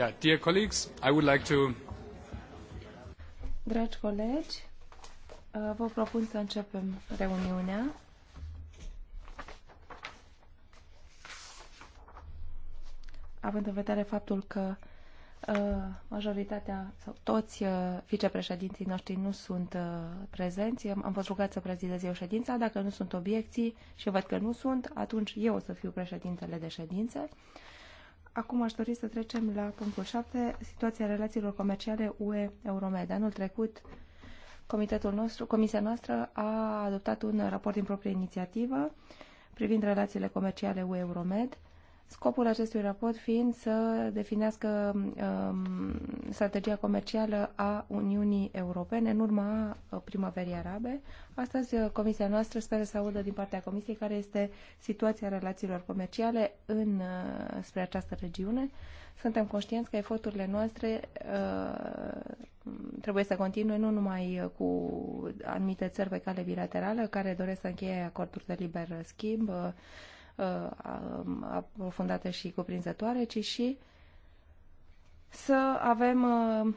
Yeah, dear colleagues, I would like to... Dragi colegi, uh, vă propun să începem reuniunea. Având în vedere faptul că uh, majoritatea sau toți uh, vicepreședinții noștri nu sunt prezenți. Am fost rugat să prezidez eu ședința. Dacă nu sunt obiecții și văd că nu sunt, atunci eu o să fiu președintele de ședințe. Acum aș dori să trecem la punctul 7, situația relațiilor comerciale UE-Euromed. Anul trecut, comitetul nostru, comisia noastră a adoptat un raport din proprie inițiativă privind relațiile comerciale UE-Euromed Scopul acestui raport fiind să definească um, strategia comercială a Uniunii Europene în urma uh, primăverii arabe. Astăzi, uh, comisia noastră speră să audă din partea comisiei care este situația relațiilor comerciale în, uh, spre această regiune. Suntem conștienți că eforturile noastre uh, trebuie să continue nu numai uh, cu anumite țări pe cale bilaterală care doresc să încheie acorduri de liber schimb, uh, Uh, aprofundată și cuprinzătoare, ci și să avem uh,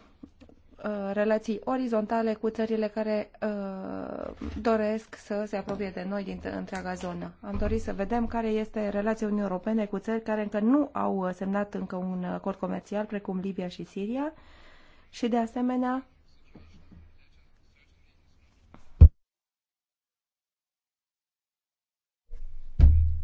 uh, relații orizontale cu țările care uh, doresc să se apropie de noi din întreaga zonă. Am dorit să vedem care este relația Uniunii Europene cu țări care încă nu au semnat încă un acord comercial, precum Libia și Siria, și de asemenea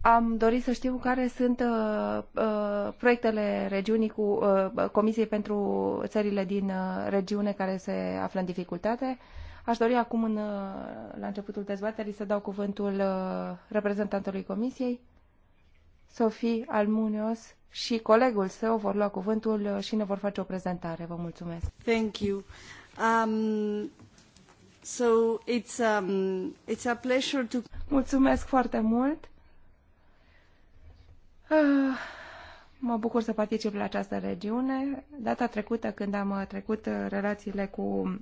am dorit să știu care sunt uh, uh, proiectele regiunii cu uh, Comisiei pentru țările din uh, regiune care se află în dificultate. Aș dori acum, în, uh, la începutul dezbaterii, să dau cuvântul uh, reprezentantului Comisiei, Sofie Almunios, și colegul său vor lua cuvântul uh, și ne vor face o prezentare. Vă mulțumesc. Thank you. Um... So it's, um, it's a pleasure to... Mulțumesc foarte mult. Ah, mă bucur să particip la această regiune. Data trecută, când am uh, trecut uh, relațiile cu uh,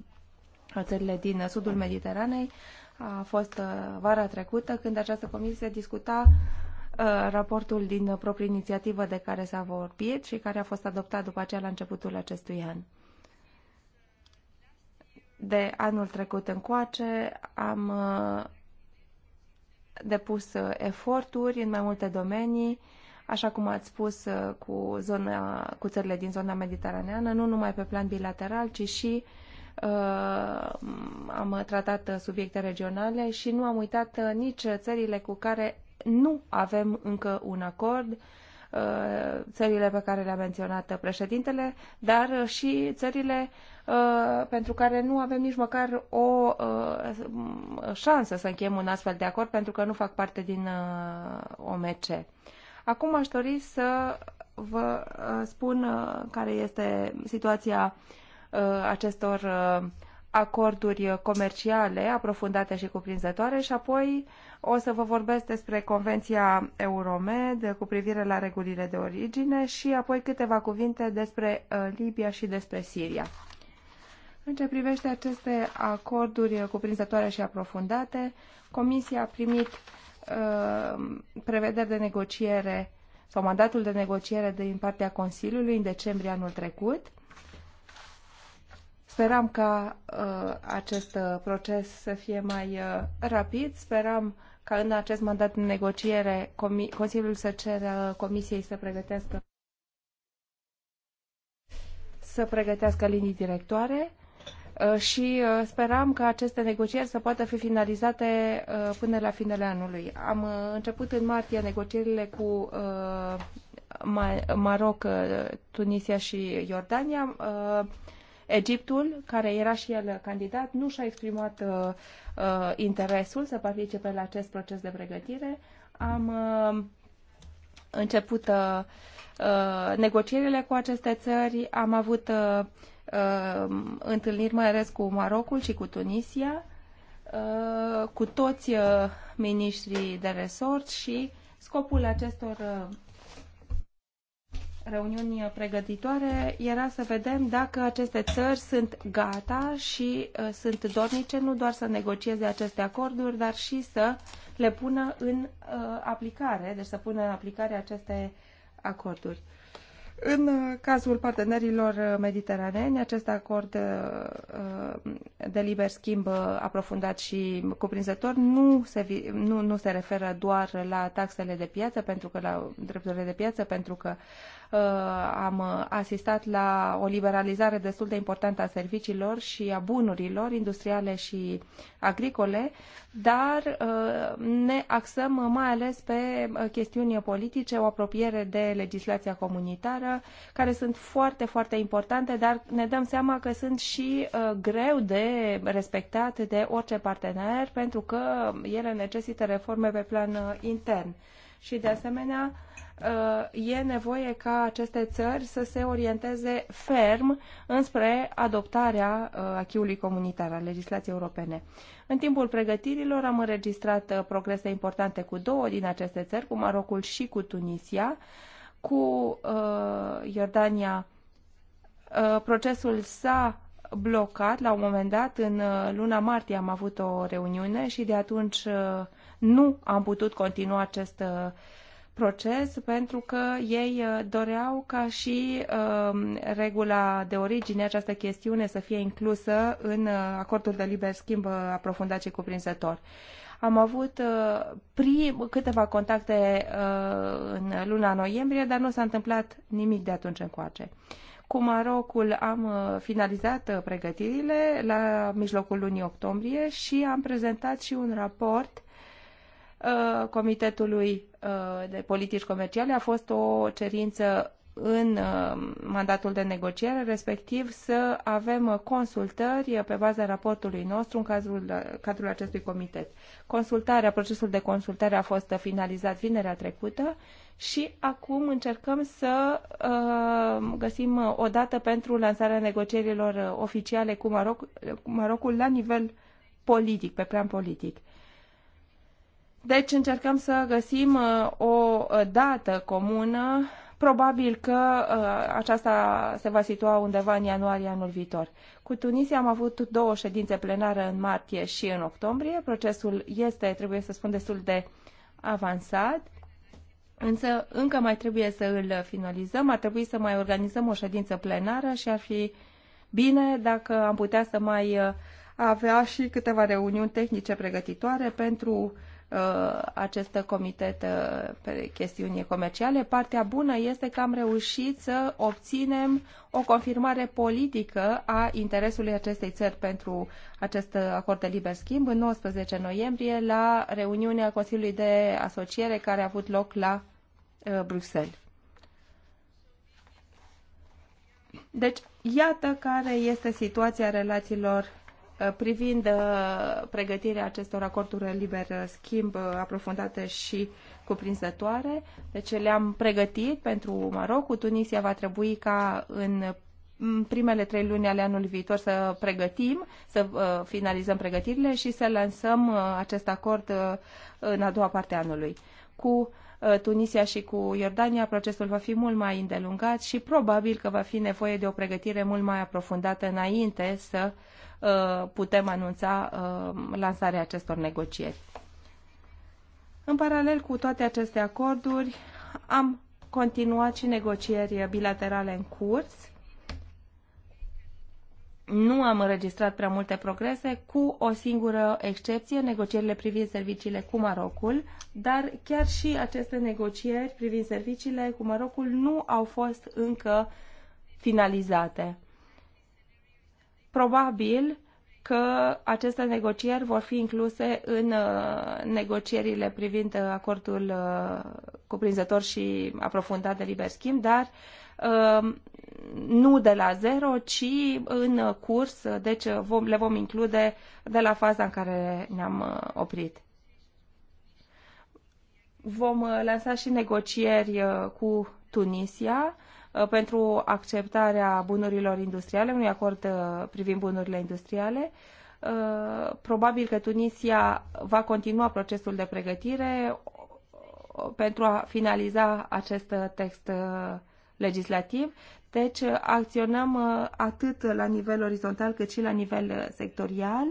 țările din sudul Mediteranei, a fost vara trecută, când această comisie discuta raportul din proprie inițiativă de care s-a vorbit și care a fost adoptat după aceea la începutul acestui an. De anul trecut încoace am depus eforturi în mai multe domenii, așa cum ați spus, uh, cu, zona, cu țările din zona mediteraneană, nu numai pe plan bilateral, ci și uh, am tratat uh, subiecte regionale și nu am uitat uh, nici țările cu care nu avem încă un acord, țările pe care le-a menționat președintele, dar și țările uh, pentru care nu avem nici măcar o uh, șansă să încheiem un astfel de acord pentru că nu fac parte din OMC. Acum aș dori să vă uh, spun uh, care este situația uh, acestor acorduri comerciale aprofundate și cuprinzătoare și apoi o să vă vorbesc despre Convenția Euromed cu privire la regulile de origine și apoi câteva cuvinte despre Libia și despre Siria. În ce privește aceste acorduri cuprinzătoare și aprofundate, Comisia a primit Uh, prevederi de negociere sau mandatul de negociere din partea Consiliului în decembrie anul trecut. Speram ca uh, acest uh, proces să fie mai uh, rapid, speram ca în acest mandat de negociere Consiliul să ceră Comisiei să pregătească să pregătească linii directoare Uh, și uh, speram că aceste negocieri să poată fi finalizate uh, până la finele anului. Am început în martie negocierile cu Maroc, Tunisia și Iordania. Egiptul, care era și el candidat, nu și-a exprimat uh, interesul să participe la acest proces de pregătire. Am uh, început uh, negocierile cu aceste țări, am avut uh, uh, întâlniri, mai ales cu Marocul și cu Tunisia, uh, cu toți uh, miniștrii de resort și scopul acestor uh, reuniuni pregătitoare era să vedem dacă aceste țări sunt gata și uh, sunt dornice nu doar să negocieze aceste acorduri, dar și să le pună în uh, aplicare, deci să pună în aplicare aceste acorduri. În uh, cazul partenerilor uh, mediteraneni, acest acord uh, de liber schimb aprofundat și cuprinzător nu se, nu, nu se referă doar la taxele de piață, pentru că la drepturile de piață, pentru că Uh, am asistat la o liberalizare destul de importantă a serviciilor și a bunurilor industriale și agricole, dar uh, ne axăm mai ales pe uh, chestiuni politice, o apropiere de legislația comunitară, care sunt foarte, foarte importante, dar ne dăm seama că sunt și greu de respectat de orice partener, pentru că ele necesită reforme pe plan intern. Și de asemenea, uh, Uh, e nevoie ca aceste țări să se orienteze ferm înspre adoptarea uh, achiului comunitar a legislației europene. În timpul pregătirilor am înregistrat uh, progrese importante cu două din aceste țări, cu Marocul și cu Tunisia, cu uh, Iordania. Uh, procesul s-a blocat la un moment dat. În luna martie am avut o reuniune și de atunci uh, nu am putut continua acest uh, proces pentru că ei uh, doreau ca și um, regula de origine, această chestiune, să fie inclusă în uh, acordul de liber schimb uh, aprofundat și cuprinzător. Am avut prim, câteva contacte în luna noiembrie, dar nu s-a întâmplat nimic de atunci încoace. Cu Marocul am finalizat pregătirile la mijlocul lunii octombrie și am prezentat și un raport Uh, Comitetului uh, de Politici Comerciale a fost o cerință în uh, mandatul de negociere, respectiv să avem consultări pe baza raportului nostru în cadrul, cadrul acestui comitet. Consultarea, procesul de consultare a fost finalizat vinerea trecută și acum încercăm să uh, găsim o dată pentru lansarea negocierilor oficiale cu, Maroc, cu Marocul la nivel politic, pe plan politic. Deci încercăm să găsim uh, o uh, dată comună. Probabil că uh, aceasta se va situa undeva în ianuarie anul viitor. Cu Tunisia am avut două ședințe plenare în martie și în octombrie. Procesul este, trebuie să spun, destul de avansat. Însă încă mai trebuie să îl finalizăm, ar trebui să mai organizăm o ședință plenară și ar fi bine dacă am putea să mai avea și câteva reuniuni tehnice pregătitoare pentru uh, Uh, acest comitet uh, pe chestiuni comerciale. Partea bună este că am reușit să obținem o confirmare politică a interesului acestei țări pentru acest uh, acord de liber schimb în 19 noiembrie la reuniunea Consiliului de Asociere care a avut loc la Bruxelles. Deci, iată care este situația relațiilor Uh, privind uh, pregătirea acestor acorduri liber schimb uh, aprofundate și cuprinzătoare. Deci le-am pregătit pentru Maroc. Tunisia va trebui ca în primele trei luni ale anului viitor să pregătim, să finalizăm pregătirile și să lansăm acest acord în a doua parte a anului. Cu Tunisia și cu Iordania, procesul va fi mult mai îndelungat și probabil că va fi nevoie de o pregătire mult mai aprofundată înainte să uh, Uh, putem anunța uh, lansarea acestor negocieri. În paralel cu toate aceste acorduri, am continuat și negocieri bilaterale în curs. Nu am înregistrat prea multe progrese, cu o singură excepție, negocierile privind serviciile cu Marocul, dar chiar și aceste negocieri privind serviciile cu Marocul nu au fost încă finalizate. Probabil că aceste negocieri vor fi incluse în uh, negocierile privind uh, acordul uh, cuprinzător și aprofundat de liber schimb, dar nu de la zero, ci în curs, deci vom, le vom include de la faza în care ne-am oprit. Vom lansa și negocieri cu Tunisia, Uh, pentru acceptarea bunurilor industriale, unui acord uh, privind bunurile industriale. Uh, probabil că Tunisia va continua procesul de pregătire pentru a finaliza acest text legislativ. Deci acționăm atât la nivel orizontal cât și la nivel sectorial.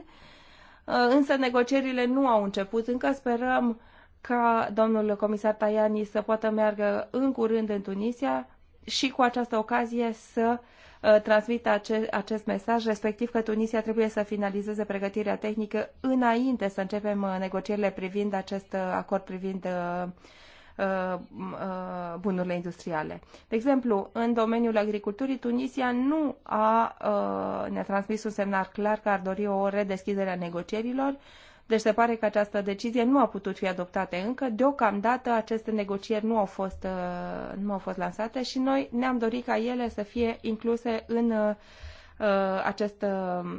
Însă negocierile nu au început. Încă sperăm ca domnul comisar Tajani să poată meargă în curând în Tunisia și cu această ocazie să uh, transmită ace- acest mesaj, respectiv că Tunisia trebuie să finalizeze pregătirea tehnică înainte să începem uh, negocierile privind acest uh, acord privind bunurile industriale. De exemplu, în domeniul agriculturii, Tunisia nu a, ne-a transmis un semnal clar că ar dori o redeschidere a negocierilor, deci se pare că această decizie nu a putut fi adoptată încă. Deocamdată aceste negocieri nu au fost, uh, nu au fost lansate și noi ne-am dorit ca ele să fie incluse în uh, uh, acest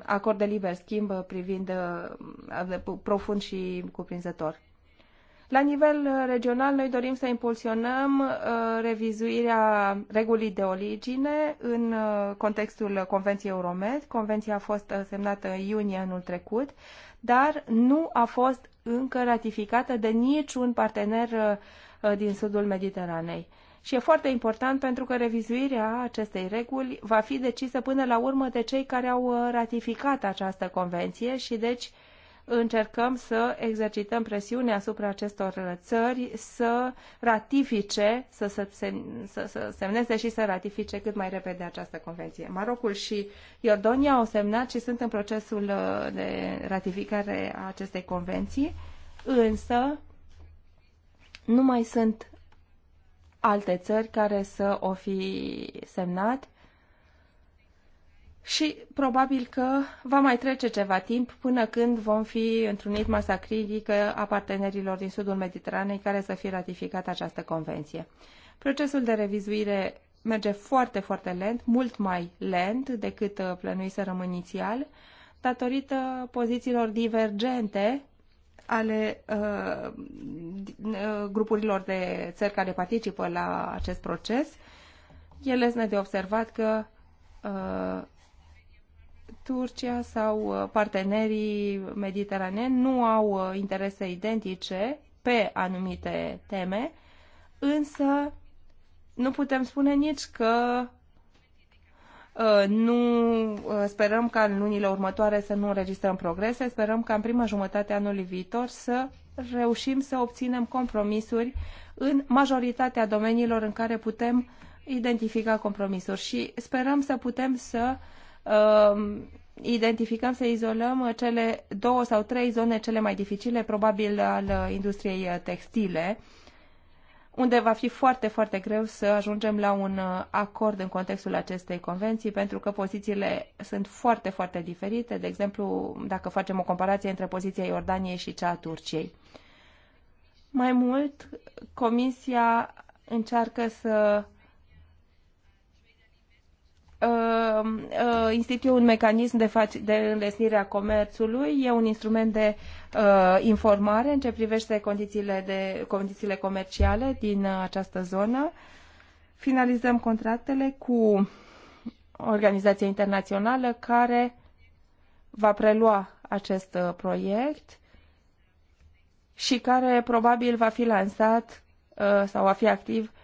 acord de liber schimb privind profund și cuprinzător. La nivel uh, regional, noi dorim să impulsionăm uh, revizuirea regulii de origine în uh, contextul Convenției Euromed. Convenția a fost semnată în iunie anul trecut, dar nu a fost încă ratificată de niciun partener din sudul Mediteranei. Și e foarte important pentru că revizuirea acestei reguli va fi decisă până la urmă de cei care au ratificat această convenție și deci uh, încercăm să exercităm presiune asupra acestor țări să ratifice, să, să, să, să semneze și să ratifice cât mai repede această convenție. Marocul și Iordonia au semnat și sunt în procesul uh, de ratificare a acestei convenții, însă nu mai sunt alte țări care să o fi semnat și probabil că va mai trece ceva timp până când vom fi întrunit masa critică a partenerilor din sudul Mediteranei care să fie ratificat această convenție. Procesul de revizuire merge foarte, foarte lent, mult mai lent decât uh, plănuiserăm inițial, datorită pozițiilor divergente ale uh, uh, grupurilor de țări care participă la acest proces. E lesne de observat că uh, Turcia sau uh, partenerii mediteraneni nu au uh, interese identice pe anumite teme, însă nu putem spune nici că uh, nu sperăm ca în lunile următoare să nu înregistrăm progrese, sperăm ca în prima jumătate a anului viitor să reușim să obținem compromisuri în majoritatea domeniilor în care putem identifica compromisuri și sperăm să putem să uh, Um, identificăm, să izolăm uh, cele două sau trei zone cele mai dificile, probabil al uh, industriei uh, textile, unde va fi foarte, foarte greu să ajungem la un acord în contextul acestei convenții, pentru că pozițiile sunt foarte, foarte diferite, de exemplu, dacă facem o comparație între poziția Iordaniei și cea a Turciei. Mai mult, Comisia încearcă să Uh, uh, instituie un mecanism de, fac- de înlesnire a comerțului, e un instrument de uh, informare în ce privește condițiile, de, condițiile comerciale din uh, această zonă. Finalizăm contractele cu organizația internațională care va prelua acest uh, proiect și care probabil va fi lansat uh, sau va fi activ uh,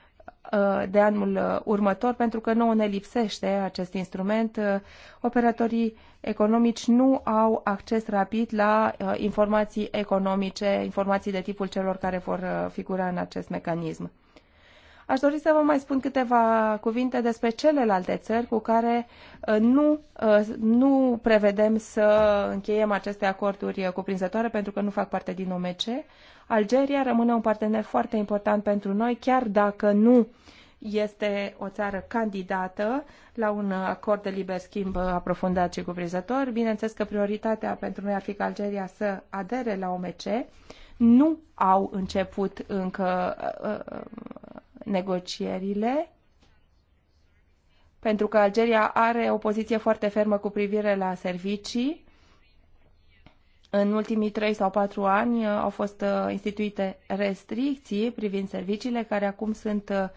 Uh, de anul uh, următor, pentru că nouă ne lipsește acest instrument. Uh, operatorii economici nu au acces rapid la informații economice, informații de tipul celor care vor figura în acest mecanism. Aș dori să vă mai spun câteva cuvinte despre celelalte țări cu care nu, nu prevedem să încheiem aceste acorduri cuprinzătoare pentru că nu fac parte din OMC. Algeria rămâne un partener foarte important pentru noi, chiar dacă nu este o țară candidată la un acord de liber schimb aprofundat și cuprinzător. Bineînțeles că prioritatea pentru noi ar fi ca Algeria să adere la OMC. Nu au început încă uh, uh, negocierile, pentru că Algeria are o poziție foarte fermă cu privire la servicii în ultimii 3 sau 4 ani uh, au fost uh, instituite restricții privind serviciile care acum sunt uh,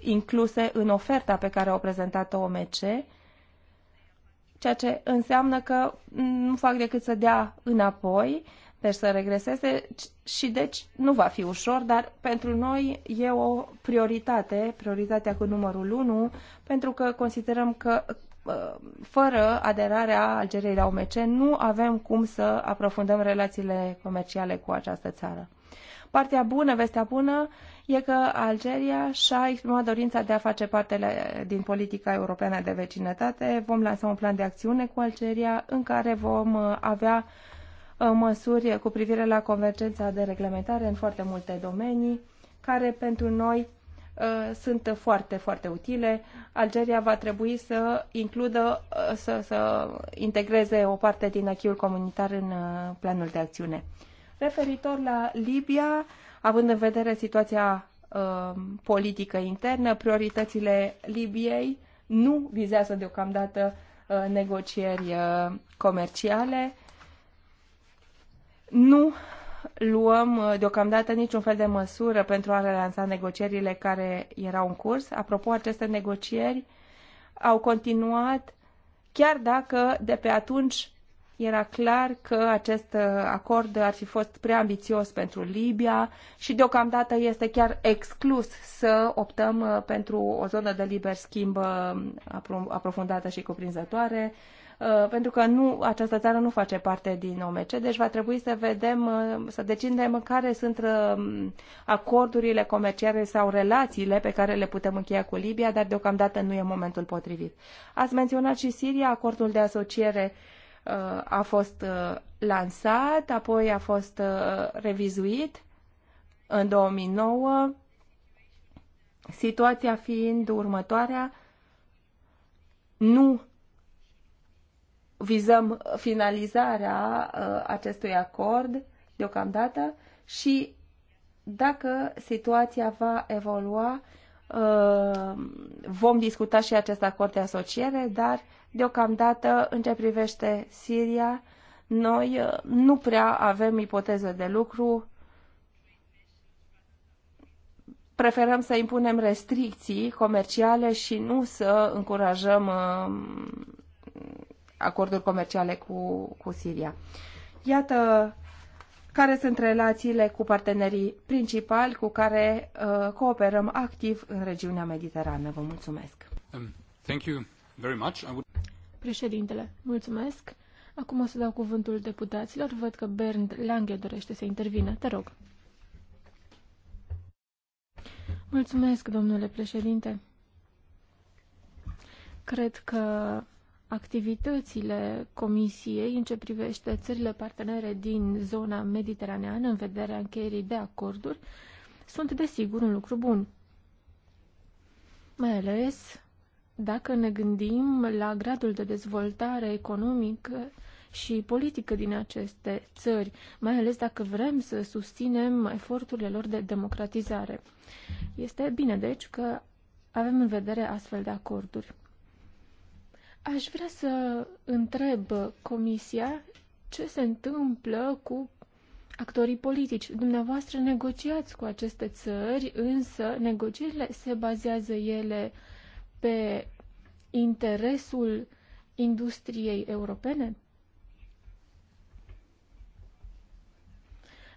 incluse în oferta pe care au prezentat-o OMC, ceea ce înseamnă că nu fac decât să dea înapoi, deci să regreseze și deci nu va fi ușor, dar pentru noi e o prioritate, prioritatea cu numărul 1, pentru că considerăm că Uh, fără aderarea Algeriei la OMC nu avem cum să aprofundăm relațiile comerciale cu această țară. Partea bună, vestea bună, e că Algeria și-a exprimat dorința de a face parte din politica europeană de vecinătate. Vom lansa un plan de acțiune cu Algeria în care vom uh, avea uh, măsuri cu privire la convergența de reglementare în foarte multe domenii, care pentru noi Uh, sunt foarte, foarte utile. Algeria va trebui să includă, uh, să, să integreze o parte din achiul comunitar în uh, planul de acțiune. Referitor la Libia, având în vedere situația politică internă, prioritățile Libiei nu vizează deocamdată negocieri comerciale, nu luăm uh, deocamdată niciun fel de măsură pentru a relansa negocierile care erau în curs. Apropo, aceste negocieri au continuat chiar dacă de pe atunci era clar că acest uh, acord ar fi fost prea ambițios pentru Libia și deocamdată este chiar exclus să optăm uh, pentru o zonă de liber schimb aprofundată și cuprinzătoare. Uh, pentru că nu, această țară nu face parte din OMC, deci va trebui să vedem, uh, să decidem care sunt uh, acordurile comerciale sau relațiile pe care le putem încheia cu Libia, dar deocamdată nu e momentul potrivit. Ați menționat și Siria, acordul de asociere a fost lansat, apoi a fost revizuit în 2009, situația fiind următoarea, nu vizăm finalizarea uh, acestui acord deocamdată și dacă situația va evolua, uh, vom discuta și acest acord de asociere, dar deocamdată, în ce privește Siria, noi uh, nu prea avem ipoteze de lucru. Preferăm să impunem restricții comerciale și nu să încurajăm acorduri comerciale cu, cu Siria. Iată care sunt relațiile cu partenerii principali cu care uh, cooperăm activ în regiunea mediterană. Vă mulțumesc. Um, thank you very much. I would... Președintele, mulțumesc. Acum o să dau cuvântul deputaților. Văd că Bernd Lange dorește să intervină. Te rog. Mulțumesc, domnule președinte. Cred că activitățile Comisiei în ce privește țările partenere din zona mediteraneană în vederea încheierii de acorduri sunt desigur un lucru bun. Mai ales dacă ne gândim la gradul de dezvoltare economică și politică din aceste țări, mai ales dacă vrem să susținem eforturile lor de democratizare. Este bine, deci, că avem în vedere astfel de acorduri. Aș vrea să întreb Comisia ce se întâmplă cu actorii politici. Dumneavoastră negociați cu aceste țări, însă negocierile se bazează ele pe interesul industriei europene?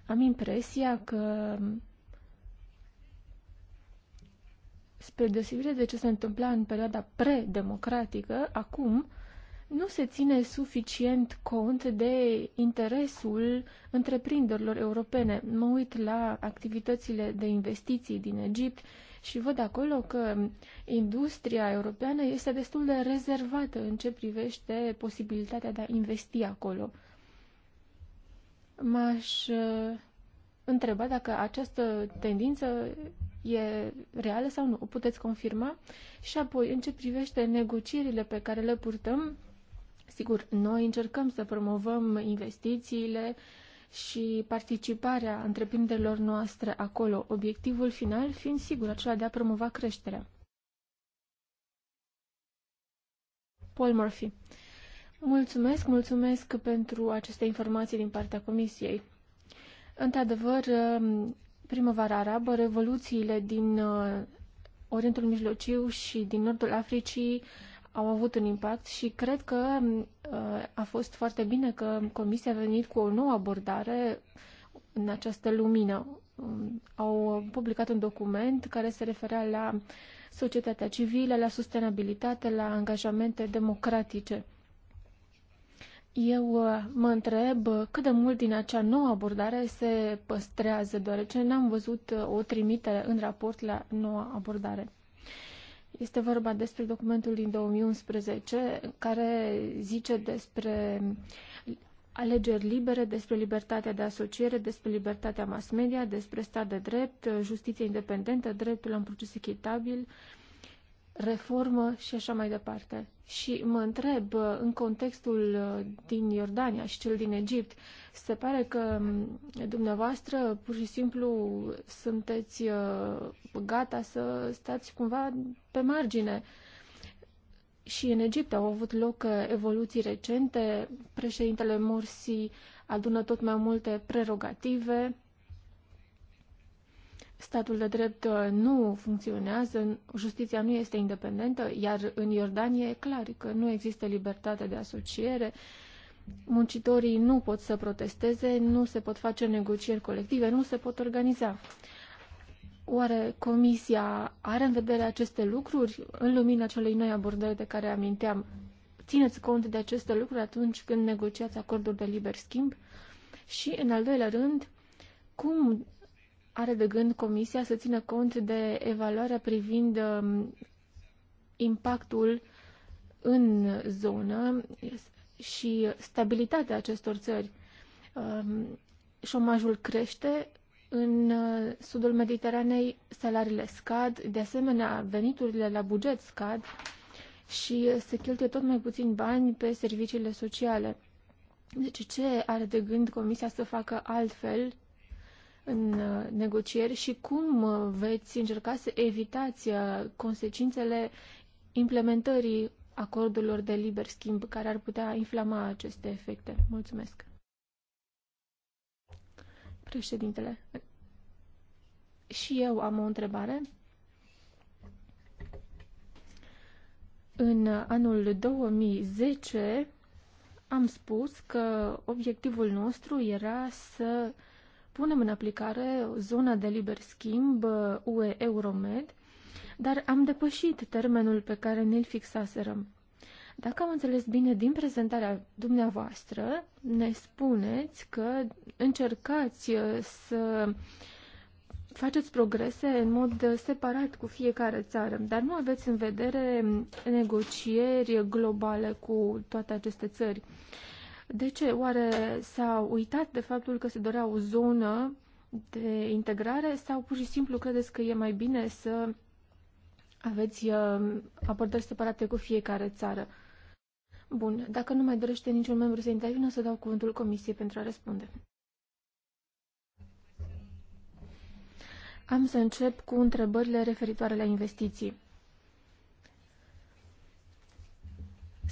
Am impresia că Spre deosebire de ce se întâmpla în perioada predemocratică, acum nu se ține suficient cont de interesul întreprinderilor europene. Mă uit la activitățile de investiții din Egipt și văd acolo că industria europeană este destul de rezervată în ce privește posibilitatea de a investi acolo. M-aș uh, întreba dacă această tendință e reală sau nu? O puteți confirma? Și apoi, în ce privește negocierile pe care le purtăm, sigur, noi încercăm să promovăm investițiile și participarea întreprinderilor noastre acolo, obiectivul final fiind sigur acela de a promova creșterea. Paul Murphy. Mulțumesc, mulțumesc pentru aceste informații din partea Comisiei. Într-adevăr, primăvara arabă, revoluțiile din uh, Orientul Mijlociu și din Nordul Africii au avut un impact și cred că uh, a fost foarte bine că Comisia a venit cu o nouă abordare în această lumină. Um, au publicat un document care se referea la societatea civilă, la sustenabilitate, la angajamente democratice. Eu uh, mă întreb cât de mult din acea nouă abordare se păstrează, deoarece n-am văzut uh, o trimitere în raport la noua abordare. Este vorba despre documentul din 2011 care zice despre alegeri libere, despre libertatea de asociere, despre libertatea mass media, despre stat de drept, justiție independentă, dreptul la un proces echitabil, uh, reformă și așa mai departe. Și mă întreb, în contextul uh, din Iordania și cel din Egipt, se pare că um, dumneavoastră pur și simplu sunteți uh, gata să stați cumva pe margine. Și în Egipt au avut loc uh, evoluții recente, președintele Morsi adună tot mai multe prerogative, statul de drept uh, nu funcționează, justiția nu este independentă, iar în Iordanie e clar că nu există libertate de asociere, muncitorii nu pot să protesteze, nu se pot face negocieri colective, nu se pot organiza. Oare Comisia are în vedere aceste lucruri în lumina celei noi abordări de care aminteam? Țineți cont de aceste lucruri atunci când negociați acorduri de liber schimb? Și, în al doilea rând, cum are de gând Comisia să țină cont de evaluarea privind um, impactul în zonă și stabilitatea acestor țări. Um, șomajul crește în uh, sudul Mediteranei, salariile scad, de asemenea veniturile la buget scad și uh, se cheltuie tot mai puțin bani pe serviciile sociale. Deci ce are de gând Comisia să facă altfel în uh, negocieri și cum uh, veți încerca să evitați uh, consecințele implementării acordurilor de liber schimb care ar putea inflama aceste efecte. Mulțumesc. Președintele, și eu am o întrebare. În anul 2010 am spus că obiectivul nostru era să punem în aplicare zona de liber schimb UE-Euromed, uh, dar am depășit termenul pe care ne-l fixaserăm. Dacă am înțeles bine din prezentarea dumneavoastră, ne spuneți că încercați uh, să faceți progrese în mod uh, separat cu fiecare țară, dar nu aveți în vedere negocieri globale cu toate aceste țări. De ce? Oare s-au uitat de faptul că se dorea o zonă de integrare sau pur și simplu credeți că e mai bine să aveți uh, abordări separate cu fiecare țară? Bun, dacă nu mai dorește niciun membru să intervină, să dau cuvântul Comisiei pentru a răspunde. Am să încep cu întrebările referitoare la investiții.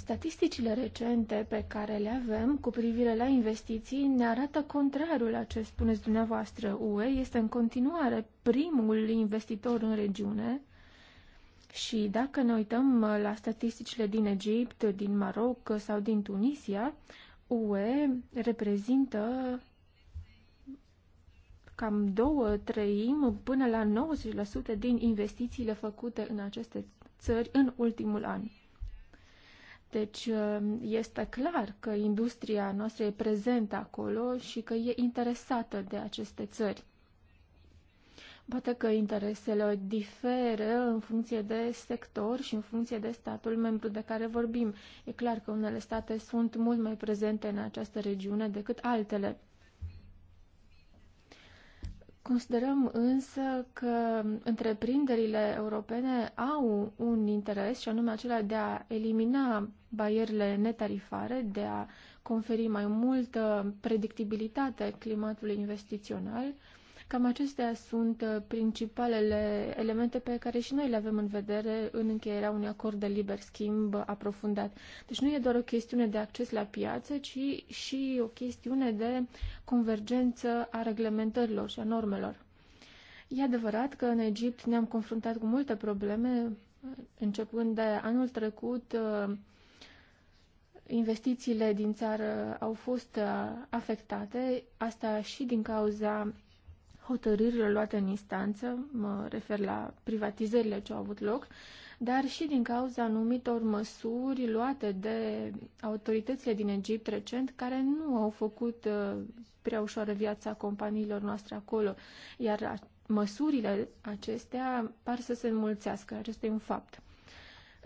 Statisticile recente pe care le avem cu privire la investiții ne arată contrarul a ce spuneți dumneavoastră. UE este în continuare primul investitor în regiune și dacă ne uităm la statisticile din Egipt, din Maroc sau din Tunisia, UE reprezintă cam două treimi până la 90% din investițiile făcute în aceste țări în ultimul an. Deci um, este clar că industria noastră e prezentă acolo și că e interesată de aceste țări. Poate că interesele diferă în funcție de sector și în funcție de statul membru de care vorbim. E clar că unele state sunt mult mai prezente în această regiune decât altele. Considerăm însă că întreprinderile europene au un interes și anume acela de a elimina barierele netarifare, de a conferi mai multă predictibilitate climatului investițional Cam acestea sunt uh, principalele elemente pe care și noi le avem în vedere în încheierea unui acord de liber schimb aprofundat. Deci nu e doar o chestiune de acces la piață, ci și o chestiune de convergență a reglementărilor și a normelor. E adevărat că în Egipt ne-am confruntat cu multe probleme, începând de anul trecut, uh, investițiile din țară au fost uh, afectate, asta și din cauza hotărârile luate în instanță, mă refer la privatizările ce au avut loc, dar și din cauza anumitor măsuri luate de autoritățile din Egipt recent, care nu au făcut uh, prea ușoară viața companiilor noastre acolo, iar măsurile acestea par să se înmulțească. Acesta e un fapt.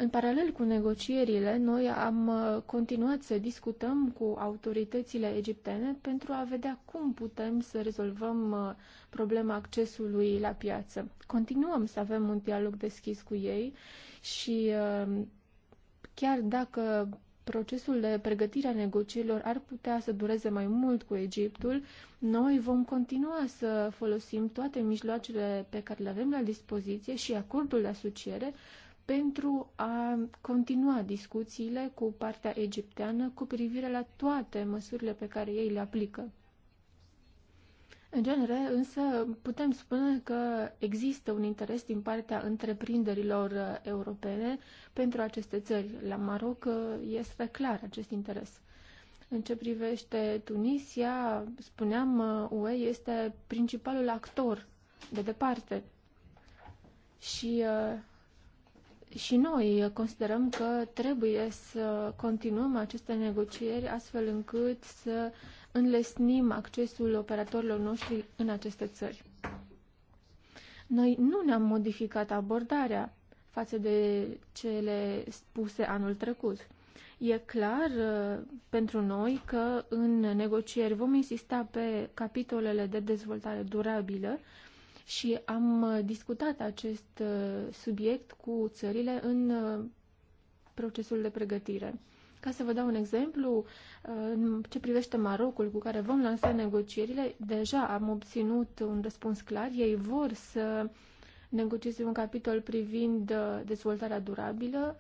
În paralel cu negocierile, noi am uh, continuat să discutăm cu autoritățile egiptene pentru a vedea cum putem să rezolvăm uh, problema accesului la piață. Continuăm să avem un dialog deschis cu ei și uh, chiar dacă procesul de pregătire a negocierilor ar putea să dureze mai mult cu Egiptul, noi vom continua să folosim toate mijloacele pe care le avem la dispoziție și acordul de asociere pentru a continua discuțiile cu partea egipteană cu privire la toate măsurile pe care ei le aplică. În genere, însă, putem spune că există un interes din partea întreprinderilor uh, europene pentru aceste țări. La Maroc uh, este clar acest interes. În ce privește Tunisia, spuneam, uh, UE este principalul actor de departe și și noi considerăm că trebuie să continuăm aceste negocieri astfel încât să înlesnim accesul operatorilor noștri în aceste țări. Noi nu ne-am modificat abordarea față de cele spuse anul trecut. E clar uh, pentru noi că în negocieri vom insista pe capitolele de dezvoltare durabilă și am uh, discutat acest uh, subiect cu țările în uh, procesul de pregătire. Ca să vă dau un exemplu, în ce privește Marocul, cu care vom lansa negocierile, deja am obținut un răspuns clar. Ei vor să negocieze un capitol privind dezvoltarea durabilă,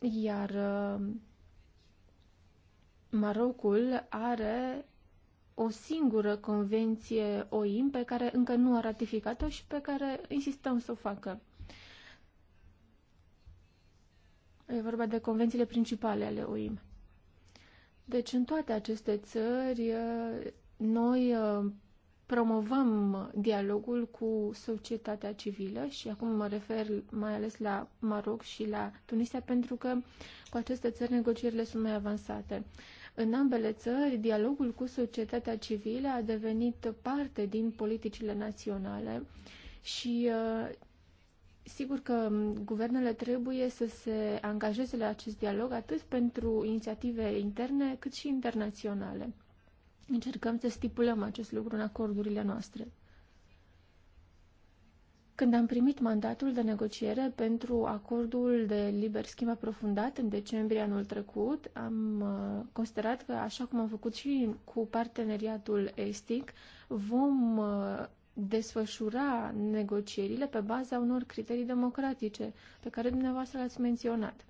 iar Marocul are o singură convenție OIM pe care încă nu a ratificat-o și pe care insistăm să o facă. E vorba de convențiile principale ale OIM. Deci în toate aceste țări noi promovăm dialogul cu societatea civilă și acum mă refer mai ales la Maroc și la Tunisia pentru că cu aceste țări negocierile sunt mai avansate. În ambele țări, dialogul cu societatea civilă a devenit parte din politicile naționale și uh, sigur că um, guvernele trebuie să se angajeze la acest dialog atât pentru inițiative interne cât și internaționale. Încercăm să stipulăm acest lucru în acordurile noastre. Când am primit mandatul de negociere pentru acordul de liber schimb aprofundat în decembrie anul trecut, am uh, considerat că, așa cum am făcut și cu parteneriatul estic, vom uh, desfășura negocierile pe baza unor criterii democratice pe care dumneavoastră le-ați menționat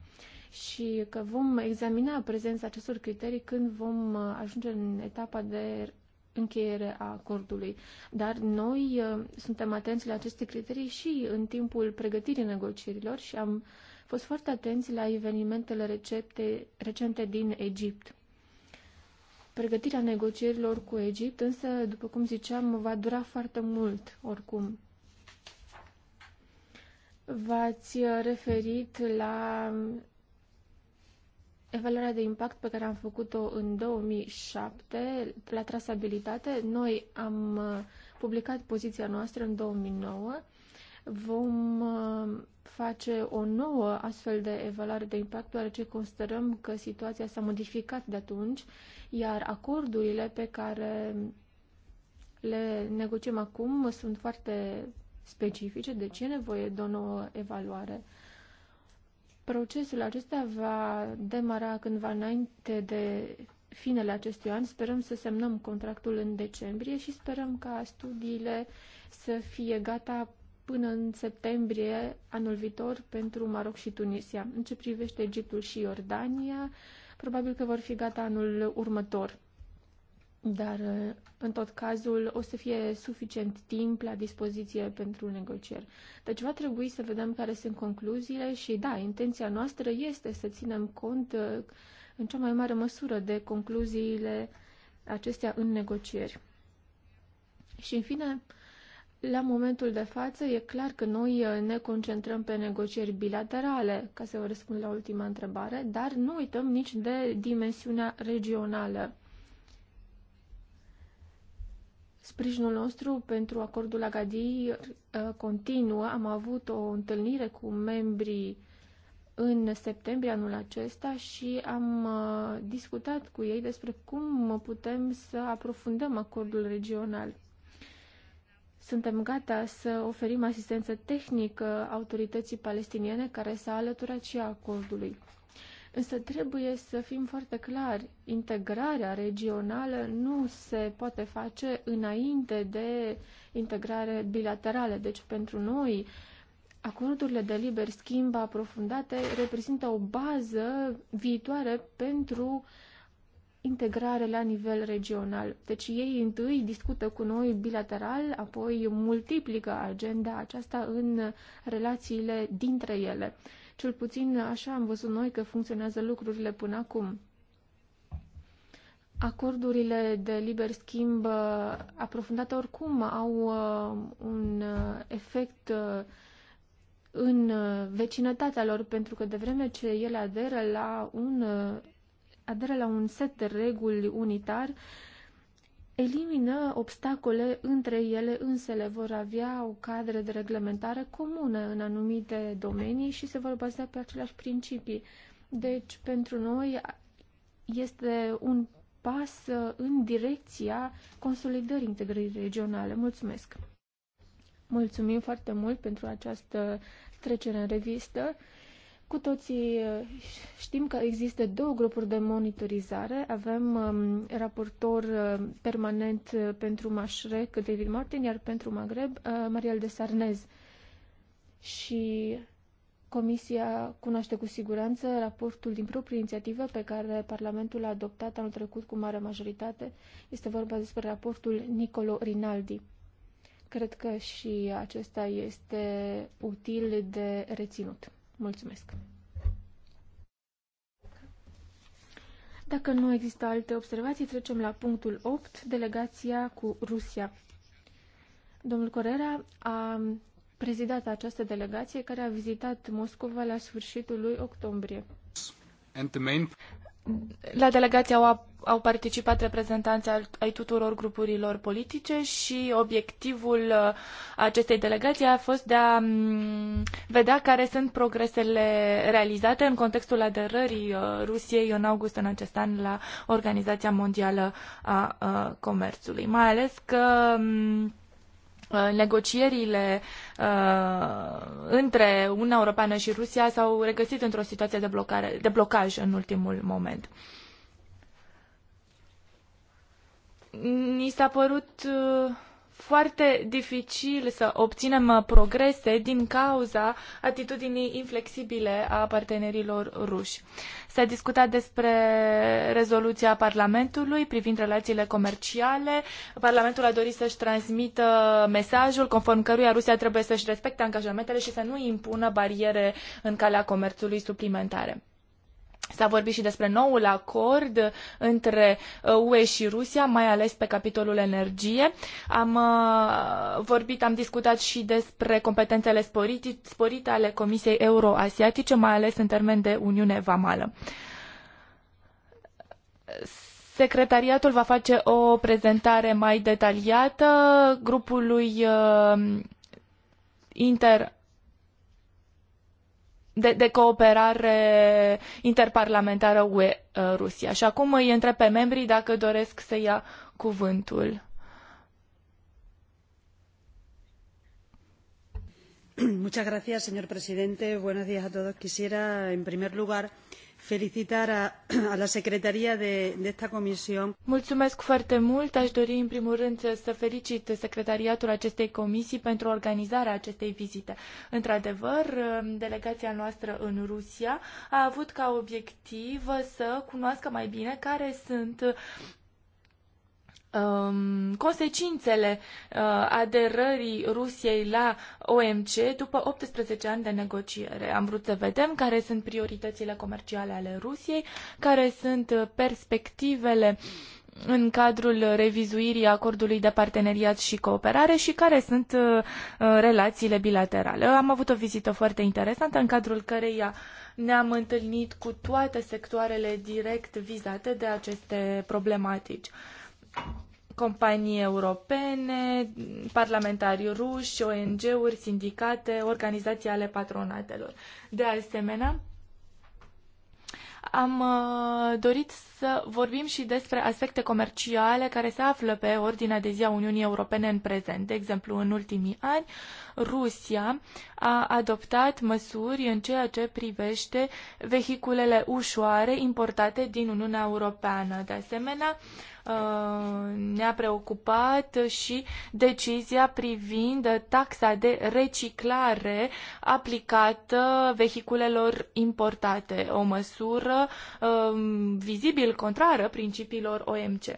și că vom examina prezența acestor criterii când vom uh, ajunge în etapa de încheiere a acordului. Dar noi uh, suntem atenți la aceste criterii și în timpul pregătirii negocierilor și am fost foarte atenți la evenimentele recepte, recente din Egipt. Pregătirea negocierilor cu Egipt, însă, după cum ziceam, va dura foarte mult, oricum. V-ați uh, referit la Evaluarea de impact pe care am făcut-o în 2007 la trasabilitate, noi am uh, publicat poziția noastră în 2009. Vom uh, face o nouă astfel de evaluare de impact, deoarece considerăm că situația s-a modificat de atunci, iar acordurile pe care le negociem acum sunt foarte specifice, deci e nevoie de o nouă evaluare Procesul acesta va demara cândva înainte de finele acestui an. Sperăm să semnăm contractul în decembrie și sperăm ca studiile să fie gata până în septembrie anul viitor pentru Maroc și Tunisia. În ce privește Egiptul și Iordania, probabil că vor fi gata anul următor. Dar, uh, în tot cazul, o să fie suficient timp la dispoziție pentru negocieri. Deci va trebui să vedem care sunt concluziile și, da, intenția noastră este să ținem cont uh, în cea mai mare măsură de concluziile acestea în negocieri. Și, în fine, la momentul de față, e clar că noi uh, ne concentrăm pe negocieri bilaterale, ca să vă răspund la ultima întrebare, dar nu uităm nici de dimensiunea regională Sprijinul nostru pentru acordul Agadir uh, continuă. Am avut o întâlnire cu membrii în septembrie anul acesta și am uh, discutat cu ei despre cum putem să aprofundăm acordul regional. Suntem gata să oferim asistență tehnică autorității palestiniene care s-a alăturat și acordului. Însă trebuie să fim foarte clari, integrarea regională nu se poate face înainte de integrare bilaterală. Deci pentru noi acordurile de liber schimb aprofundate reprezintă o bază viitoare pentru integrare la nivel regional. Deci ei întâi discută cu noi bilateral, apoi multiplică agenda aceasta în relațiile dintre ele. Cel puțin așa am văzut noi că funcționează lucrurile până acum. Acordurile de liber schimb uh, aprofundate oricum au uh, un uh, efect în vecinătatea lor, pentru că de vreme ce ele aderă la un, aderă la un set de reguli unitar, uh, elimină obstacole între ele însele, vor avea o cadre de reglementare comună în anumite domenii și se vor baza pe aceleași principii. Deci, pentru noi este un pas în direcția consolidării integrării regionale. Mulțumesc! Mulțumim foarte mult pentru această trecere în revistă. Cu toții uh, știm că există două grupuri de monitorizare. Avem um, raportor uh, permanent uh, pentru Mașrec, David Martin, iar pentru Maghreb, uh, Mariel de Sarnez. Și Comisia cunoaște cu siguranță raportul din proprie inițiativă pe care Parlamentul l-a adoptat anul trecut cu mare majoritate. Este vorba despre raportul Nicolo Rinaldi. Cred că și acesta este util de reținut. Mulțumesc! Dacă nu există alte observații, trecem la punctul 8, delegația cu Rusia. Domnul Corera a prezidat această delegație care a vizitat Moscova la sfârșitul lui octombrie. La delegația au, au participat reprezentanți ai tuturor grupurilor politice și obiectivul uh, acestei delegații a fost de a mm, vedea care sunt progresele realizate în contextul aderării uh, Rusiei în august în acest an la Organizația Mondială a uh, Comerțului. Mai ales că mm, Uh, negocierile uh, între Uniunea Europeană și Rusia s-au regăsit într-o situație de, blocare, de blocaj în ultimul moment. Ni s-a părut uh, foarte dificil să obținem uh, progrese din cauza atitudinii inflexibile a partenerilor ruși. S-a discutat despre rezoluția Parlamentului privind relațiile comerciale. Parlamentul a dorit să-și transmită mesajul conform căruia Rusia trebuie să-și respecte angajamentele și să nu impună bariere în calea comerțului suplimentare. S-a vorbit și despre noul acord între UE uh, și Rusia, mai ales pe capitolul energie. Am uh, vorbit, am discutat și despre competențele sporite, sporite ale Comisiei Euroasiatice, mai ales în termen de Uniune Vamală. Secretariatul va face o prezentare mai detaliată grupului uh, inter de, de cooperare interparlamentară UE-Rusia. Și acum îi întreb pe membrii dacă doresc să ia cuvântul. Muchas gracias, señor presidente. Buenos días a todos. Quisiera, en primer lugar, eh, felicitar a, a la secretaria de, de esta comisión. Mulțumesc foarte mult. Aș dori în primul rând să felicit secretariatul acestei comisii pentru organizarea acestei vizite. Într-adevăr, um, delegația noastră în Rusia a avut ca obiectiv să cunoască mai bine care sunt Um, consecințele uh, aderării Rusiei la OMC după 18 ani de negociere. Am vrut să vedem care sunt prioritățile comerciale ale Rusiei, care sunt uh, perspectivele în cadrul revizuirii acordului de parteneriat și cooperare și care sunt uh, relațiile bilaterale. Am avut o vizită foarte interesantă în cadrul căreia ne-am întâlnit cu toate sectoarele direct vizate de aceste problematici companii europene, parlamentari ruși, ONG-uri, sindicate, organizații ale patronatelor. De asemenea, am uh, dorit să vorbim și despre aspecte comerciale care se află pe ordinea de zi a Uniunii Europene în prezent. De exemplu, în ultimii ani, Rusia a adoptat măsuri în ceea ce privește vehiculele ușoare importate din Uniunea Europeană. De asemenea, Uh, ne-a preocupat și decizia privind taxa de reciclare aplicată vehiculelor importate, o măsură um, vizibil contrară principiilor OMC. Uh,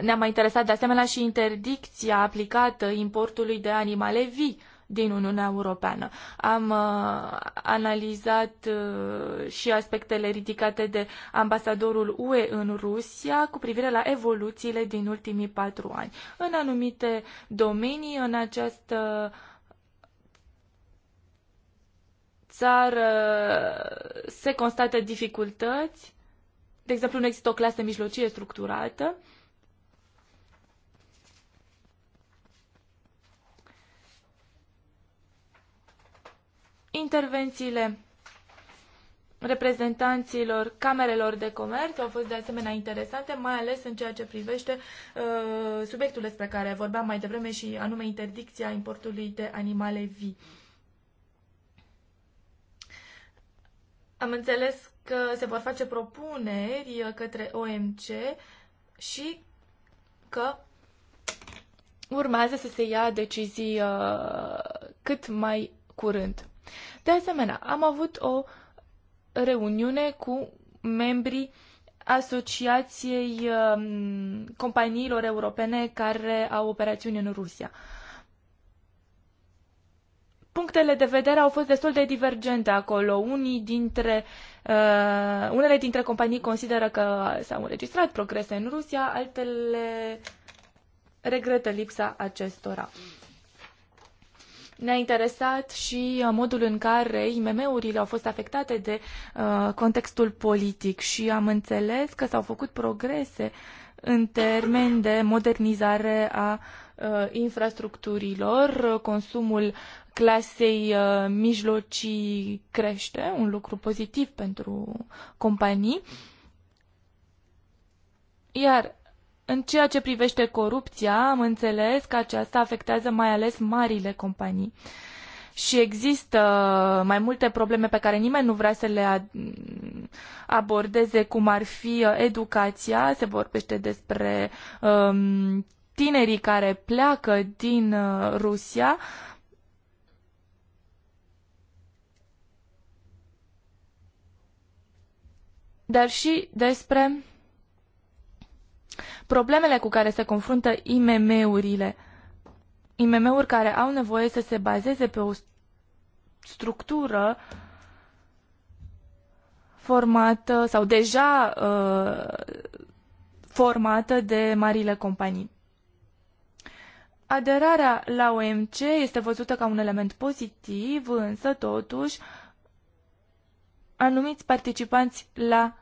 ne-a mai interesat de asemenea și interdicția aplicată importului de animale vii din Uniunea Europeană. Am uh, analizat uh, și aspectele ridicate de ambasadorul UE în Rusia cu privire la evoluțiile din ultimii patru ani. În anumite domenii, în această țară se constată dificultăți. De exemplu, nu există o clasă mijlocie structurată. Uh, Intervențiile reprezentanților camerelor de comerț au fost de asemenea interesante, mai ales în ceea ce privește uh, subiectul despre care vorbeam mai devreme și anume interdicția importului de animale vii. Am înțeles că se vor face propuneri către OMC și că urmează să se ia decizii uh, cât mai curând. De asemenea, am avut o reuniune cu membrii Asociației um, Companiilor Europene care au operațiuni în Rusia. Punctele de vedere au fost destul de divergente acolo. Unii dintre, uh, unele dintre companii consideră că s-au înregistrat progrese în Rusia, altele regretă lipsa acestora. Ne-a interesat și uh, modul în care IMM-urile au fost afectate de uh, contextul politic și am înțeles că s-au făcut progrese în termen de modernizare a uh, infrastructurilor, consumul clasei uh, mijlocii crește, un lucru pozitiv pentru companii. Iar în ceea ce privește corupția, am înțeles că aceasta afectează mai ales marile companii. Și există mai multe probleme pe care nimeni nu vrea să le abordeze, cum ar fi uh, educația, se vorbește despre um, tinerii care pleacă din uh, Rusia, dar și despre problemele cu care se confruntă IMM-urile. IMM-uri care au nevoie să se bazeze pe o structură formată sau deja uh, formată de marile companii. Aderarea la OMC este văzută ca un element pozitiv, însă totuși anumiți participanți la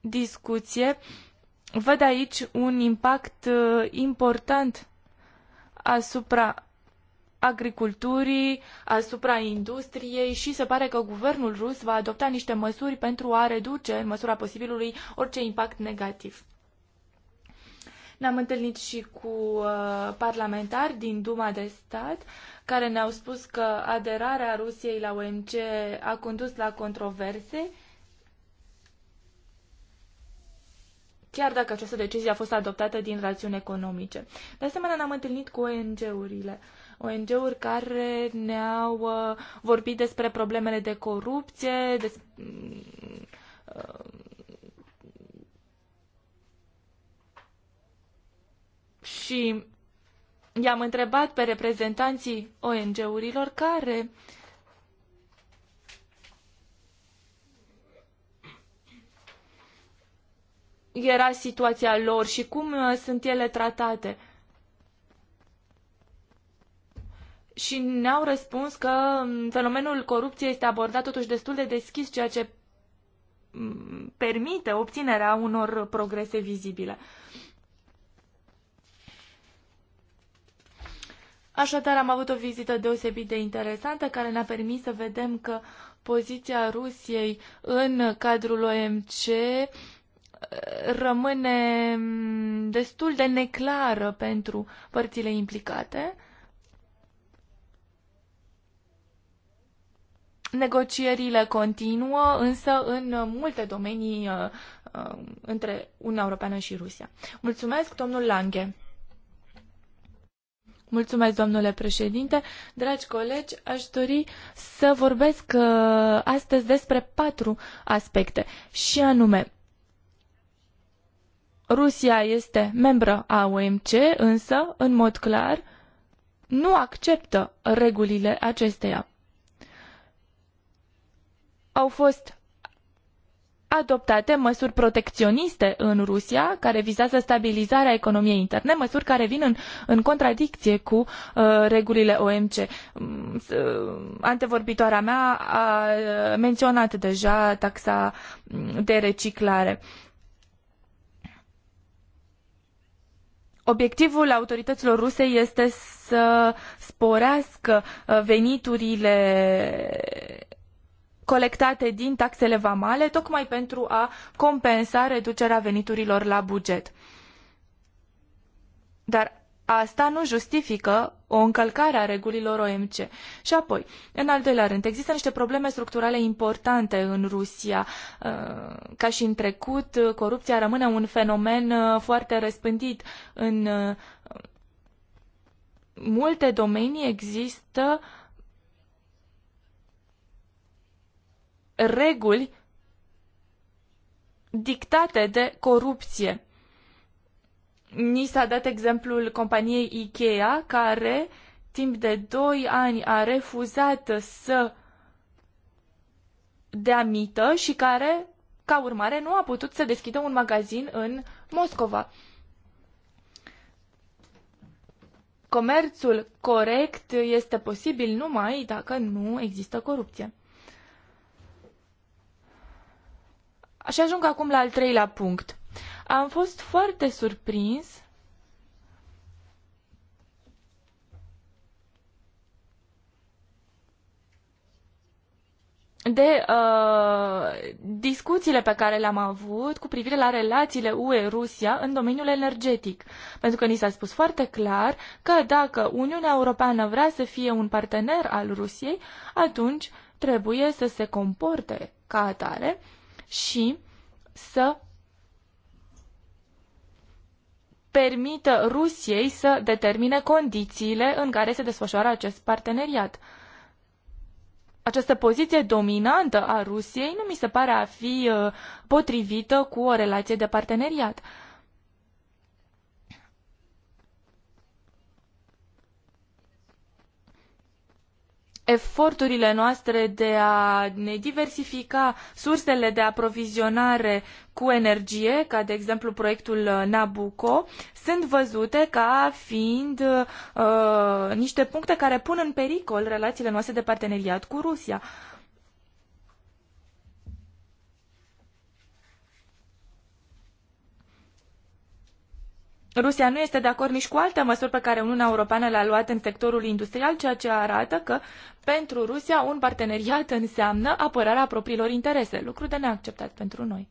discuție uh, văd aici un impact uh, important asupra agriculturii, asupra industriei și se pare că guvernul rus va adopta niște măsuri pentru a reduce, în măsura posibilului, orice impact negativ. Ne-am întâlnit și cu uh, parlamentari din Duma de Stat care ne-au spus că aderarea Rusiei la OMC a condus la controverse chiar dacă această decizie a fost adoptată din rațiuni economice. De asemenea, ne-am întâlnit cu ONG-urile. ONG-uri care ne-au uh, vorbit despre problemele de corupție, des, uh, și i-am întrebat pe reprezentanții ONG-urilor care uh, era situația lor și cum uh, sunt ele tratate. Și ne-au răspuns că um, fenomenul corupției este abordat totuși destul de deschis, ceea ce mm, permite obținerea unor progrese vizibile. Așadar, am avut o vizită deosebit de interesantă care ne-a permis să vedem că poziția Rusiei în cadrul OMC rămâne mm, destul de neclară pentru părțile implicate. Negocierile continuă, însă în multe domenii uh, uh, între Uniunea Europeană și Rusia. Mulțumesc, domnul Lange. Mulțumesc, domnule președinte. Dragi colegi, aș dori să vorbesc uh, astăzi despre patru aspecte, și anume Rusia este membră a OMC, însă, în mod clar, nu acceptă regulile acesteia. Au fost adoptate măsuri protecționiste în Rusia, care vizează stabilizarea economiei interne, măsuri care vin în, în contradicție cu uh, regulile OMC. Mm, uh, antevorbitoarea mea a uh, menționat deja taxa mm, de reciclare. Uh, Obiectivul autorităților ruse este să sporească uh, veniturile colectate din taxele vamale, tocmai pentru a compensa reducerea veniturilor la buget. Dar asta nu justifică o încălcare a regulilor OMC. Și apoi, în al doilea rând, există niște probleme structurale importante în Rusia. Uh, ca și în trecut, corupția rămâne un fenomen uh, foarte răspândit. În uh, multe domenii există reguli dictate de corupție Ni s-a dat exemplul companiei IKEA, care timp de 2 ani a refuzat să dea mită și care, ca urmare, nu a putut să deschidă un magazin în Moscova. Comerțul corect este posibil numai dacă nu există corupție. Și ajung acum la al treilea punct. Am fost foarte surprins de uh, discuțiile pe care le-am avut cu privire la relațiile UE-Rusia în domeniul energetic. Pentru că ni s-a spus foarte clar că dacă Uniunea Europeană vrea să fie un partener al Rusiei, atunci trebuie să se comporte ca atare și să permită Rusiei să determine condițiile în care se desfășoară acest parteneriat. Această poziție dominantă a Rusiei nu mi se pare a fi uh, potrivită cu o relație de parteneriat. eforturile noastre de a ne diversifica sursele de aprovizionare cu energie, ca de exemplu proiectul uh, Nabucco, sunt văzute ca fiind uh, niște puncte care pun în pericol relațiile noastre de parteneriat cu Rusia. Rusia nu este de acord nici cu alte măsuri pe care Uniunea Europeană le-a luat în sectorul industrial, ceea ce arată că pentru Rusia un parteneriat înseamnă apărarea propriilor interese, lucru de neacceptat pentru noi.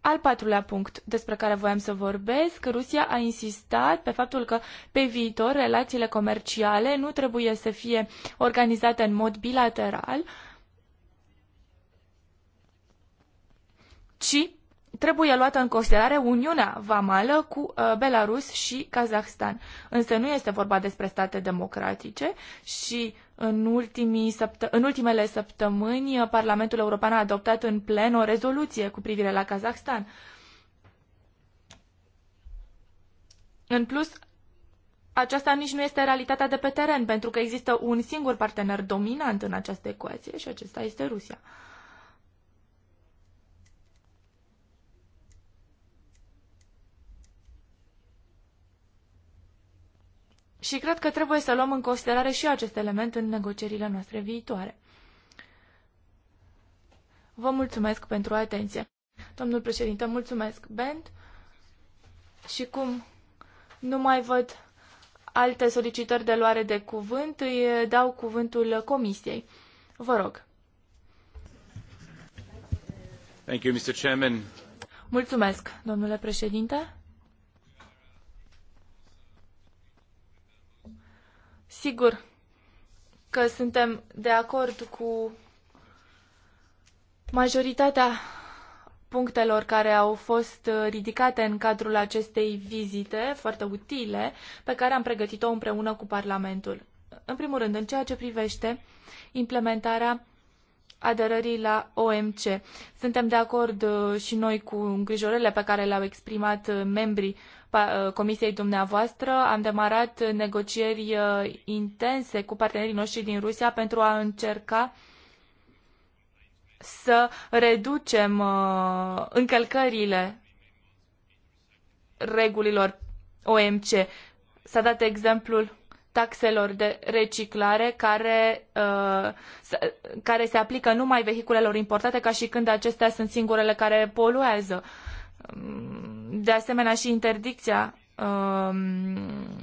Al patrulea punct despre care voiam să vorbesc, Rusia a insistat pe faptul că pe viitor relațiile comerciale nu trebuie să fie organizate în mod bilateral, ci trebuie luată în considerare Uniunea Vamală cu uh, Belarus și Kazahstan. Însă nu este vorba despre state democratice și în, în ultimele săptămâni uh, Parlamentul European a adoptat în plen o rezoluție cu privire la Kazahstan. În plus, aceasta nici nu este realitatea de pe teren, pentru că există un singur partener dominant în această ecuație și acesta este Rusia. Și cred că trebuie să luăm în considerare și acest element în negocierile noastre viitoare. Vă mulțumesc pentru atenție. Domnul președinte, mulțumesc, Bent. Și cum nu mai văd alte solicitări de luare de cuvânt, îi dau cuvântul comisiei. Vă rog. Thank you, Mr. Chairman. Mulțumesc, domnule președinte. Sigur că suntem de acord cu majoritatea punctelor care au fost uh, ridicate în cadrul acestei vizite foarte utile pe care am pregătit-o împreună cu Parlamentul. În primul rând, în ceea ce privește implementarea aderării la OMC. Suntem de acord uh, și noi cu îngrijorările pe care le-au exprimat uh, membrii uh, Comisiei dumneavoastră. Am demarat negocieri intense cu partenerii noștri din Rusia pentru a încerca să reducem încălcările regulilor OMC. S-a dat exemplul taxelor de reciclare care, uh, care se aplică numai vehiculelor importate ca și când acestea sunt singurele care poluează. Um, de asemenea și interdicția um,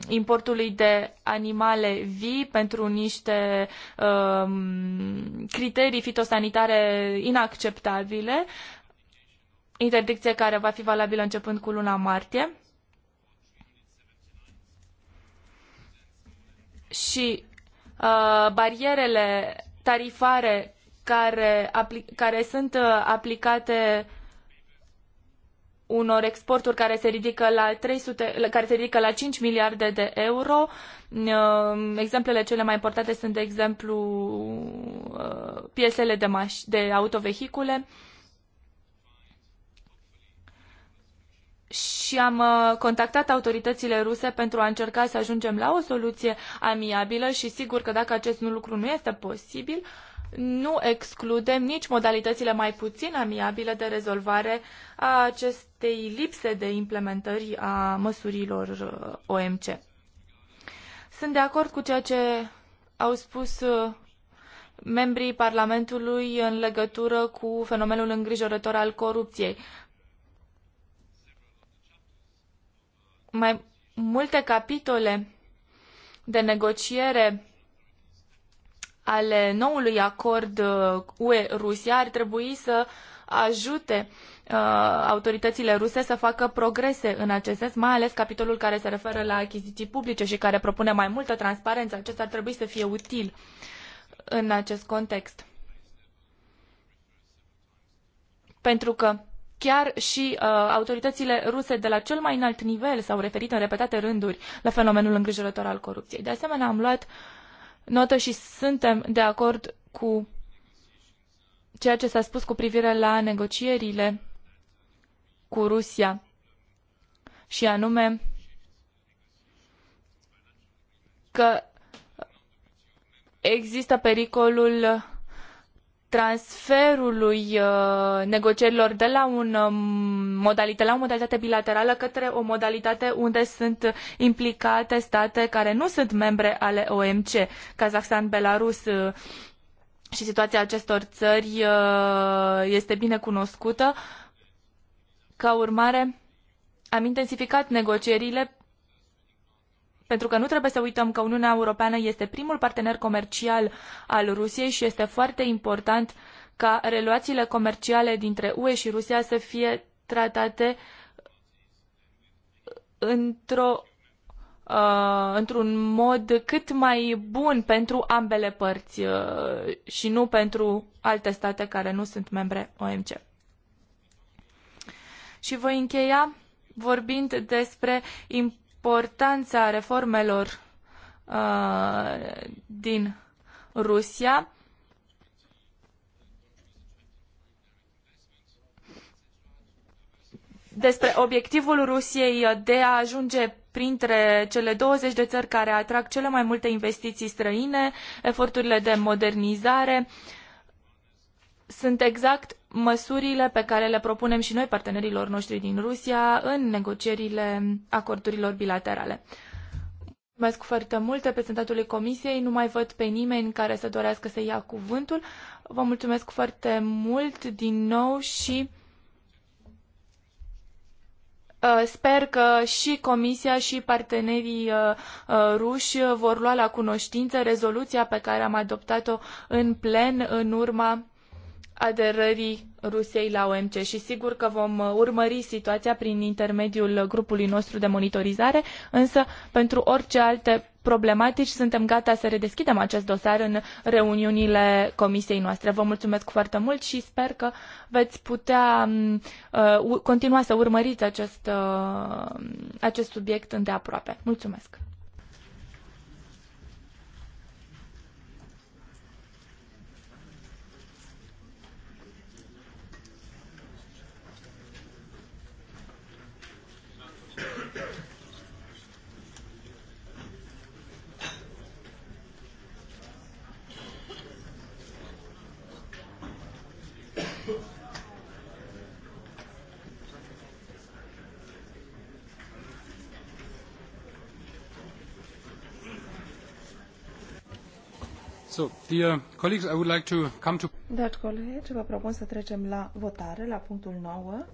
importului de animale vii pentru niște um, criterii fitosanitare inacceptabile, interdicție care va fi valabilă începând cu luna martie. și uh, barierele tarifare care, care sunt uh, aplicate unor exporturi care se ridică la 300, care se ridică la 5 miliarde de euro. Uh, exemplele cele mai importante sunt, de exemplu, uh, piesele de, maș- de autovehicule. Uh, și am uh, contactat autoritățile ruse pentru a încerca să ajungem la o soluție amiabilă și sigur că dacă acest lucru nu este posibil, nu excludem nici modalitățile mai puțin amiabile de rezolvare a acestei lipse de implementări a măsurilor uh, OMC. Sunt de acord cu ceea ce au spus uh, membrii Parlamentului în legătură cu fenomenul îngrijorător al corupției. mai multe capitole de negociere ale noului acord UE-Rusia uh, ar trebui să ajute uh, autoritățile ruse să facă progrese în acest sens, mai ales capitolul care se referă la achiziții publice și care propune mai multă transparență. Acesta ar trebui să fie util în acest context. Pentru că Chiar și uh, autoritățile ruse de la cel mai înalt nivel s-au referit în repetate rânduri la fenomenul îngrijorător al corupției. De asemenea, am luat notă și suntem de acord cu ceea ce s-a spus cu privire la negocierile cu Rusia și anume că există pericolul transferului uh, negocierilor de la, un, um, modalitate, la o modalitate bilaterală către o modalitate unde sunt implicate state care nu sunt membre ale OMC, Kazahstan, Belarus uh, și situația acestor țări uh, este bine cunoscută. Ca urmare, am intensificat negocierile pentru că nu trebuie să uităm că Uniunea Europeană este primul partener comercial al Rusiei și este foarte important ca relațiile comerciale dintre UE și Rusia să fie tratate într-o uh, într-un mod cât mai bun pentru ambele părți uh, și nu pentru alte state care nu sunt membre OMC. Și voi încheia vorbind despre importanța importanța reformelor uh, din Rusia. Despre obiectivul Rusiei de a ajunge printre cele 20 de țări care atrag cele mai multe investiții străine, eforturile de modernizare uh, sunt exact măsurile pe care le propunem și noi partenerilor noștri din Rusia în negocierile acordurilor bilaterale. Mulțumesc foarte mult reprezentatului Comisiei. Nu mai văd pe nimeni care să dorească să ia cuvântul. Vă mulțumesc foarte mult din nou și uh, sper că și Comisia și partenerii uh, uh, ruși vor lua la cunoștință rezoluția pe care am adoptat-o în plen în urma aderării Rusiei la OMC și sigur că vom uh, urmări situația prin intermediul grupului nostru de monitorizare, însă pentru orice alte problematici suntem gata să redeschidem acest dosar în reuniunile comisiei noastre. Vă mulțumesc foarte mult și sper că veți putea mm, uh, continua să urmăriți acest, uh, acest subiect îndeaproape. Mulțumesc! Dragi colegi, vă propun să trecem la votare, la punctul 9.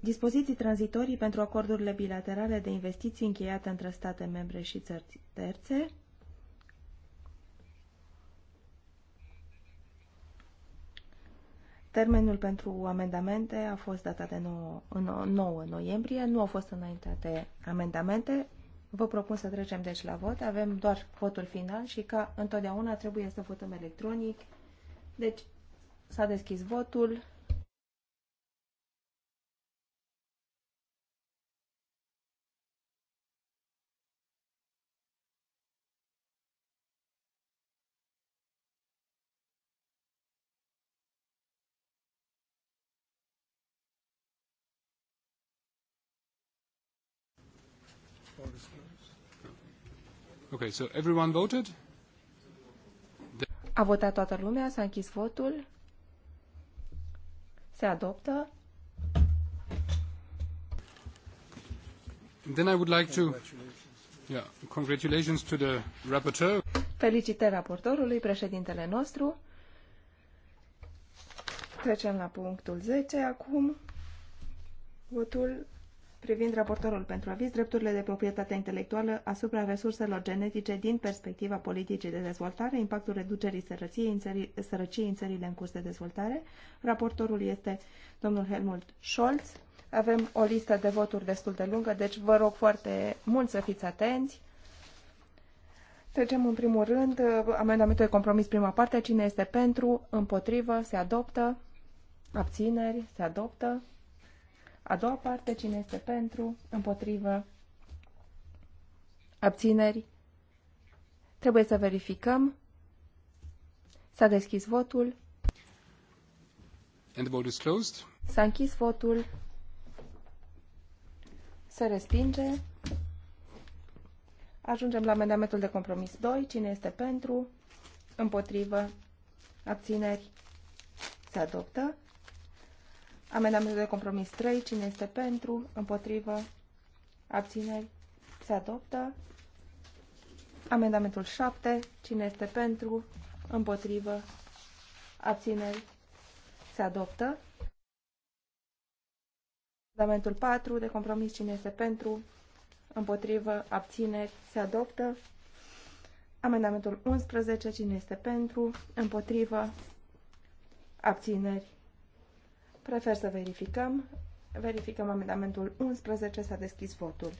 Dispoziții tranzitorii pentru acordurile bilaterale de investiții încheiate între state membre și țări terțe. Termenul pentru amendamente a fost datat de 9, 9 noiembrie, nu au fost înaintate amendamente. Vă propun să trecem deci la vot. Avem doar votul final și ca întotdeauna trebuie să votăm electronic. Deci s-a deschis votul. Okay, so everyone voted? A votat toată lumea, s-a închis votul. Se adoptă. Then I would like to yeah, congratulations to the rapporteur. Felicitări raportorului, președintele nostru. Trecem la punctul 10 acum. Votul privind raportorul pentru aviz drepturile de proprietate intelectuală asupra resurselor genetice din perspectiva politicii de dezvoltare, impactul reducerii sărăciei în, țări, sărăciei în țările în curs de dezvoltare. Raportorul este domnul Helmut Scholz. Avem o listă de voturi destul de lungă, deci vă rog foarte mult să fiți atenți. Trecem în primul rând amendamentul de compromis prima parte. Cine este pentru, împotrivă, se adoptă, abțineri, se adoptă. A doua parte, cine este pentru, împotrivă, abțineri. Trebuie să verificăm. S-a deschis votul. S-a închis votul. Se respinge. Ajungem la amendamentul de compromis 2. Cine este pentru? Împotrivă? Abțineri? Se adoptă. Amendamentul de compromis 3. Cine este pentru? Împotrivă? Abțineri? Se adoptă. Amendamentul 7. Cine este pentru? Împotrivă? Abțineri? Se adoptă. Amendamentul 4. De compromis. Cine este pentru? Împotrivă? Abțineri? Se adoptă. Amendamentul 11. Cine este pentru? Împotrivă? Abțineri? Prefer să verificăm. Verificăm amendamentul 11. S-a deschis votul.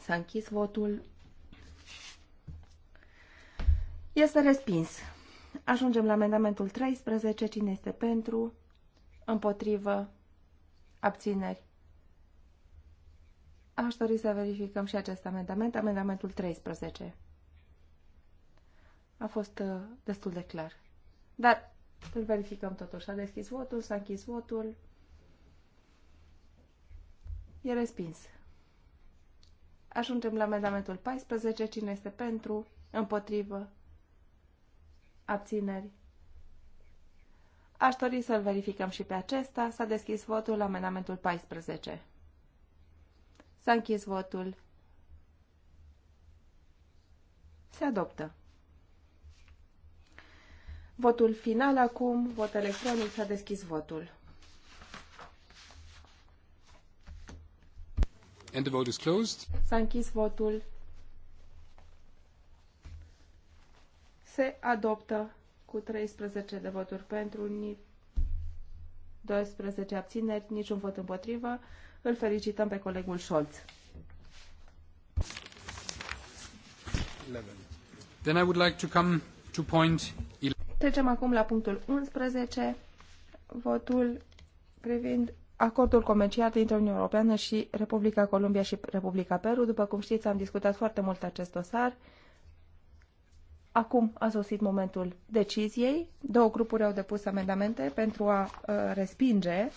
S-a închis votul. Este respins. Ajungem la amendamentul 13. Cine este pentru? Împotrivă? Abțineri? Aș dori să verificăm și acest amendament, amendamentul 13. A fost uh, destul de clar. Dar îl verificăm totuși. S-a deschis votul, s-a închis votul. E respins. Ajungem la amendamentul 14. Cine este pentru? Împotrivă? Abțineri? Aș dori să-l verificăm și pe acesta. S-a deschis votul la amendamentul 14. S-a închis votul. Se adoptă. Votul final acum, vot electronic, s-a deschis votul. And the vote is closed. S-a închis votul. Se adoptă cu 13 de voturi pentru, 12 abțineri, niciun vot împotrivă. Îl felicităm pe colegul Scholz. Then I would like to come to point 11. Trecem acum la punctul 11, votul privind acordul comercial dintre Uniunea Europeană și Republica Columbia și Republica Peru. După cum știți, am discutat foarte mult acest dosar. Acum a sosit momentul deciziei. Două grupuri au depus amendamente pentru a uh, respinge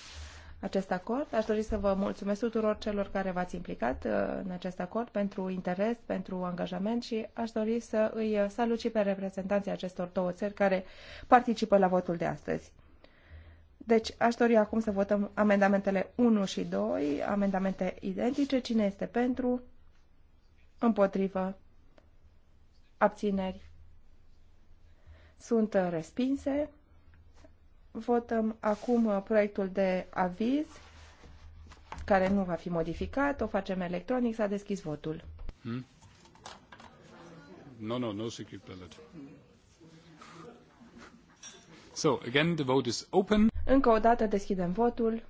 acest acord. Aș dori să vă mulțumesc tuturor celor care v-ați implicat uh, în acest acord pentru interes, pentru angajament și aș dori să îi salut și pe reprezentanții acestor două țări care participă la votul de astăzi. Deci aș dori acum să votăm amendamentele 1 și 2, amendamente identice. Cine este pentru? Împotrivă? Abțineri? Sunt uh, respinse. Votăm acum uh, proiectul de aviz care nu va fi modificat. O facem electronic. S-a deschis votul. Hmm? No, no, no secret ballot. So, again, the vote is open. Încă o dată deschidem votul.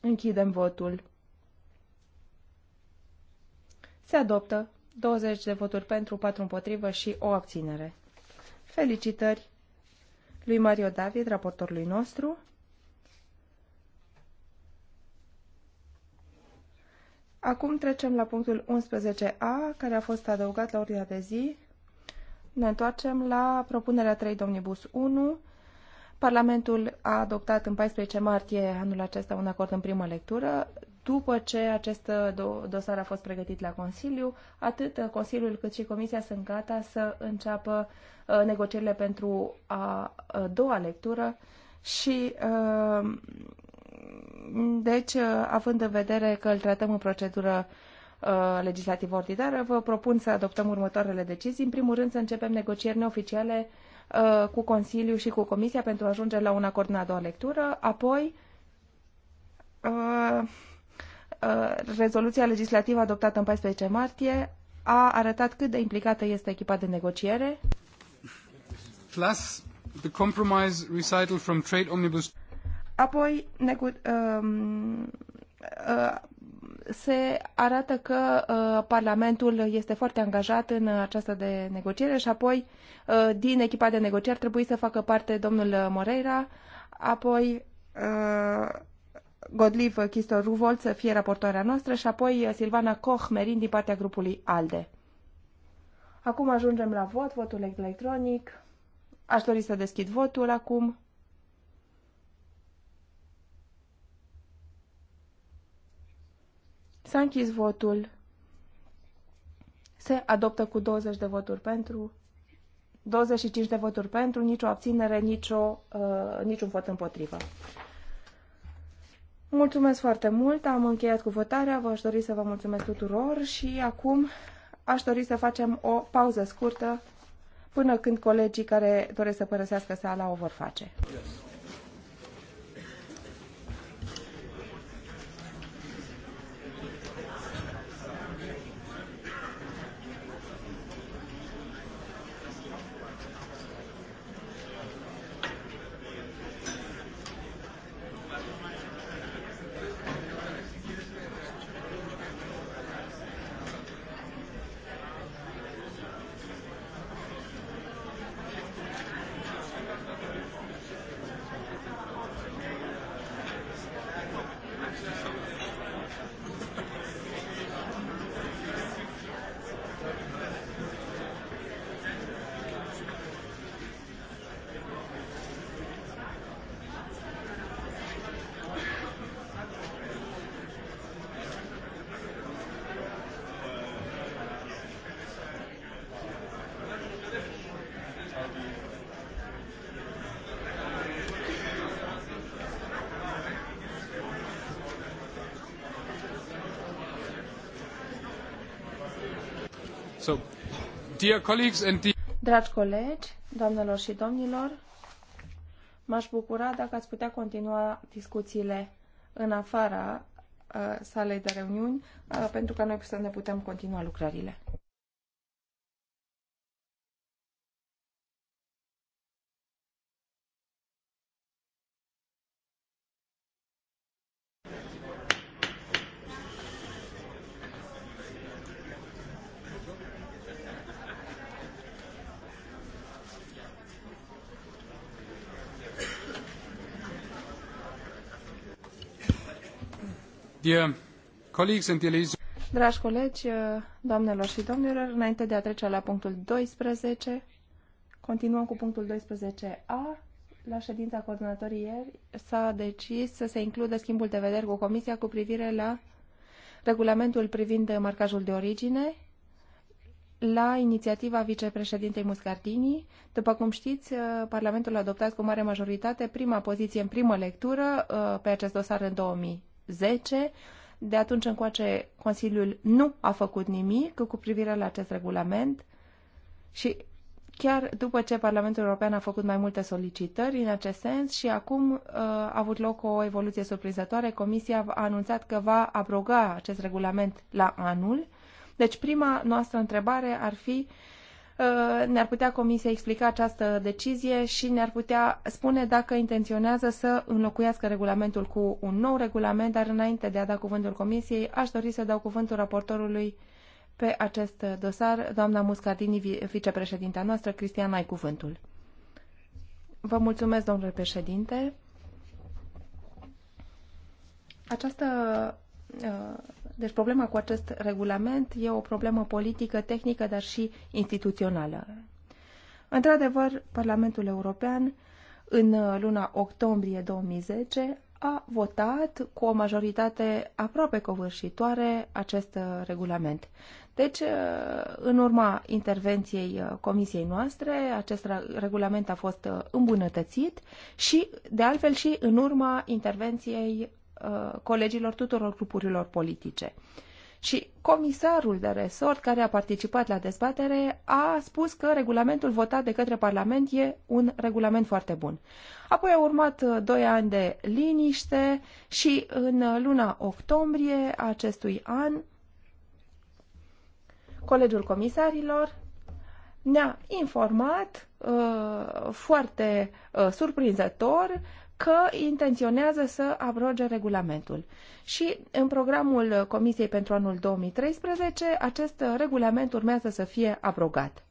Închidem votul. Se adoptă 20 de voturi pentru, 4 împotrivă și o abținere. Felicitări lui Mario David, raportorului nostru. Acum trecem la punctul 11a, care a fost adăugat la ordinea de zi. Ne întoarcem la propunerea 3 Domnibus 1. Parlamentul a adoptat în 14 martie anul acesta un acord în primă lectură după ce acest dosar a fost pregătit la Consiliu, atât Consiliul cât și Comisia sunt gata să înceapă uh, negocierile pentru a uh, doua lectură și uh, deci, având în vedere că îl tratăm în procedură legislativă ordinară, vă propun să adoptăm următoarele decizii. În primul rând, să începem negocieri neoficiale cu Consiliu și cu Comisia pentru a ajunge la un acord în a doua lectură. Apoi, Uh, rezoluția legislativă adoptată în 14 martie a arătat cât de implicată este echipa de negociere. Plus, the compromise recital from trade omnibus. Apoi, negu- um, uh, se arată că uh, Parlamentul este foarte angajat în această de negociere și apoi uh, din echipa de negocieri trebuie să facă parte domnul Moreira, apoi uh, Godliv Chistor Ruvolt să fie raportoarea noastră și apoi eh, Silvana Koch Merin din partea grupului ALDE. Acum ajungem la vot, votul electronic. Aș dori să deschid votul acum. S-a închis votul. Se adoptă cu 20 de voturi pentru, 25 de voturi pentru, nicio abținere, nicio, uh, niciun vot împotrivă. Mulțumesc foarte mult, am încheiat cu votarea, vă aș dori să vă mulțumesc tuturor și acum aș dori să facem o pauză scurtă până când colegii care doresc să părăsească sala o vor face. Yes. Dragi colegi, doamnelor și domnilor, m-aș bucura dacă ați putea continua discuțiile în afara uh, salei de reuniuni, uh, pentru că noi să ne putem continua lucrările. Dragi colegi, doamnelor și domnilor, înainte de a trece la punctul 12, continuăm cu punctul 12a. La ședința coordonatorii ieri s-a decis să se includă schimbul de vederi cu Comisia cu privire la regulamentul privind marcajul de origine la inițiativa vicepreședintei Muscardini. După cum știți, Parlamentul a adoptat cu mare majoritate prima poziție în primă lectură uh, pe acest dosar în 2000. 2010. De atunci încoace, Consiliul nu a făcut nimic cu privire la acest regulament și chiar după ce Parlamentul European a făcut mai multe solicitări în acest sens și acum uh, a avut loc o evoluție surprinzătoare. Comisia a anunțat că va abroga acest regulament la anul. Deci prima noastră întrebare ar fi Uh, ne-ar putea Comisia explica această decizie și ne-ar putea spune dacă intenționează să înlocuiască regulamentul cu un nou regulament, dar înainte de a da cuvântul Comisiei, aș dori să dau cuvântul raportorului pe acest dosar, doamna Muscardini, vicepreședinta noastră. Cristian, ai cuvântul. Vă mulțumesc, domnule președinte. Această uh, deci problema cu acest regulament e o problemă politică, tehnică, dar și instituțională. Într-adevăr, Parlamentul European în luna octombrie 2010 a votat cu o majoritate aproape covârșitoare acest regulament. Deci, în urma intervenției comisiei noastre, acest regulament a fost îmbunătățit și, de altfel, și în urma intervenției Uh, colegilor tuturor grupurilor politice. Și comisarul de resort care a participat la dezbatere a spus că regulamentul votat de către Parlament e un regulament foarte bun. Apoi au urmat uh, doi ani de liniște și în luna octombrie acestui an, Colegiul Comisarilor ne-a informat uh, foarte uh, surprinzător că intenționează să abroge regulamentul. Și în programul Comisiei pentru anul 2013, acest regulament urmează să fie abrogat,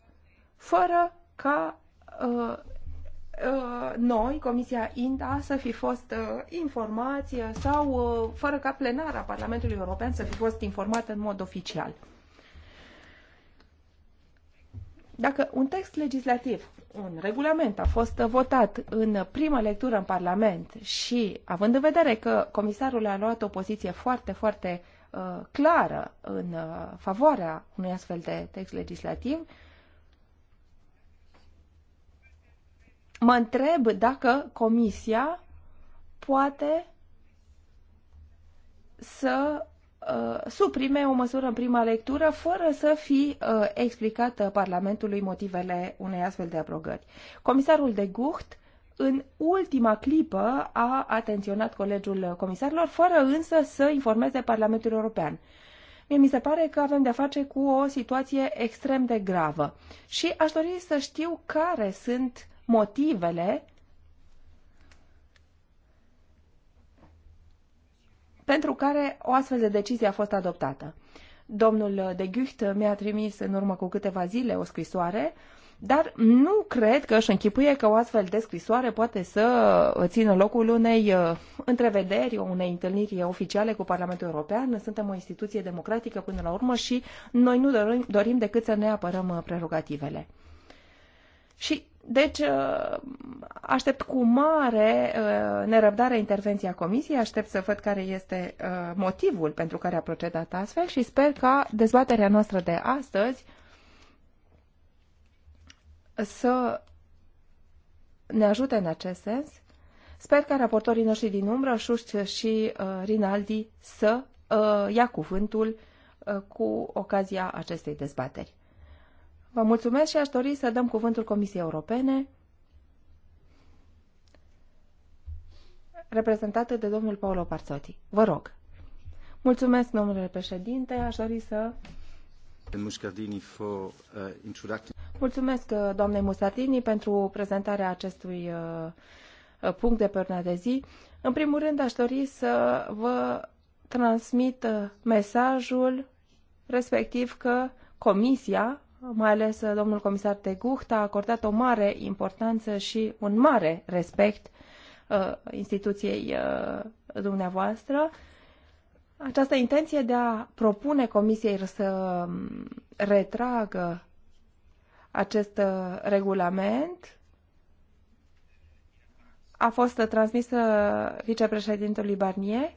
fără ca uh, uh, noi, Comisia INTA, să fi fost uh, informați sau uh, fără ca plenara Parlamentului European să fi fost informată în mod oficial. Dacă un text legislativ un regulament a fost votat în prima lectură în Parlament și având în vedere că comisarul a luat o poziție foarte, foarte uh, clară în uh, favoarea unui astfel de text legislativ, mă întreb dacă comisia poate să Uh, suprime o măsură în prima lectură fără să fi uh, explicată uh, Parlamentului motivele unei astfel de abrogări. Comisarul de Gucht în ultima clipă a atenționat colegiul comisarilor, fără însă să informeze Parlamentul European. Mie mi se pare că avem de-a face cu o situație extrem de gravă și aș dori să știu care sunt motivele pentru care o astfel de decizie a fost adoptată. Domnul de Gucht mi-a trimis în urmă cu câteva zile o scrisoare, dar nu cred că își închipuie că o astfel de scrisoare poate să țină locul unei uh, întrevederi, unei întâlniri oficiale cu Parlamentul European. Suntem o instituție democratică până la urmă și noi nu dorim, dorim decât să ne apărăm uh, prerogativele. Și deci, uh, aștept cu mare uh, nerăbdare intervenția Comisiei, aștept să văd care este uh, motivul pentru care a procedat astfel și sper ca dezbaterea noastră de astăzi să ne ajute în acest sens. Sper ca raportorii noștri din umbră, Șușc și Rinaldi, să ia cuvântul cu ocazia acestei dezbateri. Vă mulțumesc și aș dori să dăm cuvântul Comisiei Europene, reprezentată de domnul Paolo Parzotti. Vă rog. Mulțumesc, domnule președinte. Aș dori să... Uh, mulțumesc, uh, doamnei Muscardini, pentru prezentarea acestui uh, punct de pe de zi. În primul rând, aș dori să vă transmit mesajul respectiv că Comisia mai ales uh, domnul comisar de Gucht, a acordat o mare importanță și un mare respect uh, instituției uh, dumneavoastră. Această intenție de a propune comisiei să um, retragă acest uh, regulament a fost transmisă vicepreședintelui Barnier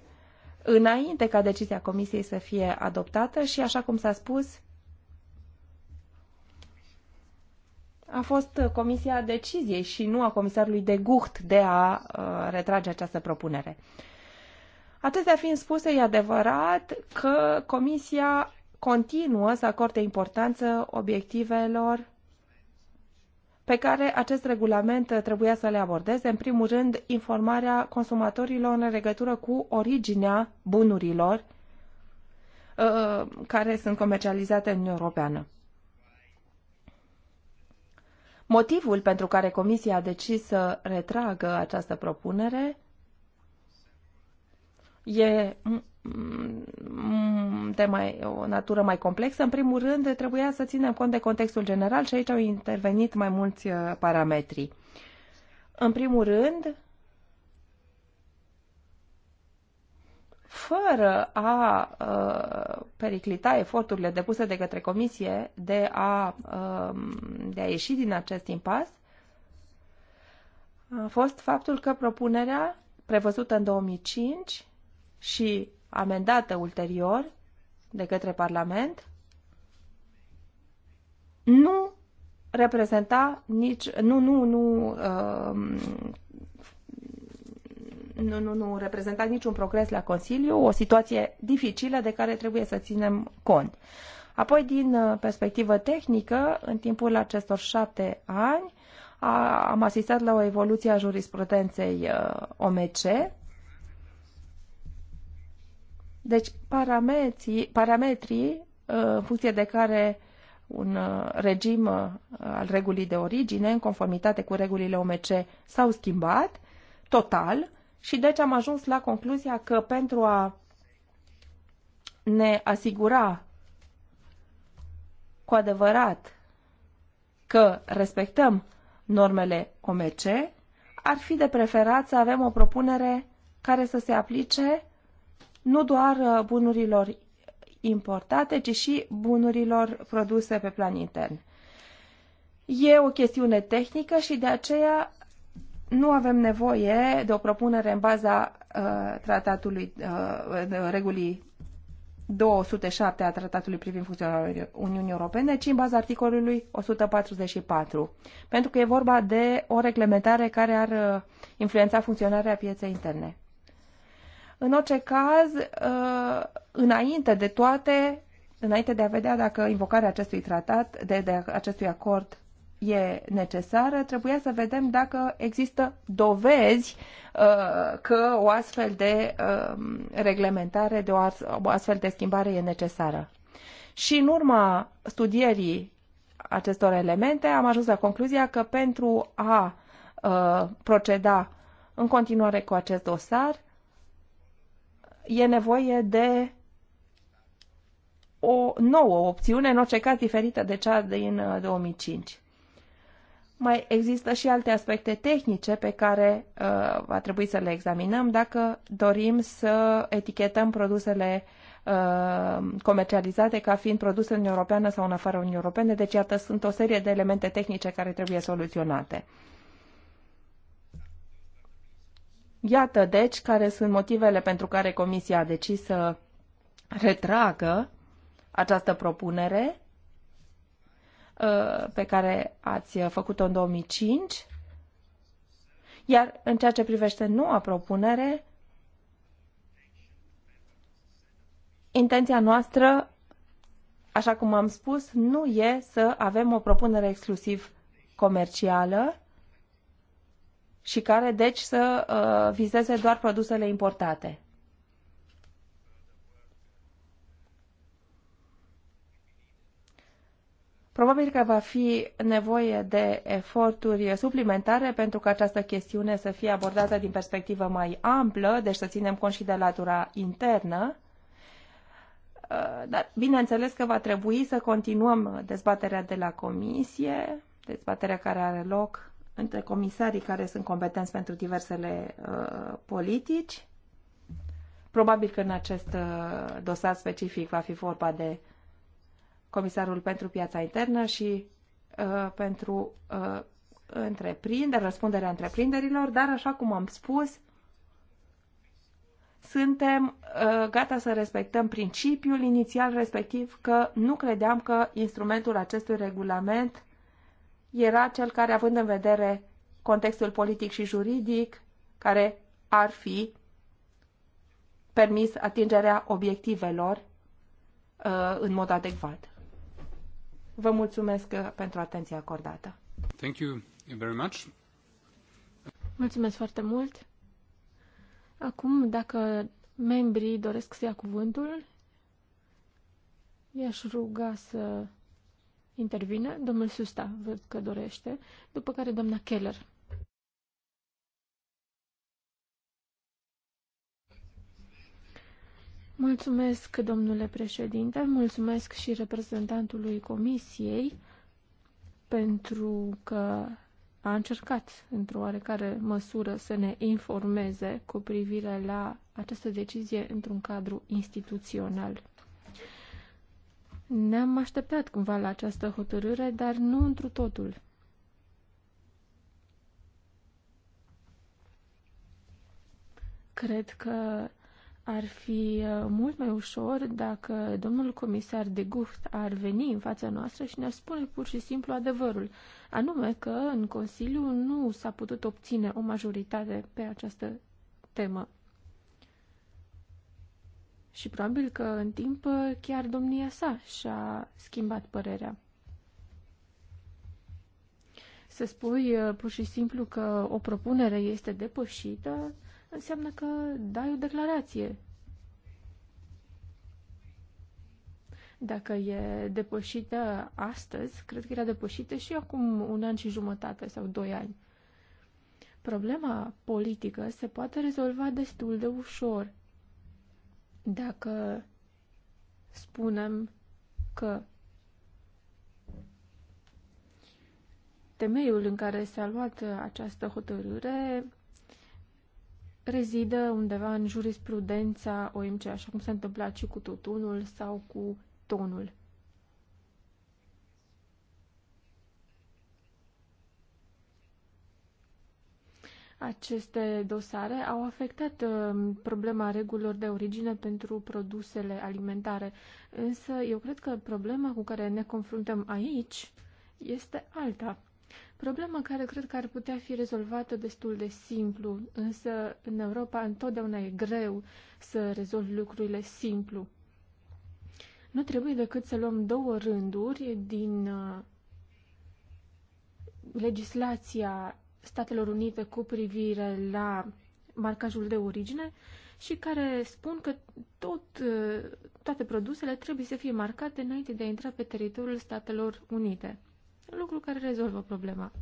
înainte ca decizia comisiei să fie adoptată și, așa cum s-a spus, a fost comisia deciziei și nu a comisarului de Gucht de a uh, retrage această propunere. Atestea fiind spuse, e adevărat că comisia continuă să acorde importanță obiectivelor pe care acest regulament trebuia să le abordeze, în primul rând informarea consumatorilor în legătură cu originea bunurilor uh, care sunt comercializate în Uniunea Europeană. Motivul pentru care Comisia a decis să retragă această propunere e de mai, o natură mai complexă. În primul rând, trebuia să ținem cont de contextul general și aici au intervenit mai mulți uh, parametri. În primul rând, fără a uh, periclita eforturile depuse de către Comisie de a, uh, de a ieși din acest impas, a fost faptul că propunerea prevăzută în 2005 și amendată ulterior de către Parlament nu reprezenta nici, nu, nu, nu uh, nu, nu, nu reprezentat niciun progres la Consiliu, o situație dificilă de care trebuie să ținem cont. Apoi, din uh, perspectivă tehnică, în timpul acestor șapte ani, a, am asistat la o evoluție a jurisprudenței uh, OMC. Deci, parametrii, parametrii uh, în funcție de care un uh, regim uh, al regulii de origine, în conformitate cu regulile OMC, s-au schimbat total și deci am ajuns la concluzia că pentru a ne asigura cu adevărat că respectăm normele OMC, ar fi de preferat să avem o propunere care să se aplice nu doar uh, bunurilor importate, ci și bunurilor produse pe plan intern. E o chestiune tehnică și de aceea nu avem nevoie de o propunere în baza uh, tratatului, uh, regulii 207 a tratatului privind funcționarea Uniunii Europene, ci în baza articolului 144, pentru că e vorba de o reglementare care ar uh, influența funcționarea pieței interne. În orice caz, uh, înainte de toate, înainte de a vedea dacă invocarea acestui tratat, de, de acestui acord e necesară, trebuia să vedem dacă există dovezi uh, că o astfel de um, reglementare, de o, astfel de schimbare e necesară. Și în urma studierii acestor elemente am ajuns la concluzia că pentru a uh, proceda în continuare cu acest dosar e nevoie de o nouă opțiune, în orice caz diferită de cea din 2005. Uh, mai există și alte aspecte tehnice pe care uh, va trebui să le examinăm dacă dorim să etichetăm produsele uh, comercializate ca fiind produse în Europeană sau în afara Uniunii Europene. Deci, iată, sunt o serie de elemente tehnice care trebuie soluționate. Iată, deci, care sunt motivele pentru care Comisia a decis să retragă această propunere Uh, pe care ați uh, făcut-o în 2005, iar în ceea ce privește noua propunere, intenția noastră, așa cum am spus, nu e să avem o propunere exclusiv comercială și care, deci, să uh, vizeze doar produsele importate. Probabil că va fi nevoie de eforturi suplimentare pentru ca această chestiune să fie abordată din perspectivă mai amplă, deci să ținem cont și de latura internă. Uh, dar bineînțeles că va trebui să continuăm dezbaterea de la comisie, dezbaterea care are loc între comisarii care sunt competenți pentru diversele uh, politici. Probabil că în acest uh, dosar specific va fi vorba de comisarul pentru piața internă și uh, pentru uh, întreprinderi, răspunderea întreprinderilor, dar așa cum am spus, suntem uh, gata să respectăm principiul inițial respectiv că nu credeam că instrumentul acestui regulament era cel care, având în vedere contextul politic și juridic, care ar fi permis atingerea obiectivelor uh, în mod adecvat. Vă mulțumesc uh, pentru atenția acordată. Thank you very much. Mulțumesc foarte mult. Acum, dacă membrii doresc să ia cuvântul, i-aș ruga să intervine. Domnul Susta, văd că dorește, după care doamna Keller. Mulțumesc, domnule președinte, mulțumesc și reprezentantului comisiei pentru că a încercat, într-o oarecare măsură, să ne informeze cu privire la această decizie într-un cadru instituțional. Ne-am așteptat cumva la această hotărâre, dar nu întru totul. Cred că ar fi uh, mult mai ușor dacă domnul comisar de Gucht ar veni în fața noastră și ne-ar spune pur și simplu adevărul, anume că în Consiliu nu s-a putut obține o majoritate pe această temă. Și probabil că în timp uh, chiar domnia sa și-a schimbat părerea. Să spui uh, pur și simplu că o propunere este depășită, înseamnă că dai o declarație. Dacă e depășită astăzi, cred că era depășită și acum un an și jumătate sau doi ani. Problema politică se poate rezolva destul de ușor dacă spunem că temeiul în care s-a luat această hotărâre rezidă undeva în jurisprudența OMC, așa cum s-a întâmplat și cu tutunul sau cu tonul. Aceste dosare au afectat uh, problema regulilor de origine pentru produsele alimentare, însă eu cred că problema cu care ne confruntăm aici este alta. Problema care cred că ar putea fi rezolvată destul de simplu, însă în Europa întotdeauna e greu să rezolvi lucrurile simplu. Nu trebuie decât să luăm două rânduri din uh, legislația Statelor Unite cu privire la marcajul de origine și care spun că tot, uh, toate produsele trebuie să fie marcate înainte de a intra pe teritoriul Statelor Unite un lucru care rezolvă problema.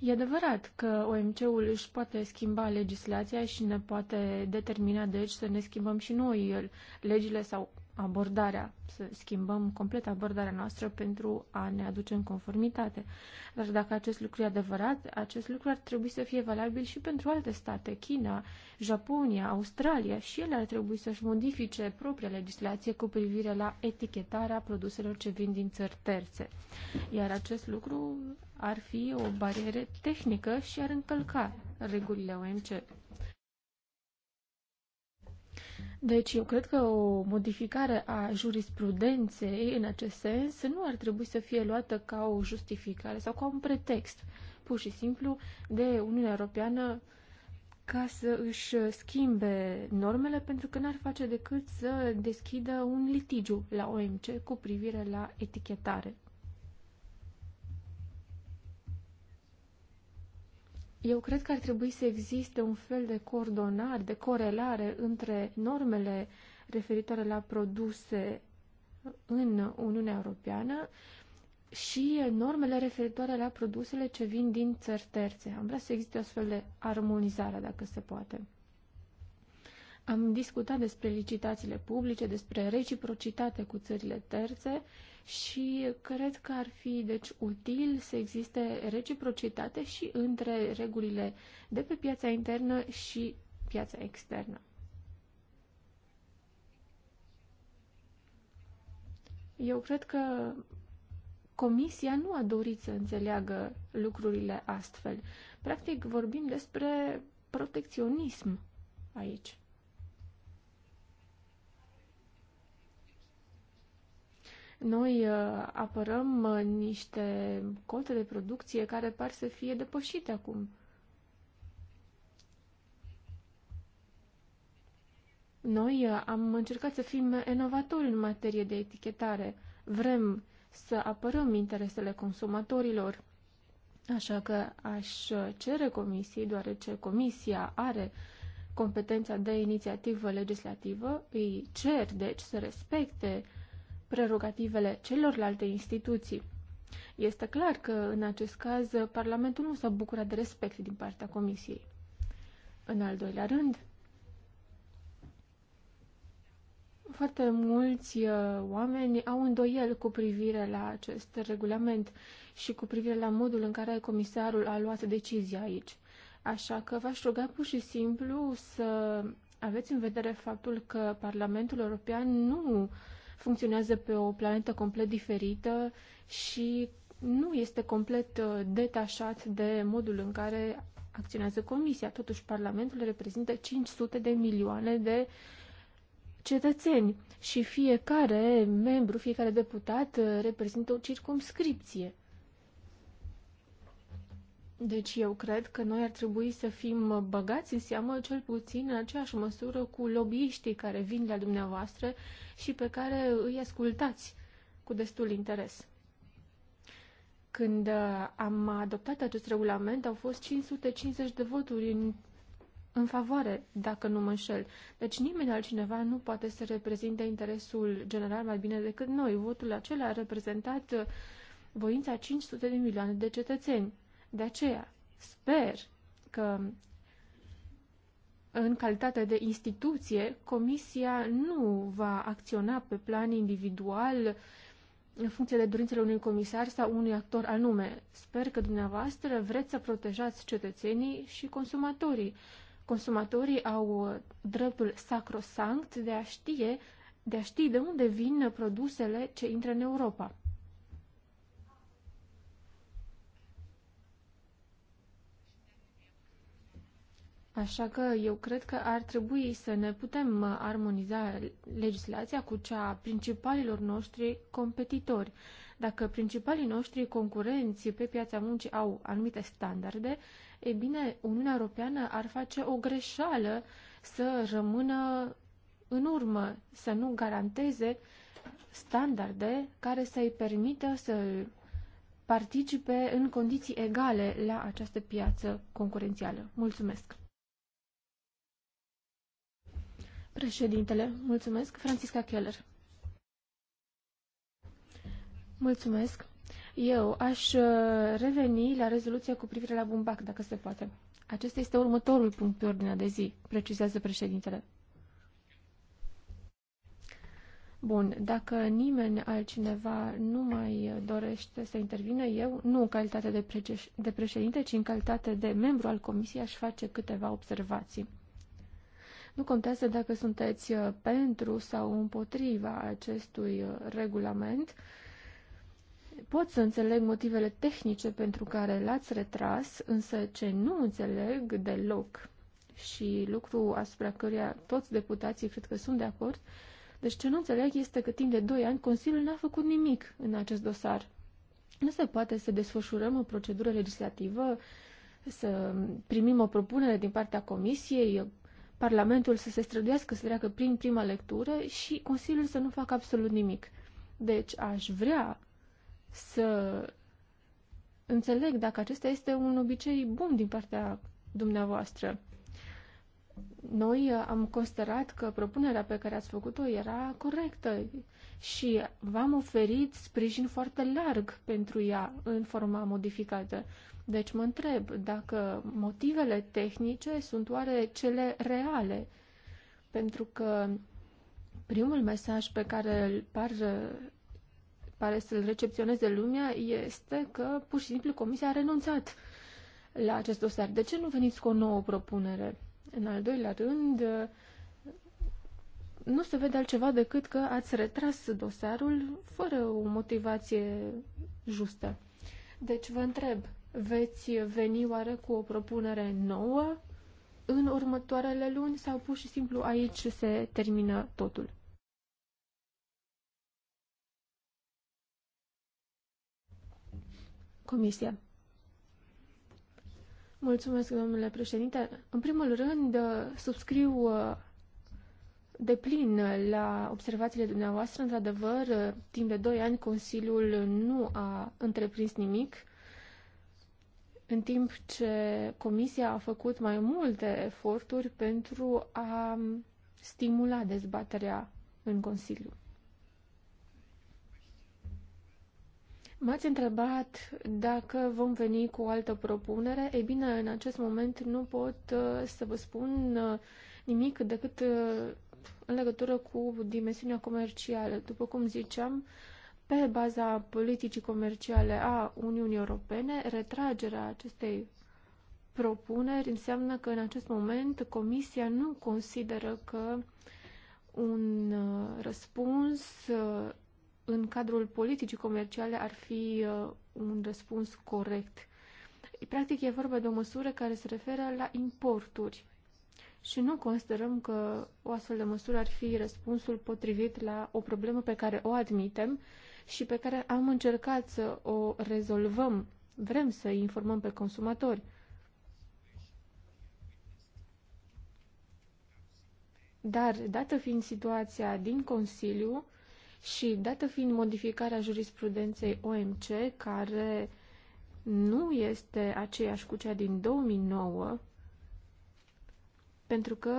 E adevărat că OMC-ul își poate schimba legislația și ne poate determina, deci, să ne schimbăm și noi legile sau abordarea, să schimbăm complet abordarea noastră pentru a ne aduce în conformitate. Dar dacă acest lucru e adevărat, acest lucru ar trebui să fie valabil și pentru alte state, China, Japonia, Australia, și ele ar trebui să-și modifice propria legislație cu privire la etichetarea produselor ce vin din țări terțe. Iar acest lucru ar fi o bariere tehnică și ar încălca regulile OMC. Deci eu cred că o modificare a jurisprudenței în acest sens nu ar trebui să fie luată ca o justificare sau ca un pretext, pur și simplu, de Uniunea Europeană ca să își schimbe normele pentru că n-ar face decât să deschidă un litigiu la OMC cu privire la etichetare. Eu cred că ar trebui să existe un fel de coordonare, de corelare între normele referitoare la produse în Uniunea Europeană și normele referitoare la produsele ce vin din țări terțe. Am vrea să existe o astfel de armonizare, dacă se poate. Am discutat despre licitațiile publice, despre reciprocitate cu țările terțe și cred că ar fi deci util să existe reciprocitate și între regulile de pe piața internă și piața externă. Eu cred că Comisia nu a dorit să înțeleagă lucrurile astfel. Practic vorbim despre protecționism aici. Noi uh, apărăm uh, niște cote de producție care par să fie depășite acum. Noi uh, am încercat să fim inovatori în materie de etichetare. Vrem să apărăm interesele consumatorilor. Așa că aș cere comisiei, deoarece comisia are competența de inițiativă legislativă, îi cer, deci, să respecte prerogativele celorlalte instituții. Este clar că, în acest caz, Parlamentul nu s-a bucurat de respect din partea Comisiei. În al doilea rând, foarte mulți uh, oameni au îndoiel cu privire la acest regulament și cu privire la modul în care comisarul a luat decizia aici. Așa că v-aș ruga pur și simplu să aveți în vedere faptul că Parlamentul European nu funcționează pe o planetă complet diferită și nu este complet uh, detașat de modul în care acționează Comisia. Totuși, Parlamentul reprezintă 500 de milioane de cetățeni și fiecare membru, fiecare deputat uh, reprezintă o circumscripție. Deci eu cred că noi ar trebui să fim băgați în seamă cel puțin în aceeași măsură cu lobbyiștii care vin la dumneavoastră și pe care îi ascultați cu destul interes. Când uh, am adoptat acest regulament au fost 550 de voturi în, în favoare, dacă nu mă înșel. Deci nimeni altcineva nu poate să reprezinte interesul general mai bine decât noi. Votul acela a reprezentat uh, voința 500 de milioane de cetățeni de aceea, sper că în calitate de instituție, Comisia nu va acționa pe plan individual în funcție de dorințele unui comisar sau unui actor anume. Sper că dumneavoastră vreți să protejați cetățenii și consumatorii. Consumatorii au dreptul sacrosanct de a știe de a ști de unde vin produsele ce intră în Europa. Așa că eu cred că ar trebui să ne putem uh, armoniza legislația cu cea a principalilor noștri competitori. Dacă principalii noștri concurenți pe piața muncii au anumite standarde, e bine, Uniunea Europeană ar face o greșeală să rămână în urmă, să nu garanteze standarde care să-i permită să participe în condiții egale la această piață concurențială. Mulțumesc! Președintele, mulțumesc. Francisca Keller. Mulțumesc. Eu aș uh, reveni la rezoluția cu privire la bumbac, dacă se poate. Acesta este următorul punct pe ordinea de zi, precizează președintele. Bun, dacă nimeni altcineva nu mai dorește să intervină, eu, nu în calitate de, de președinte, ci în calitate de membru al comisiei, aș face câteva observații. Nu contează dacă sunteți uh, pentru sau împotriva acestui uh, regulament. Pot să înțeleg motivele tehnice pentru care l-ați retras, însă ce nu înțeleg deloc și lucru asupra căruia toți deputații cred că sunt de acord, deci ce nu înțeleg este că timp de 2 ani Consiliul n-a făcut nimic în acest dosar. Nu se poate să desfășurăm o procedură legislativă, să primim o propunere din partea Comisiei, Parlamentul să se străduiască să treacă prin prima lectură și Consiliul să nu facă absolut nimic. Deci aș vrea să înțeleg dacă acesta este un obicei bun din partea dumneavoastră. Noi uh, am considerat că propunerea pe care ați făcut-o era corectă și v-am oferit sprijin foarte larg pentru ea în forma modificată. Deci mă întreb dacă motivele tehnice sunt oare cele reale, pentru că primul mesaj pe care îl par, pare să-l recepționeze lumea este că pur și simplu Comisia a renunțat la acest dosar. De ce nu veniți cu o nouă propunere? În al doilea rând, nu se vede altceva decât că ați retras dosarul fără o motivație justă. Deci vă întreb, veți veni oare cu o propunere nouă în următoarele luni sau pur și simplu aici se termină totul? Comisia. Mulțumesc, domnule președinte. În primul rând, subscriu uh, de plin la observațiile dumneavoastră. Într-adevăr, uh, timp de doi ani Consiliul nu a întreprins nimic, în timp ce Comisia a făcut mai multe eforturi pentru a stimula dezbaterea în Consiliu. M-ați întrebat dacă vom veni cu o altă propunere. Ei bine, în acest moment nu pot uh, să vă spun uh, nimic decât uh, în legătură cu dimensiunea comercială. După cum ziceam, pe baza politicii comerciale a Uniunii Europene, retragerea acestei propuneri înseamnă că în acest moment Comisia nu consideră că un răspuns în cadrul politicii comerciale ar fi uh, un răspuns corect. Practic e vorba de o măsură care se referă la importuri și nu considerăm că o astfel de măsură ar fi răspunsul potrivit la o problemă pe care o admitem și pe care am încercat să o rezolvăm. Vrem să informăm pe consumatori. Dar, dată fiind situația din Consiliu, și dată fiind modificarea jurisprudenței OMC, care nu este aceeași cu cea din 2009, pentru că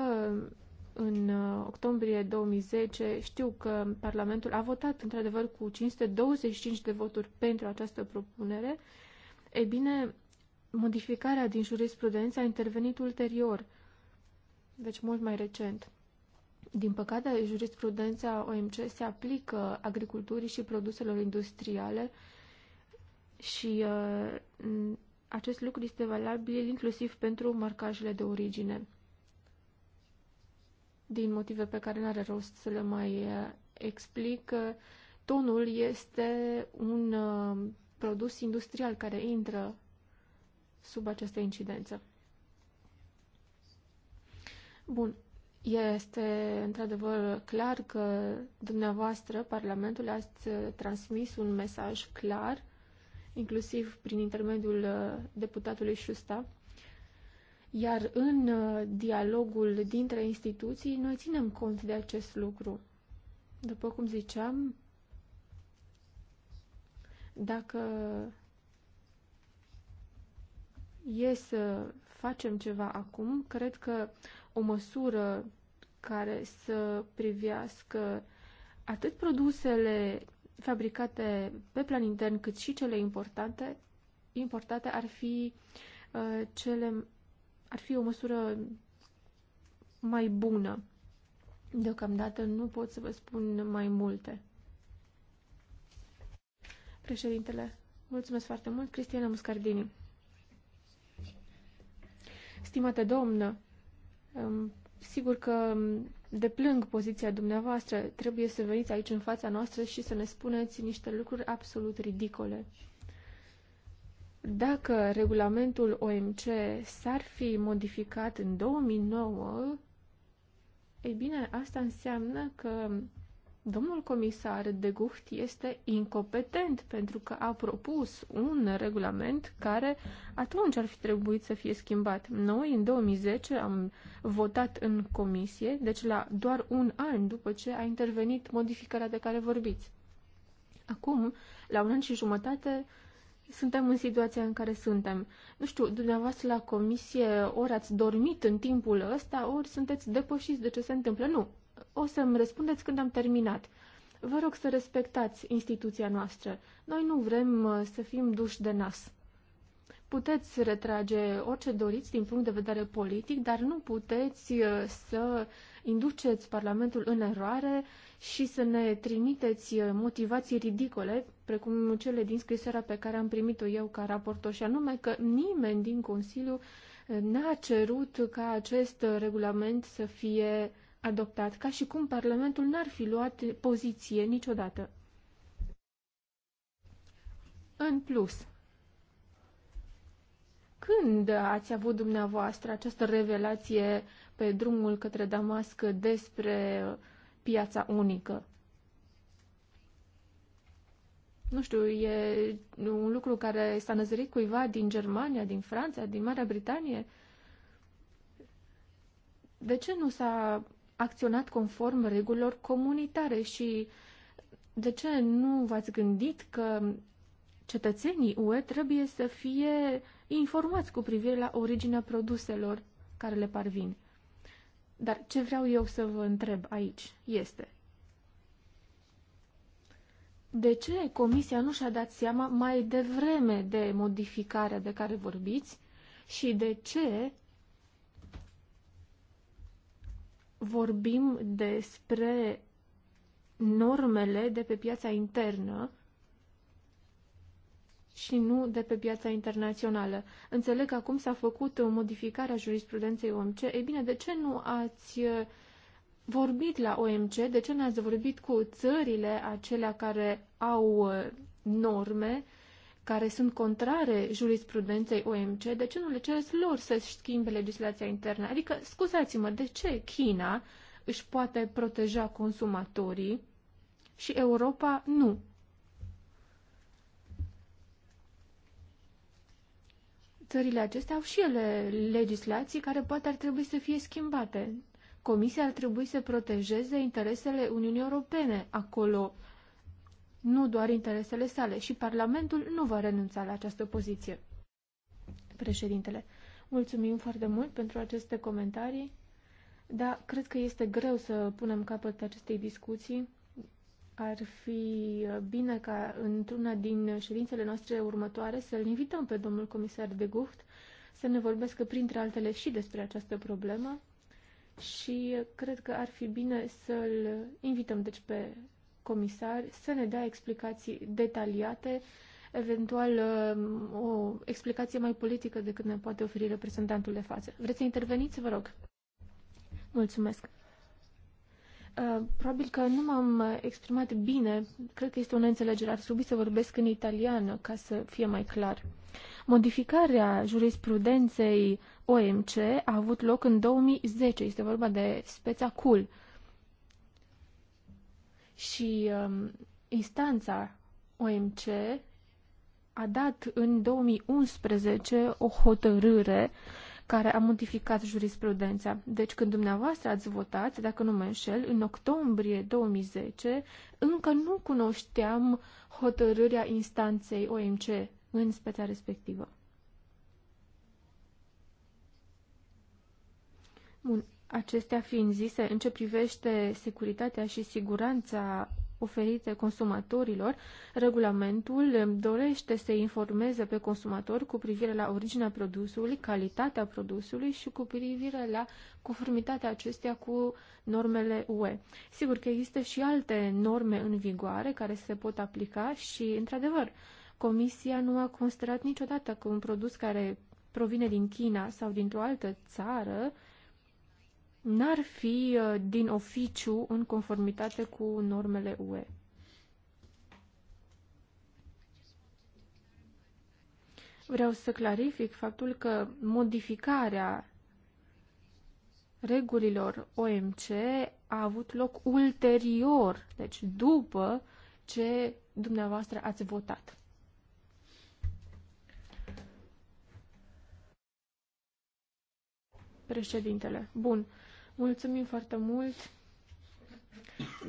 în octombrie 2010 știu că Parlamentul a votat într-adevăr cu 525 de voturi pentru această propunere, e bine, modificarea din jurisprudență a intervenit ulterior, deci mult mai recent. Din păcate, jurisprudența OMC se aplică agriculturii și produselor industriale și uh, acest lucru este valabil inclusiv pentru marcajele de origine. Din motive pe care nu are rost să le mai uh, explic, tonul este un uh, produs industrial care intră sub această incidență. Bun, este într-adevăr clar că dumneavoastră, Parlamentul, ați uh, transmis un mesaj clar, inclusiv prin intermediul uh, deputatului Șusta. Iar în uh, dialogul dintre instituții, noi ținem cont de acest lucru. După cum ziceam, dacă e să facem ceva acum, cred că o măsură care să privească atât produsele fabricate pe plan intern, cât și cele importante, importate ar fi uh, cele ar fi o măsură mai bună. Deocamdată nu pot să vă spun mai multe. Președintele, mulțumesc foarte mult, Cristiana Muscardini. Stimate domnă, Sigur că deplâng poziția dumneavoastră. Trebuie să veniți aici în fața noastră și să ne spuneți niște lucruri absolut ridicole. Dacă regulamentul OMC s-ar fi modificat în 2009, ei bine, asta înseamnă că Domnul comisar de Gucht este incompetent pentru că a propus un regulament care atunci ar fi trebuit să fie schimbat. Noi, în 2010, am votat în comisie, deci la doar un an după ce a intervenit modificarea de care vorbiți. Acum, la un an și jumătate, suntem în situația în care suntem. Nu știu, dumneavoastră la comisie ori ați dormit în timpul ăsta, ori sunteți depășiți de ce se întâmplă. Nu, o să-mi răspundeți când am terminat. Vă rog să respectați instituția noastră. Noi nu vrem uh, să fim duși de nas. Puteți retrage orice doriți din punct de vedere politic, dar nu puteți uh, să induceți Parlamentul în eroare și să ne trimiteți uh, motivații ridicole, precum cele din scrisoarea pe care am primit-o eu ca raportor, și anume că nimeni din Consiliu n-a cerut ca acest regulament să fie adoptat, ca și cum Parlamentul n-ar fi luat poziție niciodată. În plus, când ați avut dumneavoastră această revelație pe drumul către Damasc despre piața unică? Nu știu, e un lucru care s-a năzărit cuiva din Germania, din Franța, din Marea Britanie? De ce nu s-a acționat conform regulilor comunitare și de ce nu v-ați gândit că cetățenii UE trebuie să fie informați cu privire la originea produselor care le parvin? Dar ce vreau eu să vă întreb aici este de ce Comisia nu și-a dat seama mai devreme de modificarea de care vorbiți și de ce vorbim despre normele de pe piața internă și nu de pe piața internațională. Înțeleg că acum s-a făcut o modificare a jurisprudenței OMC. Ei bine, de ce nu ați uh, vorbit la OMC? De ce nu ați vorbit cu țările acelea care au uh, norme care sunt contrare jurisprudenței OMC, de ce nu le cereți lor să schimbe legislația internă? Adică, scuzați-mă, de ce China își poate proteja consumatorii și Europa nu? Țările acestea au și ele legislații care poate ar trebui să fie schimbate. Comisia ar trebui să protejeze interesele Uniunii Europene acolo nu doar interesele sale și Parlamentul nu va renunța la această poziție. Președintele, mulțumim foarte mult pentru aceste comentarii, dar cred că este greu să punem capăt acestei discuții. Ar fi bine ca într-una din ședințele noastre următoare să-l invităm pe domnul comisar de Gucht să ne vorbească printre altele și despre această problemă și cred că ar fi bine să-l invităm deci pe comisar să ne dea explicații detaliate, eventual um, o explicație mai politică decât ne poate oferi reprezentantul de față. Vreți să interveniți? Vă rog. Mulțumesc. Uh, probabil că nu m-am exprimat bine. Cred că este o neînțelegere. Ar trebui să vorbesc în italiană ca să fie mai clar. Modificarea jurisprudenței OMC a avut loc în 2010. Este vorba de speța CUL. Cool și um, instanța OMC a dat în 2011 o hotărâre care a modificat jurisprudența. Deci când dumneavoastră ați votat, dacă nu mă înșel, în octombrie 2010, încă nu cunoșteam hotărârea instanței OMC în speța respectivă. Bun. Acestea fiind zise, în ce privește securitatea și siguranța oferite consumatorilor, regulamentul dorește să informeze pe consumator cu privire la originea produsului, calitatea produsului și cu privire la conformitatea acestea cu normele UE. Sigur că există și alte norme în vigoare care se pot aplica și, într-adevăr, Comisia nu a considerat niciodată că un produs care provine din China sau dintr-o altă țară n-ar fi uh, din oficiu în conformitate cu normele UE. Vreau să clarific faptul că modificarea regulilor OMC a avut loc ulterior, deci după ce dumneavoastră ați votat. Președintele. Bun. Mulțumim foarte mult!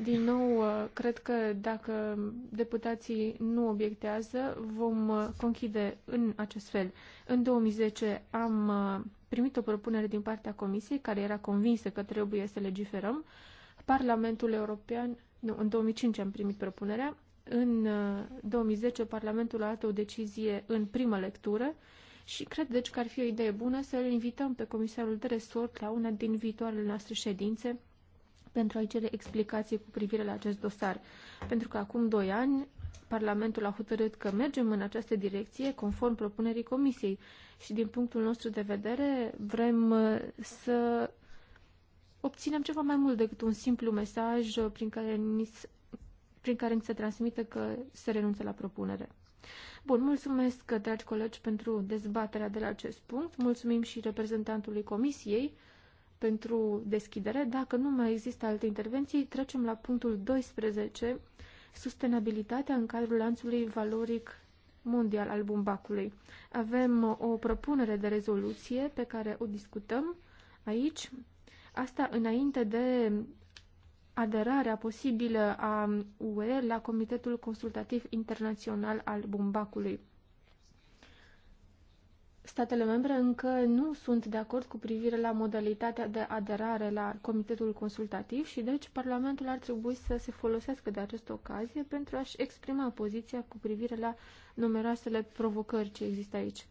Din nou, uh, cred că dacă deputații nu obiectează, vom uh, conchide în acest fel. În 2010 am uh, primit o propunere din partea Comisiei, care era convinsă că trebuie să legiferăm. Parlamentul European, nu, în 2005 am primit propunerea, în 2010 Parlamentul a luat o decizie în primă lectură și cred deci că ar fi o idee bună să-l invităm pe comisarul de resort la una din viitoarele noastre ședințe pentru a-i cere explicații cu privire la acest dosar. Pentru că acum doi ani Parlamentul a hotărât că mergem în această direcție conform propunerii Comisiei și din punctul nostru de vedere vrem uh, să obținem ceva mai mult decât un simplu mesaj uh, prin care ni, prin care ni se transmite că se renunță la propunere. Bun, mulțumesc, dragi colegi, pentru dezbaterea de la acest punct. Mulțumim și reprezentantului Comisiei pentru deschidere. Dacă nu mai există alte intervenții, trecem la punctul 12, sustenabilitatea în cadrul lanțului valoric mondial al bumbacului. Avem o propunere de rezoluție pe care o discutăm aici. Asta înainte de aderarea posibilă a UE la Comitetul Consultativ Internațional al Bumbacului. Statele membre încă nu sunt de acord cu privire la modalitatea de aderare la Comitetul Consultativ și deci Parlamentul ar trebui să se folosească de această ocazie pentru a-și exprima poziția cu privire la numeroasele provocări ce există aici.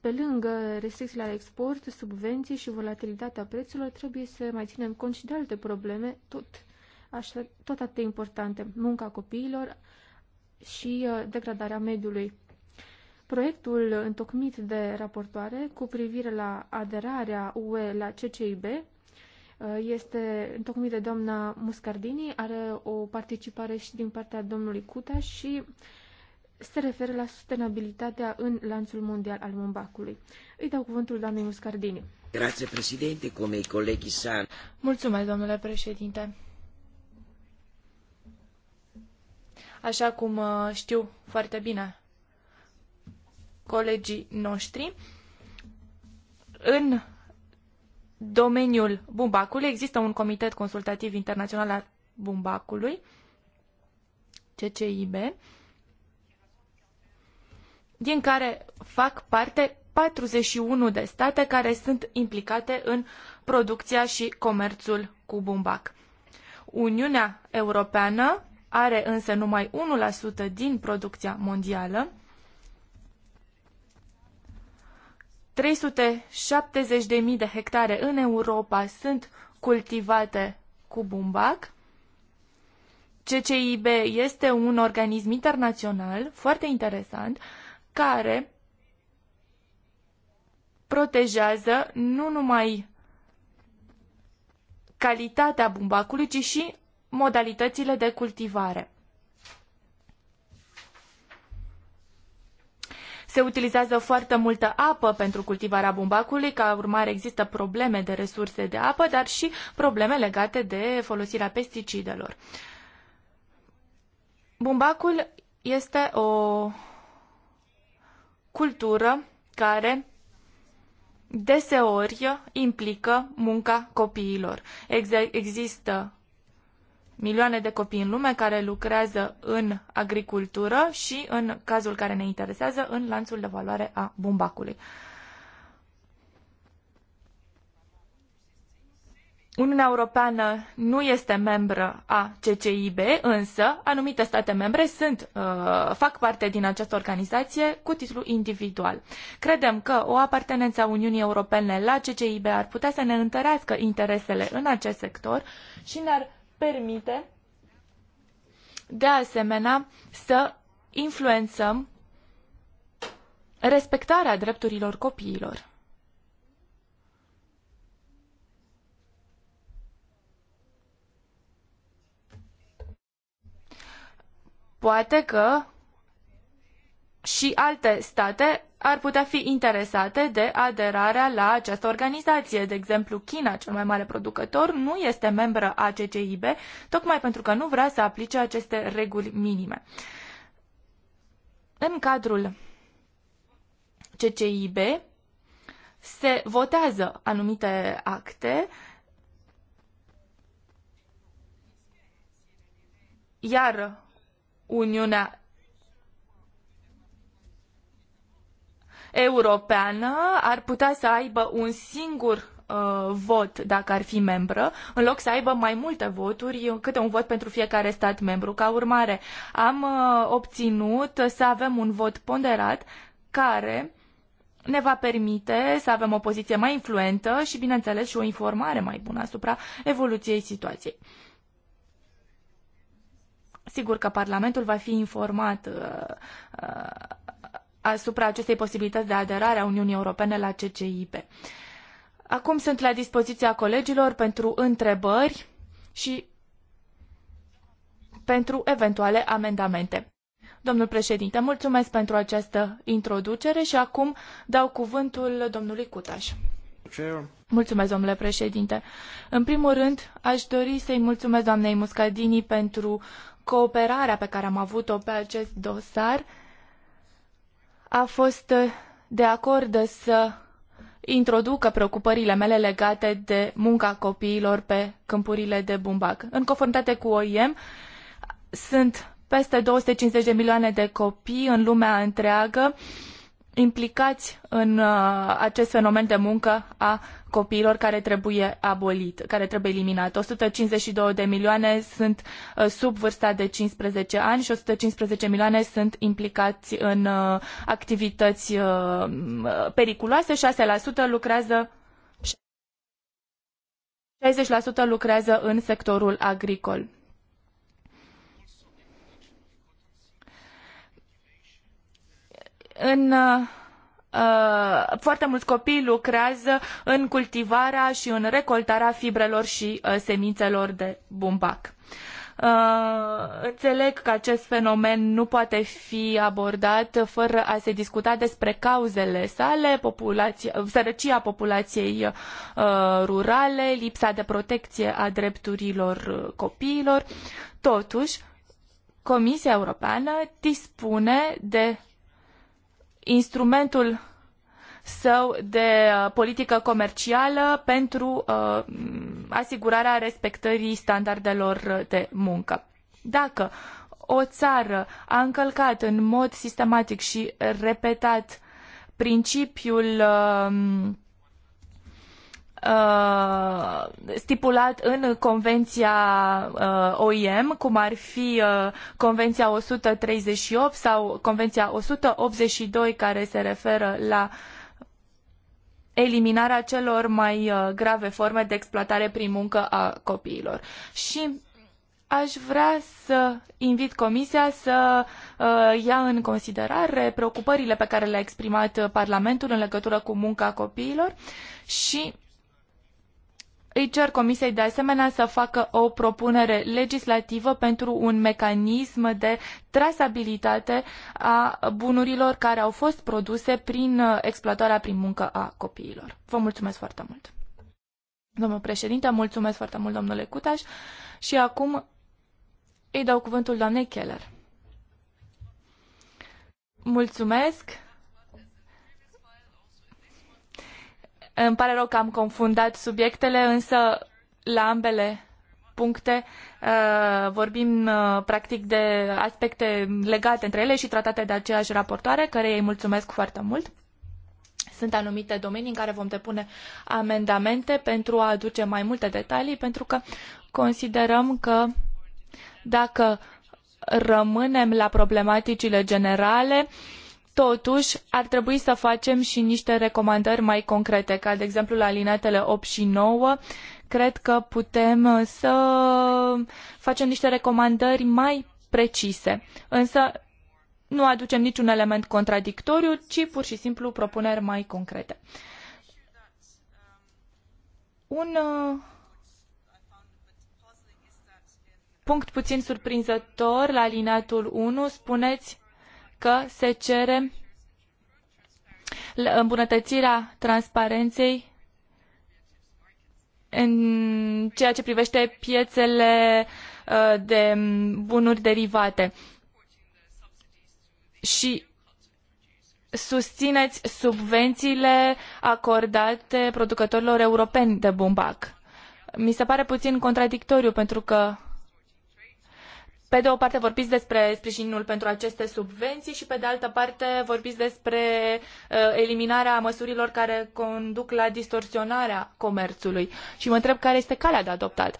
Pe lângă restricțiile la export, subvenții și volatilitatea prețurilor, trebuie să mai ținem cont și de alte probleme, tot așa, tot atât de importante, munca copiilor și uh, degradarea mediului. Proiectul întocmit de raportoare cu privire la aderarea UE la CCIB uh, este întocmit de doamna Muscardini, are o participare și din partea domnului Cuta și se referă la sustenabilitatea în lanțul mondial al mumbacului. Îi dau cuvântul doamnei Muscardini. Grazie, președinte, cum ei colegii san. Mulțumesc, domnule președinte. așa cum uh, știu foarte bine colegii noștri. În domeniul bumbacului există un comitet consultativ internațional al bumbacului, CCIB, din care fac parte 41 de state care sunt implicate în producția și comerțul cu bumbac. Uniunea Europeană are însă numai 1% din producția mondială. 370.000 de hectare în Europa sunt cultivate cu bumbac. CCIB este un organism internațional foarte interesant care protejează nu numai calitatea bumbacului, ci și modalitățile de cultivare. Se utilizează foarte multă apă pentru cultivarea bumbacului, ca urmare există probleme de resurse de apă, dar și probleme legate de folosirea pesticidelor. Bumbacul este o cultură care deseori implică munca copiilor. Există milioane de copii în lume care lucrează în agricultură și, în cazul care ne interesează, în lanțul de valoare a bumbacului. Uniunea Europeană nu este membră a CCIB, însă anumite state membre sunt, uh, fac parte din această organizație cu titlu individual. Credem că o apartenență a Uniunii Europene la CCIB ar putea să ne întărească interesele în acest sector și ne-ar permite de asemenea să influențăm respectarea drepturilor copiilor. Poate că și alte state ar putea fi interesate de aderarea la această organizație. De exemplu, China, cel mai mare producător, nu este membră a CCIB, tocmai pentru că nu vrea să aplice aceste reguli minime. În cadrul CCIB se votează anumite acte, iar Uniunea europeană ar putea să aibă un singur uh, vot dacă ar fi membră, în loc să aibă mai multe voturi, uh, câte un vot pentru fiecare stat membru. Ca urmare, am uh, obținut să avem un vot ponderat care ne va permite să avem o poziție mai influentă și, bineînțeles, și o informare mai bună asupra evoluției situației. Sigur că Parlamentul va fi informat uh, uh, asupra acestei posibilități de aderare a Uniunii Europene la CCIP. Acum sunt la dispoziția colegilor pentru întrebări și pentru eventuale amendamente. Domnul președinte, mulțumesc pentru această introducere și acum dau cuvântul domnului Cutaș. Mulțumesc, domnule președinte. În primul rând, aș dori să-i mulțumesc doamnei Muscadini pentru cooperarea pe care am avut-o pe acest dosar a fost uh, de acord să introducă preocupările mele legate de munca copiilor pe câmpurile de bumbac. În conformitate cu OIM, sunt peste 250 de milioane de copii în lumea întreagă implicați în uh, acest fenomen de muncă a copiilor care trebuie abolit, care trebuie eliminat. 152 de milioane sunt uh, sub vârsta de 15 ani și 115 milioane sunt implicați în uh, activități uh, periculoase, 6% lucrează 60% lucrează în sectorul agricol. În Uh, foarte mulți copii lucrează în cultivarea și în recoltarea fibrelor și uh, semințelor de bumbac. Uh, înțeleg că acest fenomen nu poate fi abordat fără a se discuta despre cauzele sale, populație, sărăcia populației uh, rurale, lipsa de protecție a drepturilor uh, copiilor. Totuși, Comisia Europeană dispune de instrumentul său de uh, politică comercială pentru uh, asigurarea respectării standardelor de muncă. Dacă o țară a încălcat în mod sistematic și repetat principiul uh, Uh, stipulat în Convenția uh, OIM, cum ar fi uh, Convenția 138 sau Convenția 182 care se referă la eliminarea celor mai uh, grave forme de exploatare prin muncă a copiilor. Și aș vrea să invit Comisia să uh, ia în considerare preocupările pe care le-a exprimat Parlamentul în legătură cu munca copiilor și îi cer Comisiei de asemenea să facă o propunere legislativă pentru un mecanism de trasabilitate a bunurilor care au fost produse prin uh, exploatarea prin muncă a copiilor. Vă mulțumesc foarte mult! Domnul președinte, mulțumesc foarte mult, domnule Cutaș. Și acum îi dau cuvântul doamnei Keller. Mulțumesc! Îmi pare rău că am confundat subiectele, însă la ambele puncte uh, vorbim uh, practic de aspecte legate între ele și tratate de aceeași raportoare, care îi mulțumesc foarte mult. Sunt anumite domenii în care vom depune amendamente pentru a aduce mai multe detalii, pentru că considerăm că dacă rămânem la problematicile generale, uh, Totuși, ar trebui să facem și niște recomandări mai concrete, ca de exemplu la alinatele 8 și 9, cred că putem uh, să facem niște recomandări mai precise. Însă nu aducem niciun element contradictoriu, ci pur și simplu propuneri mai concrete. Un uh, punct puțin surprinzător la alineatul 1, spuneți că se cere îmbunătățirea transparenței în ceea ce privește piețele ă, de bunuri derivate. Și susțineți subvențiile acordate producătorilor europeni de bumbac. Mi se pare puțin contradictoriu pentru că pe de o parte vorbiți despre sprijinul pentru aceste subvenții și pe de altă parte vorbiți despre uh, eliminarea măsurilor care conduc la distorsionarea comerțului. Și mă întreb care este calea de adoptat.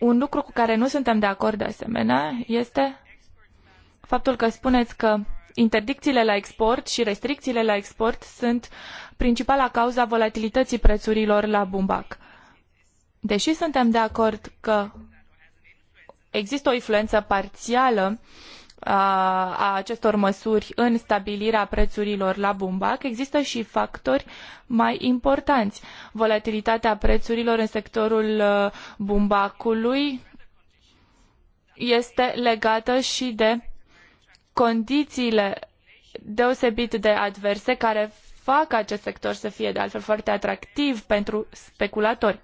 Un lucru cu care nu suntem de acord de asemenea este faptul că spuneți că interdicțiile la export și restricțiile la export sunt principala cauză a volatilității prețurilor la bumbac deși suntem de acord că există o influență parțială a acestor măsuri în stabilirea prețurilor la bumbac, există și factori mai importanți. Volatilitatea prețurilor în sectorul uh, bumbacului este legată și de condițiile deosebit de adverse care fac acest sector să fie de altfel foarte atractiv pentru speculatori.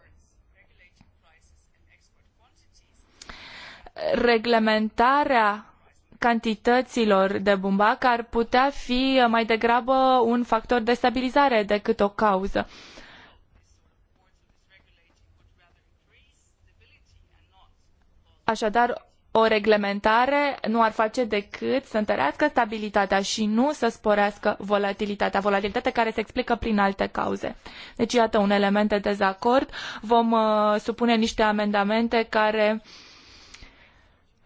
reglementarea cantităților de bumbac ar putea fi mai degrabă un factor de stabilizare decât o cauză. Așadar, o reglementare nu ar face decât să întărească stabilitatea și nu să sporească volatilitatea, volatilitatea care se explică prin alte cauze. Deci, iată un element de dezacord. Vom uh, supune niște amendamente care uh,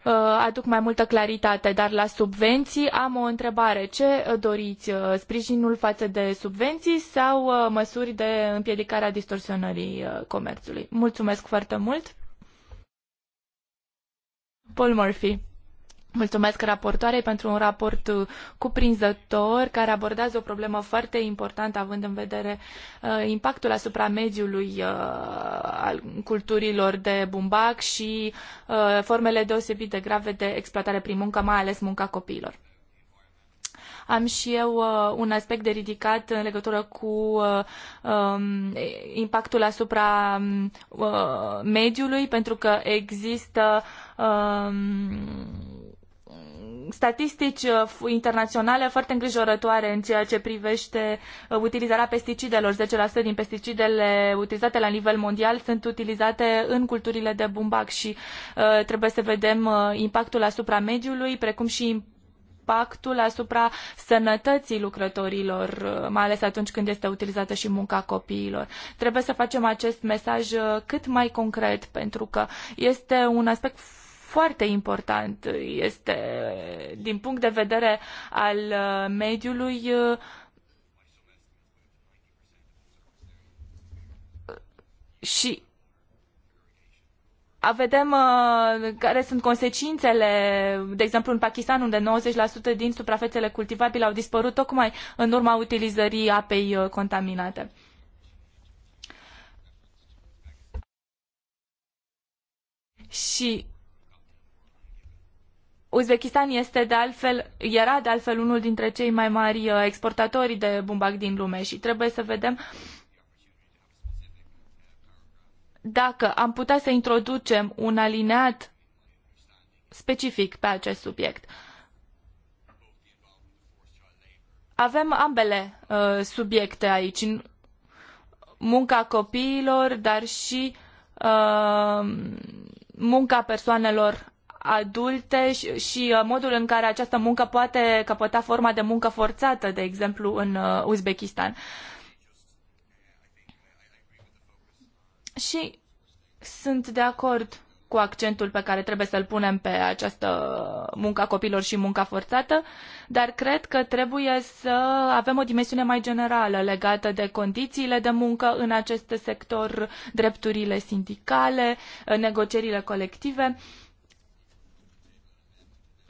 Uh, aduc mai multă claritate, dar la subvenții am o întrebare. Ce uh, doriți? Uh, sprijinul față de subvenții sau măsuri de împiedicare a distorsionării comerțului? Mulțumesc foarte mult! Paul Murphy Mulțumesc raportoarei pentru un raport uh, cuprinzător care abordează o problemă foarte importantă având în vedere uh, impactul asupra mediului uh, al culturilor de bumbac și uh, formele deosebit de grave de exploatare prin muncă, mai ales munca copiilor. Am și eu uh, un aspect de ridicat în legătură cu uh, um, impactul asupra um, uh, mediului pentru că există uh, statistici uh, internaționale foarte îngrijorătoare în ceea ce privește uh, utilizarea pesticidelor. 10% din pesticidele utilizate la nivel mondial sunt utilizate în culturile de bumbac și uh, trebuie să vedem impactul asupra mediului, precum și impactul asupra sănătății lucrătorilor, mai ales atunci când este utilizată și munca copiilor. Trebuie să facem acest mesaj cât mai concret, pentru că este un aspect foarte important. Este, din punct de vedere al uh, mediului, uh, și a vedem uh, care sunt consecințele, de exemplu în Pakistan, unde 90% din suprafețele cultivabile au dispărut tocmai în urma utilizării apei uh, contaminate. Și Uzbekistan este de altfel, era de altfel unul dintre cei mai mari uh, exportatori de bumbac din lume și trebuie să vedem dacă am putea să introducem un alineat specific pe acest subiect. Avem ambele uh, subiecte aici, munca copiilor, dar și uh, munca persoanelor adulte și, și uh, modul în care această muncă poate căpăta forma de muncă forțată, de exemplu, în uh, Uzbekistan. Și sunt de acord cu accentul pe care trebuie să-l punem pe această a copilor și munca forțată, dar cred că trebuie să avem o dimensiune mai generală legată de condițiile de muncă în acest sector, drepturile sindicale, uh, negocierile colective. Uh,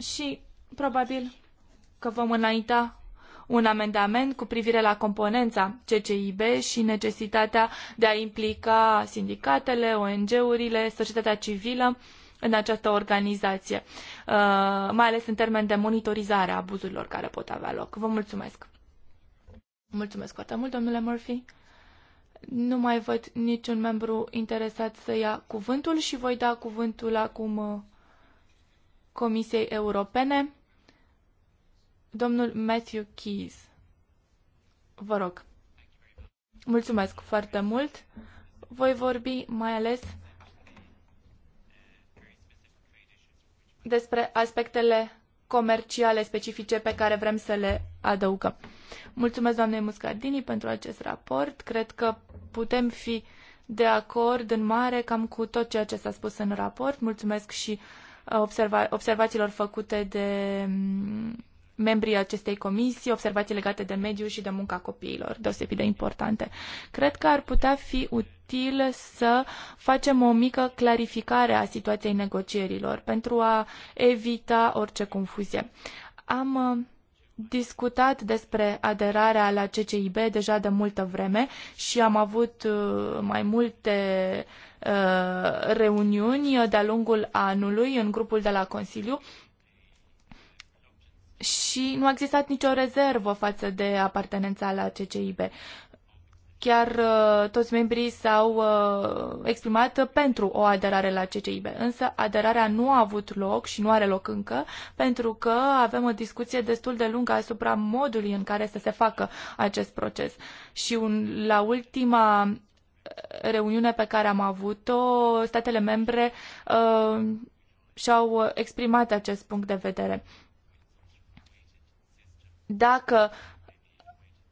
și probabil că vom înainta un amendament cu privire la componența CCIB și necesitatea de a implica sindicatele, ONG-urile, societatea civilă în această organizație, uh, mai ales în termen de monitorizare a abuzurilor care pot avea loc. Vă mulțumesc! Mulțumesc foarte mult, domnule Murphy! Nu mai văd niciun membru interesat să ia cuvântul și voi da cuvântul acum Comisiei Europene, domnul Matthew Keys. Vă rog. Mulțumesc foarte mult. Voi vorbi mai ales despre aspectele comerciale specifice pe care vrem să le adăugăm. Mulțumesc doamnei Muscardini pentru acest raport. Cred că putem fi de acord în mare cam cu tot ceea ce s-a spus în raport. Mulțumesc și uh, observa- observațiilor făcute de mm, membrii acestei comisii, observații legate de mediu și de munca copiilor, deosebit de importante. Cred că ar putea fi util să facem o mică clarificare a situației negocierilor pentru a evita orice confuzie. Am uh, discutat despre aderarea la CCIB deja de multă vreme și am avut uh, mai multe Uh, reuniuni de-a lungul anului în grupul de la Consiliu și nu a existat nicio rezervă față de apartenența la CCIB. Chiar uh, toți membrii s-au uh, exprimat pentru o aderare la CCIB, însă aderarea nu a avut loc și nu are loc încă, pentru că avem o discuție destul de lungă asupra modului în care să se facă acest proces. Și un, la ultima reuniune pe care am avut-o, statele membre uh, și-au exprimat acest punct de vedere. Dacă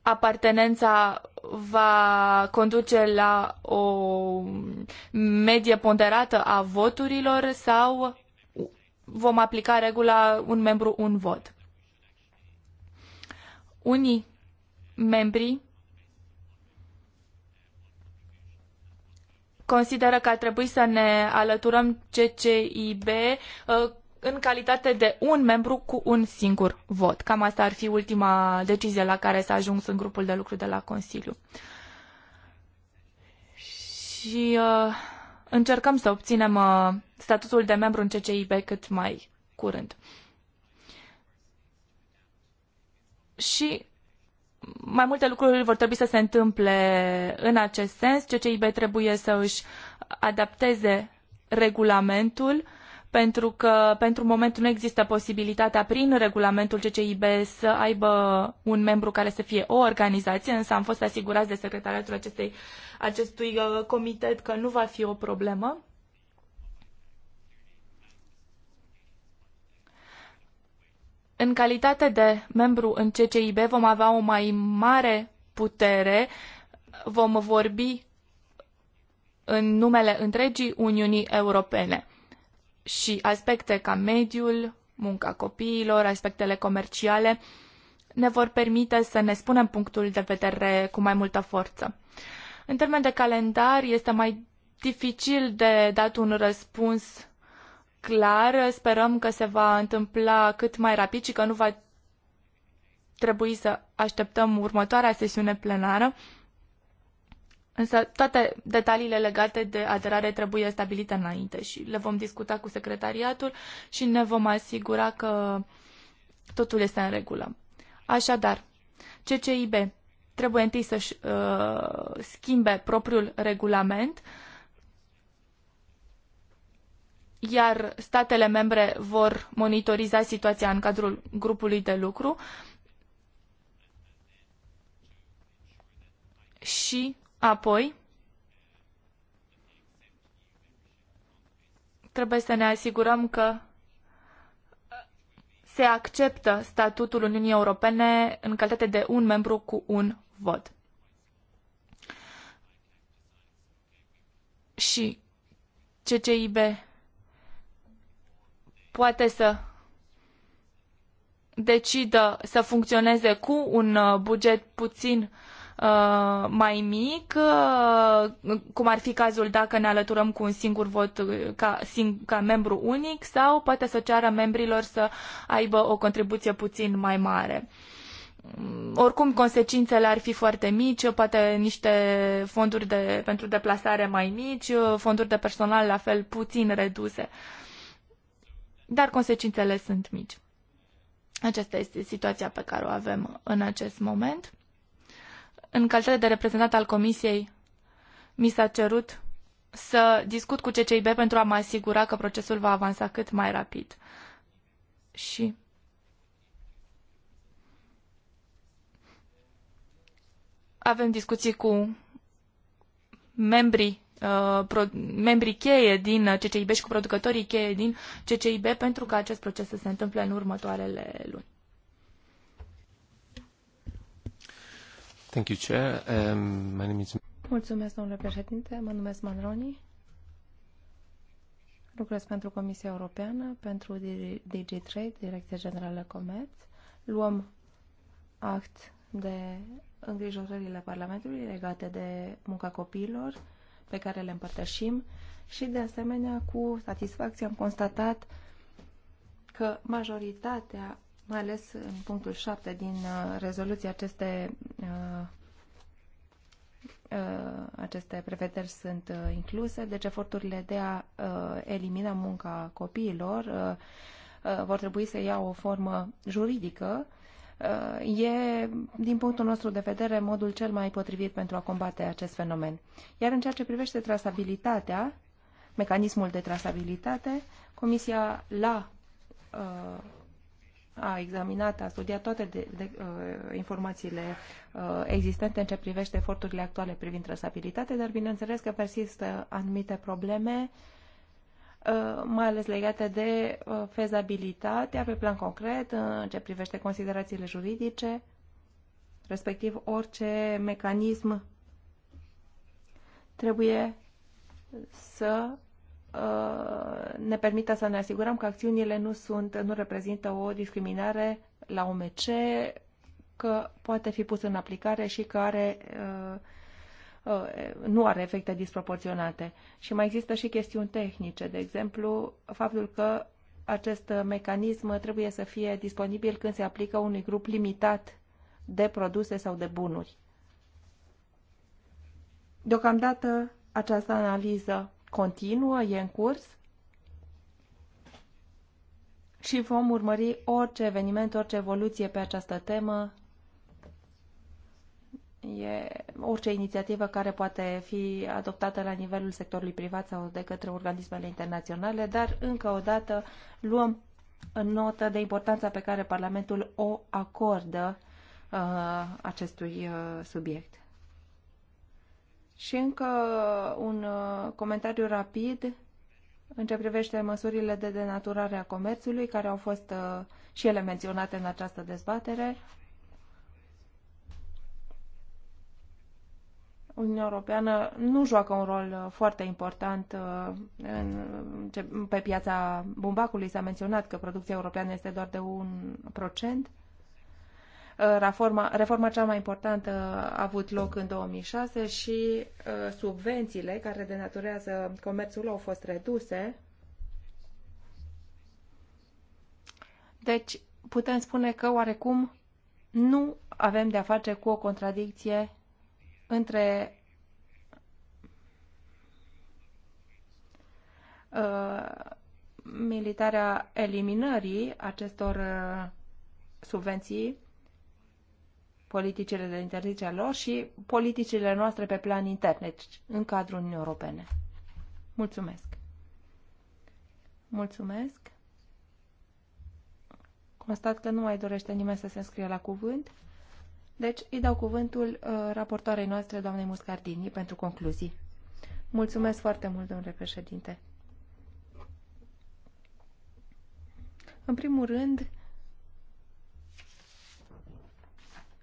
apartenența va conduce la o medie ponderată a voturilor sau vom aplica regula un membru, un vot. Unii membri consideră că ar trebui să ne alăturăm CCIB uh, în calitate de un membru cu un singur vot. Cam asta ar fi ultima decizie la care s-a ajuns în grupul de lucru de la Consiliu. Și uh, încercăm să obținem uh, statutul de membru în CCIB cât mai curând. Și mai multe lucruri vor trebui să se întâmple în acest sens. CCIB trebuie să își adapteze regulamentul pentru că pentru moment nu există posibilitatea prin regulamentul CCIB să aibă un membru care să fie o organizație, însă am fost asigurați de secretariatul acestei, acestui uh, comitet că nu va fi o problemă. În calitate de membru în CCIB vom avea o mai mare putere, vom vorbi în numele întregii Uniunii Europene și aspecte ca mediul, munca copiilor, aspectele comerciale ne vor permite să ne spunem punctul de vedere cu mai multă forță. În termen de calendar, este mai dificil de dat un răspuns clar. Sperăm că se va întâmpla cât mai rapid și că nu va trebui să așteptăm următoarea sesiune plenară. Însă toate detaliile legate de aderare trebuie stabilite înainte și le vom discuta cu secretariatul și ne vom asigura că totul este în regulă. Așadar, CCIB trebuie întâi să-și uh, schimbe propriul regulament uh, iar statele membre vor monitoriza situația în cadrul grupului de lucru și apoi trebuie să ne asigurăm că se acceptă statutul Uniunii Europene în calitate de un membru cu un vot. Și CCIB poate să decidă să funcționeze cu un uh, buget puțin uh, mai mic, uh, cum ar fi cazul dacă ne alăturăm cu un singur vot uh, ca, sing, ca membru unic, sau poate să ceară membrilor să aibă o contribuție puțin mai mare mm, oricum consecințele ar fi foarte mici, poate niște fonduri de, pentru deplasare mai mici, uh, fonduri de personal la fel puțin reduse. Uh, dar consecințele sunt mici. Aceasta este situația pe care o avem în acest moment. În calitate de reprezentant al Comisiei, mi s-a cerut să discut cu CCIB pentru a mă asigura că procesul va avansa cât mai rapid. Și avem discuții cu membrii Uh, membrii cheie din CCIB și cu producătorii cheie din CCIB pentru ca acest proces să se întâmple în următoarele luni. Thank you, Chair. Um, my name is... Mulțumesc, domnule președinte. Mă numesc Manroni. Lucrez pentru Comisia Europeană, pentru DG Trade, Direcția Generală Comerț. Luăm act de îngrijorările Parlamentului legate de munca copiilor, pe care le împărtășim și, de asemenea, cu satisfacție am constatat că majoritatea, mai ales în punctul 7 din uh, rezoluție, aceste, uh, uh, aceste prevederi sunt incluse, deci eforturile de a elimina munca copiilor vor trebui să ia o formă juridică e, din punctul nostru de vedere, modul cel mai potrivit pentru a combate acest fenomen. Iar în ceea ce privește trasabilitatea, mecanismul de trasabilitate, Comisia la uh, a examinat, a studiat toate de, de, uh, informațiile uh, existente în ce privește eforturile actuale privind trasabilitate, dar bineînțeles că persistă anumite probleme uh, Uh, mai ales legate de uh, fezabilitatea pe plan concret uh, în ce privește considerațiile juridice, respectiv orice mecanism trebuie să ne permită să ne asigurăm că acțiunile nu sunt, nu reprezintă o discriminare la OMC, că poate fi pus în aplicare și că are uh, Uh, nu are efecte disproporționate. Și mai există și chestiuni tehnice, de exemplu, faptul că acest mecanism trebuie să fie disponibil când se aplică unui grup limitat de produse sau de bunuri. Deocamdată această analiză continuă, e în curs și vom urmări orice eveniment, orice evoluție pe această temă e orice inițiativă care poate fi adoptată la nivelul sectorului privat sau de către organismele internaționale, dar încă o dată luăm în notă de importanța pe care Parlamentul o acordă uh, acestui uh, subiect. Și încă un uh, comentariu rapid în ce privește măsurile de denaturare a comerțului, care au fost uh, și ele menționate în această dezbatere. Uniunea Europeană nu joacă un rol uh, foarte important uh, în, pe piața bumbacului. S-a menționat că producția europeană este doar de 1%. Uh, reforma, reforma cea mai importantă a avut loc în 2006 și subvențiile care denaturează comerțul au fost reduse. Deci putem spune că oarecum nu avem de-a face cu o contradicție între uh, militarea eliminării acestor uh, subvenții, politicile de interdicție lor și politicile noastre pe plan intern, deci în cadrul Uniunii Europene. Mulțumesc! Mulțumesc! Constat că nu mai dorește nimeni să se înscrie la cuvânt. Deci îi dau cuvântul uh, raportoarei noastre, doamnei Muscardini, pentru concluzii. Mulțumesc foarte mult, domnule președinte. În primul rând,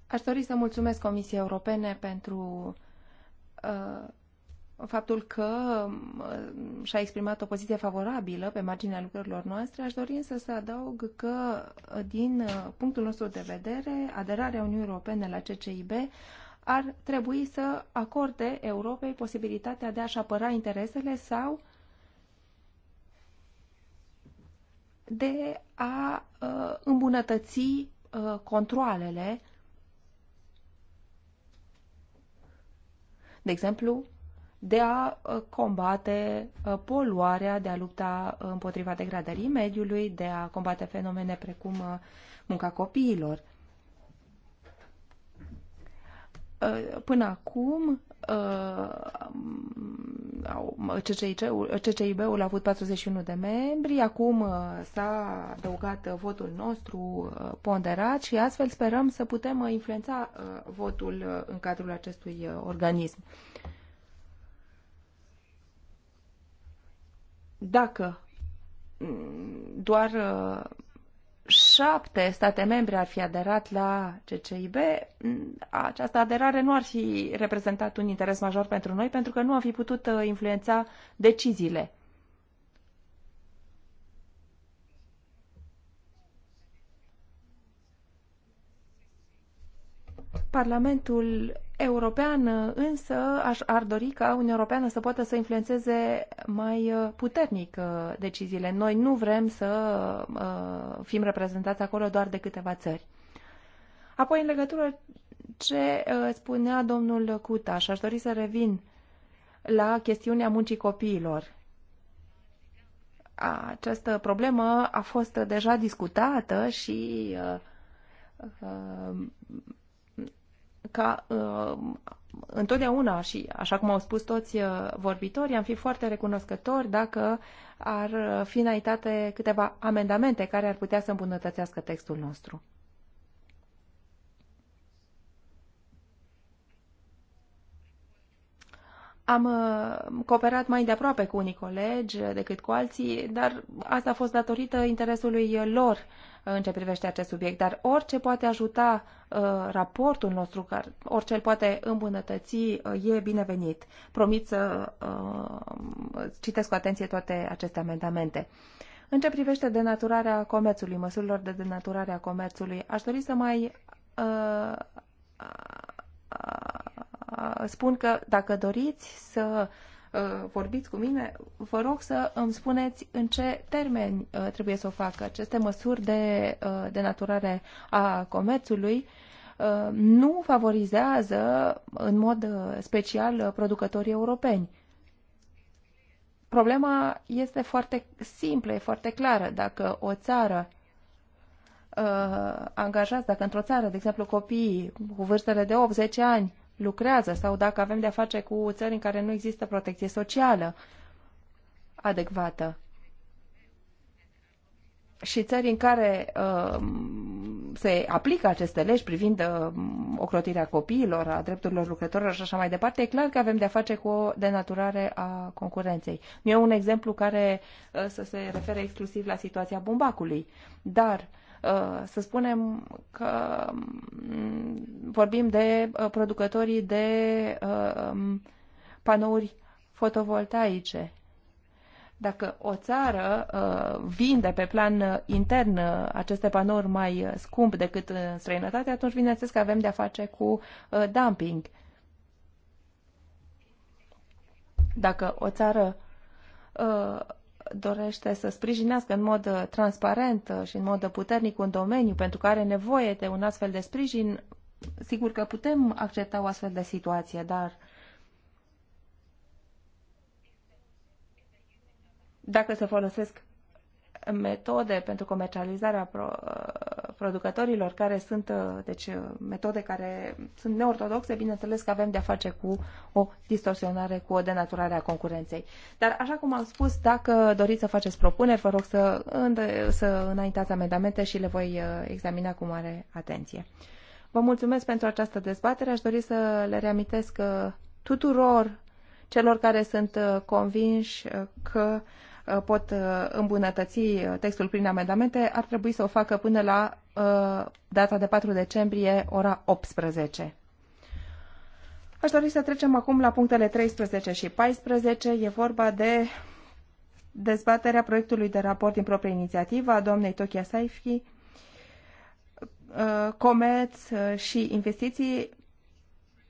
aș dori să mulțumesc Comisiei Europene pentru uh, faptul că și-a exprimat o poziție favorabilă pe marginea lucrurilor noastre, aș dori însă să adaug că, din uh, punctul nostru de vedere, aderarea Uniunii Europene la CCIB ar trebui să acorde Europei posibilitatea de a-și apăra interesele sau de a uh, îmbunătăți uh, controlele, de exemplu, de a uh, combate uh, poluarea, de a lupta uh, împotriva degradării mediului, de a combate fenomene precum munca copiilor. Până acum, CCIB-ul a avut 41 de membri, acum s-a adăugat votul nostru ponderat și astfel sperăm să putem influența votul în cadrul acestui organism. dacă mm, doar uh, șapte state membre ar fi aderat la CCIB, mm, această aderare nu ar fi reprezentat un interes major pentru noi, pentru că nu am fi putut uh, influența deciziile Parlamentul European însă aș, ar dori ca Uniunea Europeană să poată să influențeze mai uh, puternic uh, deciziile. Noi nu vrem să uh, fim reprezentați acolo doar de câteva țări. Apoi, în legătură ce spunea domnul Cutaș, aș dori să revin la chestiunea muncii copiilor. Această problemă a fost deja discutată și ca uh, întotdeauna și așa cum au spus toți uh, vorbitorii, am fi foarte recunoscători dacă ar uh, fi înaintate câteva amendamente care ar putea să îmbunătățească textul nostru. Am cooperat mai de aproape cu unii colegi decât cu alții, dar asta a fost datorită interesului lor în ce privește acest subiect, dar orice poate ajuta uh, raportul nostru, orice îl poate îmbunătăți, uh, e binevenit. Promit să uh, citesc cu atenție toate aceste amendamente. În ce privește denaturarea comerțului, măsurilor de denaturare a comerțului, aș dori să mai spun că dacă doriți să Uh, vorbiți cu mine, vă rog să îmi spuneți în ce termeni uh, trebuie să o facă. Aceste măsuri de uh, denaturare a comerțului nu favorizează în mod special producătorii europeni. Problema este foarte simplă, e foarte clară. Dacă o țară angajați, dacă într-o țară, de exemplu, copiii cu vârstele de 8-10 ani lucrează sau dacă avem de-a face cu țări în care nu există protecție socială adecvată și țări în care uh, se aplică aceste legi privind uh, ocrotirea copiilor, a drepturilor lucrătorilor și așa mai departe, e clar că avem de-a face cu o denaturare a concurenței. Nu e un exemplu care uh, să se refere exclusiv la situația bumbacului, dar uh, să spunem că vorbim de uh, producătorii de uh, um, panouri fotovoltaice. Dacă o țară uh, vinde pe plan intern aceste panouri mai scump decât în străinătate, atunci bineînțeles că avem de-a face cu dumping. Dacă o țară dorește să sprijinească în mod transparent și în mod puternic un domeniu pentru care are nevoie de un astfel de sprijin, sigur că putem accepta o astfel de situație, dar dacă se folosesc metode pentru comercializarea pro, uh, producătorilor care sunt, uh, deci uh, metode care sunt neortodoxe, bineînțeles că avem de-a face cu o distorsionare, cu o denaturare a concurenței. Dar așa cum am spus, dacă doriți să faceți propuneri, vă rog să, să înaintați amendamente și le voi examina cu mare atenție. Vă mulțumesc pentru această dezbatere. Aș dori să le reamintesc uh, tuturor celor care sunt uh, convinși uh, că pot îmbunătăți textul prin amendamente, ar trebui să o facă până la data de 4 decembrie, ora 18. Aș dori să trecem acum la punctele 13 și 14. E vorba de dezbaterea proiectului de raport din proprie inițiativă a doamnei Tokia Saifi Uh, comerț uh, și investiții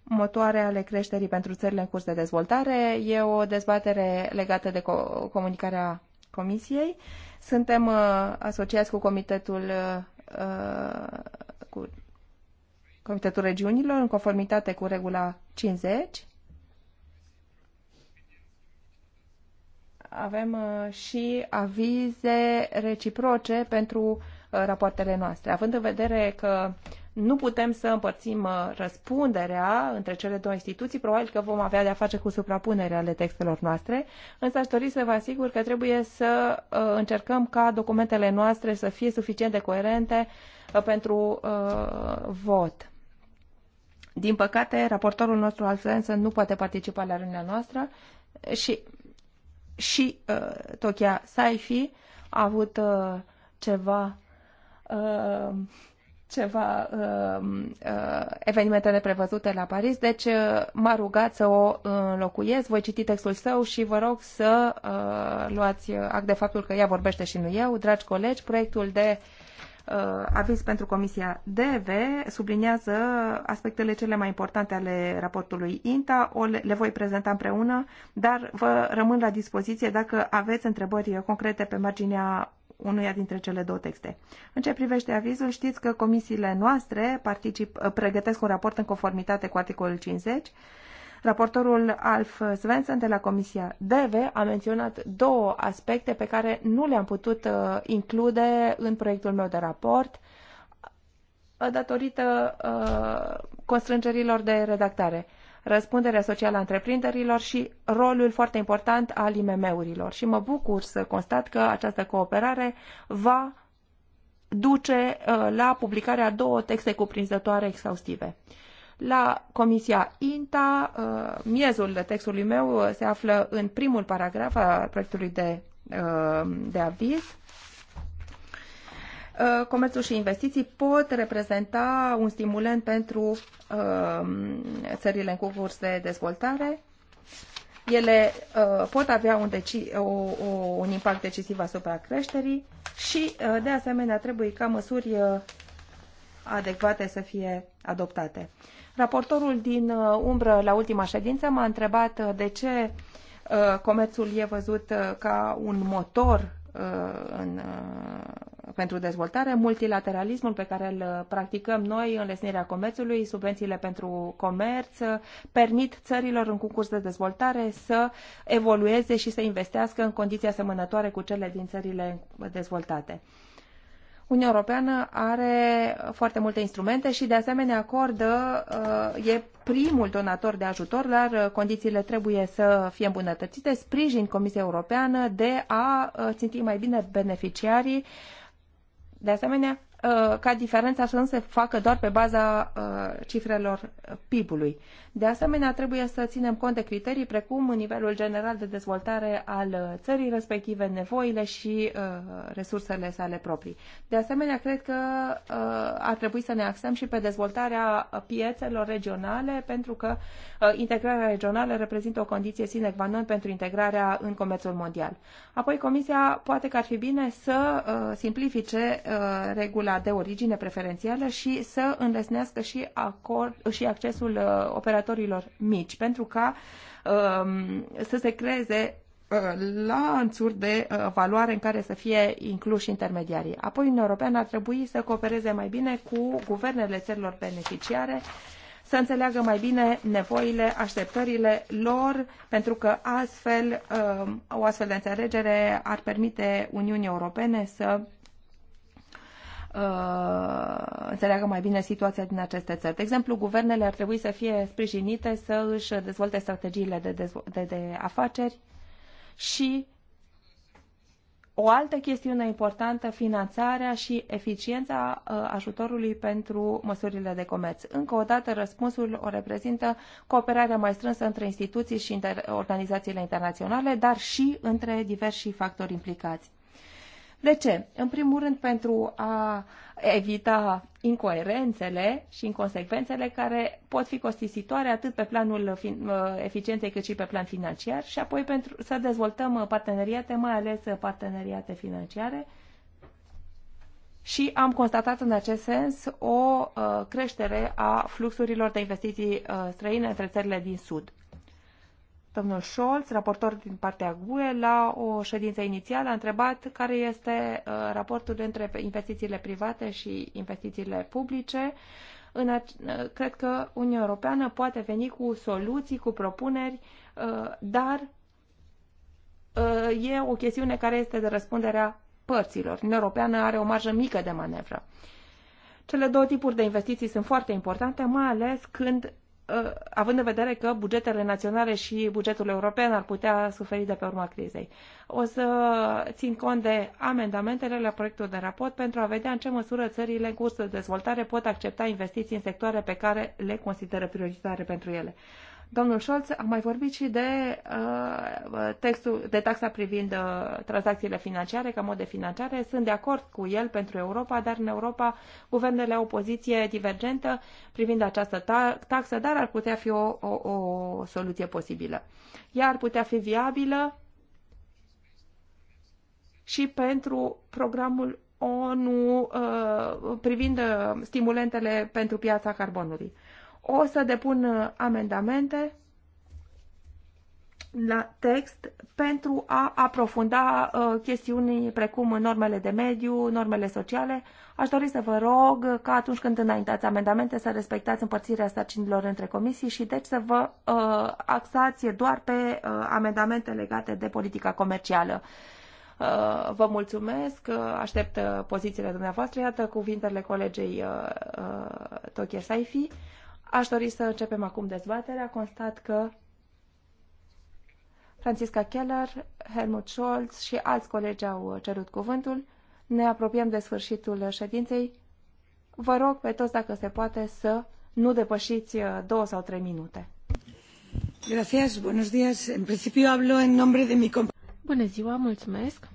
motoare ale creșterii pentru țările în curs de dezvoltare. E o dezbatere legată de comunicarea Comisiei. Suntem uh, asociați cu Comitetul cu Comitetul Regiunilor în conformitate cu regula 50. Avem și avize reciproce pentru uh, Uh, rapoartele noastre, având în vedere că nu putem să împărțim uh, răspunderea între cele două instituții, probabil că vom avea de-a face cu suprapunerea ale textelor noastre, însă aș dori să vă asigur că trebuie să uh, încercăm ca documentele noastre să fie suficient de coerente pentru uh, vot. Din păcate, raportorul nostru al Franță nu poate participa la reuniunea noastră și, și uh, Tokia Saifi a avut uh, ceva Uh, ceva uh, uh, evenimentele prevăzute la Paris, deci m-a rugat să o înlocuiesc, voi citi textul său și vă rog să luați act de faptul că ea vorbește și nu eu. Dragi colegi, proiectul de aviz pentru Comisia DV subliniază aspectele cele mai importante ale raportului INTA. O le, le voi prezenta împreună, dar vă rămân la dispoziție dacă aveți întrebări concrete pe marginea unuia dintre cele două texte. În ce privește avizul, știți că comisiile noastre particip, uh, pregătesc un raport în conformitate cu articolul 50. Raportorul Alf Svensson de la Comisia DEVE a menționat două aspecte pe care nu le-am putut uh, include în proiectul meu de raport uh, datorită uh, constrângerilor de redactare răspunderea socială a întreprinderilor și rolul foarte important al IMM-urilor. Și mă bucur să constat că această cooperare va duce uh, la publicarea două texte cuprinzătoare exhaustive. La Comisia INTA, uh, miezul textului meu uh, se află în primul paragraf al proiectului de, de aviz Uh, comerțul și investiții pot reprezenta un stimulent pentru um, țările în curs de dezvoltare. Ele uh, pot avea un, deci, o, o, un impact decisiv asupra creșterii și, uh, de asemenea, trebuie ca măsuri adecvate să fie adoptate. Raportorul din umbră la ultima ședință m-a întrebat de ce comerțul e văzut ca un motor Uh, în, uh, pentru dezvoltare, multilateralismul pe care îl practicăm noi, în lesnirea comerțului, subvențiile pentru comerț, uh, permit țărilor în concurs de dezvoltare să evolueze și să investească în condiții asemănătoare cu cele din țările dezvoltate. Uniunea Europeană are foarte multe instrumente și de asemenea acordă, uh, e primul donator de ajutor, dar uh, condițiile trebuie să fie îmbunătățite, sprijin Comisia Europeană de a uh, ținti mai bine beneficiarii, de asemenea ca diferența să nu se facă doar pe baza cifrelor PIB-ului. De asemenea, trebuie să ținem cont de criterii precum nivelul general de dezvoltare al uh, țării respective, nevoile și uh, resursele sale proprii. De asemenea, cred că uh, ar trebui să ne axăm și pe dezvoltarea piețelor regionale, pentru că uh, integrarea regională reprezintă o condiție sine qua non pentru integrarea în comerțul mondial. Apoi, Comisia poate că ar fi bine să uh, simplifice uh, regula de origine preferențială și să înlesnească și, acord, și accesul uh, operativ producătorilor mici, pentru ca um, să se creeze uh, lanțuri de uh, valoare în care să fie incluși intermediarii. Apoi, Uniunea Europeană ar trebui să coopereze mai bine cu guvernele țărilor beneficiare, să înțeleagă mai bine nevoile, așteptările lor, pentru că astfel um, o astfel de înțelegere ar permite Uniunii Europene să Uh, înțeleagă mai bine situația din aceste țări. De exemplu, guvernele ar trebui să fie sprijinite să își dezvolte strategiile de, dezvo- de, de afaceri și o altă chestiune importantă, finanțarea și eficiența uh, ajutorului pentru măsurile de comerț. Încă o dată, răspunsul o reprezintă cooperarea mai strânsă între instituții și inter- organizațiile internaționale, dar și între diversi factori implicați. De ce? În primul rând pentru a evita incoerențele și inconsecvențele care pot fi costisitoare atât pe planul uh, eficienței cât și pe plan financiar și apoi pentru să dezvoltăm uh, parteneriate, mai ales uh, parteneriate financiare, și am constatat în acest sens o creștere a fluxurilor de investiții străine între țările din Sud domnul Scholz, raportor din partea GUE, la o ședință inițială a întrebat care este uh, raportul între investițiile private și investițiile publice. În uh, cred că Uniunea Europeană poate veni cu soluții, cu propuneri, uh, dar e o chestiune care este de răspunderea părților. Uniunea Europeană are o marjă mică de manevră. Cele două tipuri de investiții sunt foarte importante, mai ales când Uh, având în vedere că bugetele naționale și bugetul european ar putea suferi de pe urma crizei. O să țin cont de amendamentele la proiectul de raport pentru a vedea în ce măsură țările în curs de dezvoltare pot accepta investiții în sectoare pe care le consideră prioritare pentru ele. Domnul Scholz a mai vorbit și de uh, textul, de taxa privind uh, tranzacțiile financiare ca mod de finanțare. Sunt de acord cu el pentru Europa, dar în Europa guvernele au o poziție divergentă privind această ta- taxă, dar ar putea fi o, o, o soluție posibilă. Ea ar putea fi viabilă și pentru programul ONU uh, privind uh, stimulentele pentru piața carbonului. O să depun uh, amendamente la text pentru a aprofunda uh, chestiuni precum normele de mediu, normele sociale. Aș dori să vă rog ca atunci când înaintați amendamente să respectați împărțirea sarcinilor între comisii și deci să vă uh, axați doar pe amendamente legate de politica comercială. vă mulțumesc, aștept pozițiile dumneavoastră. Iată cuvintele colegei uh, Tokyo Saifi. Aș dori să începem acum dezbaterea. Constat că Francisca Keller, Helmut Scholz și alți colegi au cerut cuvântul. Ne apropiem de sfârșitul ședinței. Vă rog pe toți, dacă se poate, să nu depășiți două sau trei minute. Gracias, buenos días. En principio hablo en nombre de mi Bună ziua, mulțumesc.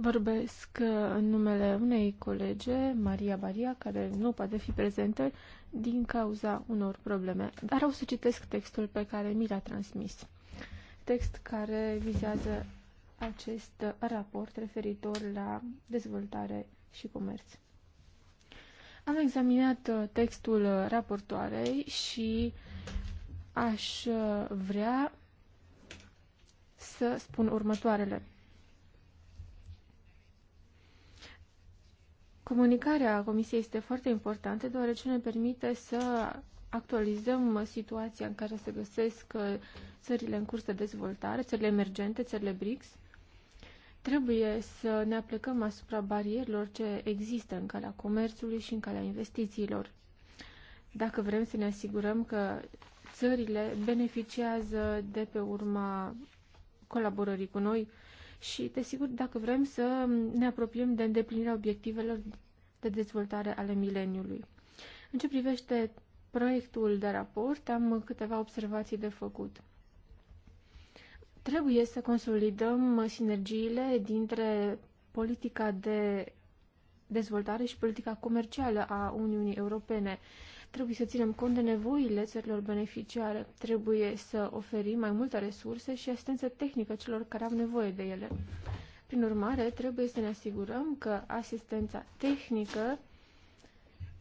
Vorbesc uh, în numele unei colege, Maria Baria, care nu poate fi prezentă din cauza unor probleme. Dar o să citesc textul pe care mi l-a transmis. Text care vizează acest raport referitor la dezvoltare și comerț. Am examinat uh, textul raportoarei și aș uh, vrea să spun următoarele. Comunicarea Comisiei este foarte importantă deoarece ne permite să actualizăm situația în care se găsesc uh, țările în curs de dezvoltare, țările emergente, țările BRICS. Trebuie să ne aplicăm asupra barierilor ce există în calea comerțului și în calea investițiilor. Dacă vrem să ne asigurăm că țările beneficiază de pe urma colaborării cu noi, și, desigur, dacă vrem să ne apropiem de îndeplinirea obiectivelor de dezvoltare ale mileniului. În ce privește proiectul de raport, am câteva observații de făcut. Trebuie să consolidăm sinergiile dintre politica de dezvoltare și politica comercială a Uniunii Europene. Trebuie să ținem cont de nevoile țărilor beneficiare, trebuie să oferim mai multe resurse și asistență tehnică celor care au nevoie de ele. Prin urmare, trebuie să ne asigurăm că asistența tehnică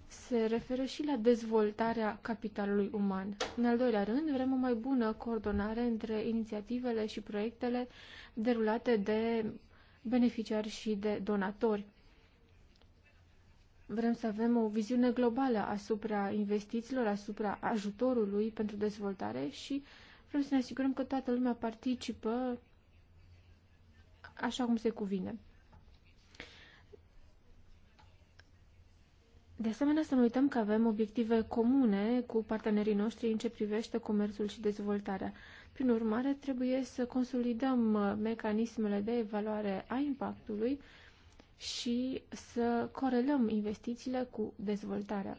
se referă și la dezvoltarea capitalului uman. În al doilea rând, vrem o mai bună coordonare între inițiativele și proiectele derulate de beneficiari și de donatori. Vrem să avem o viziune globală asupra investițiilor, asupra ajutorului pentru dezvoltare și vrem să ne asigurăm că toată lumea participă așa cum se cuvine. De asemenea, să nu uităm că avem obiective comune cu partenerii noștri în ce privește comerțul și dezvoltarea. Prin urmare, trebuie să consolidăm mecanismele de evaluare a impactului și să corelăm investițiile cu dezvoltarea.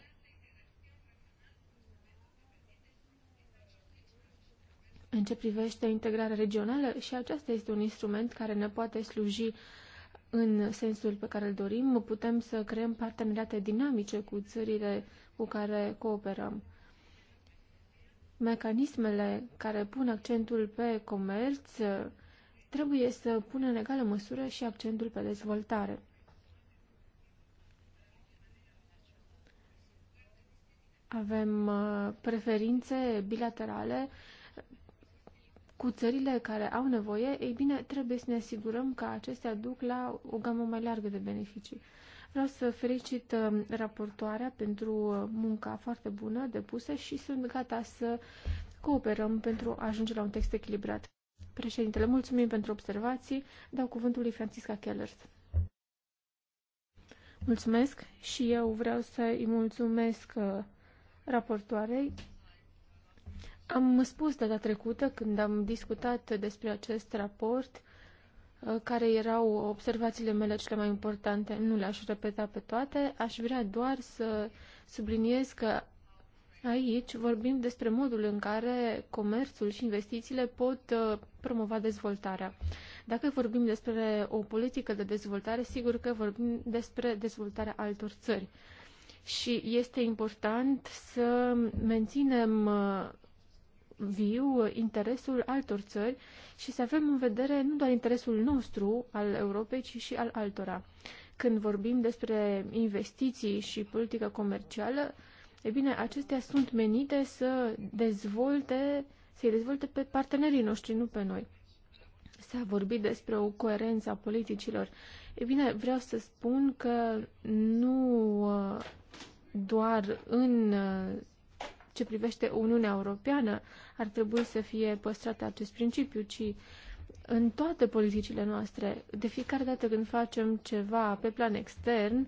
În ce privește integrarea regională, și aceasta este un instrument care ne poate sluji în sensul pe care îl dorim. Putem să creăm parteneriate dinamice cu țările cu care cooperăm. Mecanismele care pun accentul pe comerț trebuie să pună în egală măsură și accentul pe dezvoltare. Avem uh, preferințe bilaterale cu țările care au nevoie, ei bine, trebuie să ne asigurăm că acestea duc la o gamă mai largă de beneficii. Vreau să felicit uh, raportoarea pentru uh, munca foarte bună depusă și sunt gata să cooperăm pentru a ajunge la un text echilibrat. Președintele, mulțumim pentru observații. Dau cuvântul lui Francisca Kellers. Mulțumesc și eu vreau să-i mulțumesc raportoarei. Am spus data trecută, când am discutat despre acest raport, uh, care erau observațiile mele cele mai importante, nu le-aș repeta pe toate, aș vrea doar să subliniez că aici vorbim despre modul în care comerțul și investițiile pot uh, promova dezvoltarea. Dacă vorbim despre o politică de dezvoltare, sigur că vorbim despre dezvoltarea altor țări și este important să menținem uh, viu interesul altor țări și să avem în vedere nu doar interesul nostru al Europei, ci și al altora. Când vorbim despre investiții și politică comercială, e bine, acestea sunt menite să dezvolte, să-i dezvolte pe partenerii noștri, nu pe noi. S-a vorbit despre o coerență a politicilor. E bine, vreau să spun că nu uh, doar în uh, ce privește Uniunea Europeană ar trebui să fie păstrat acest principiu, ci în toate politicile noastre, de fiecare dată când facem ceva pe plan extern,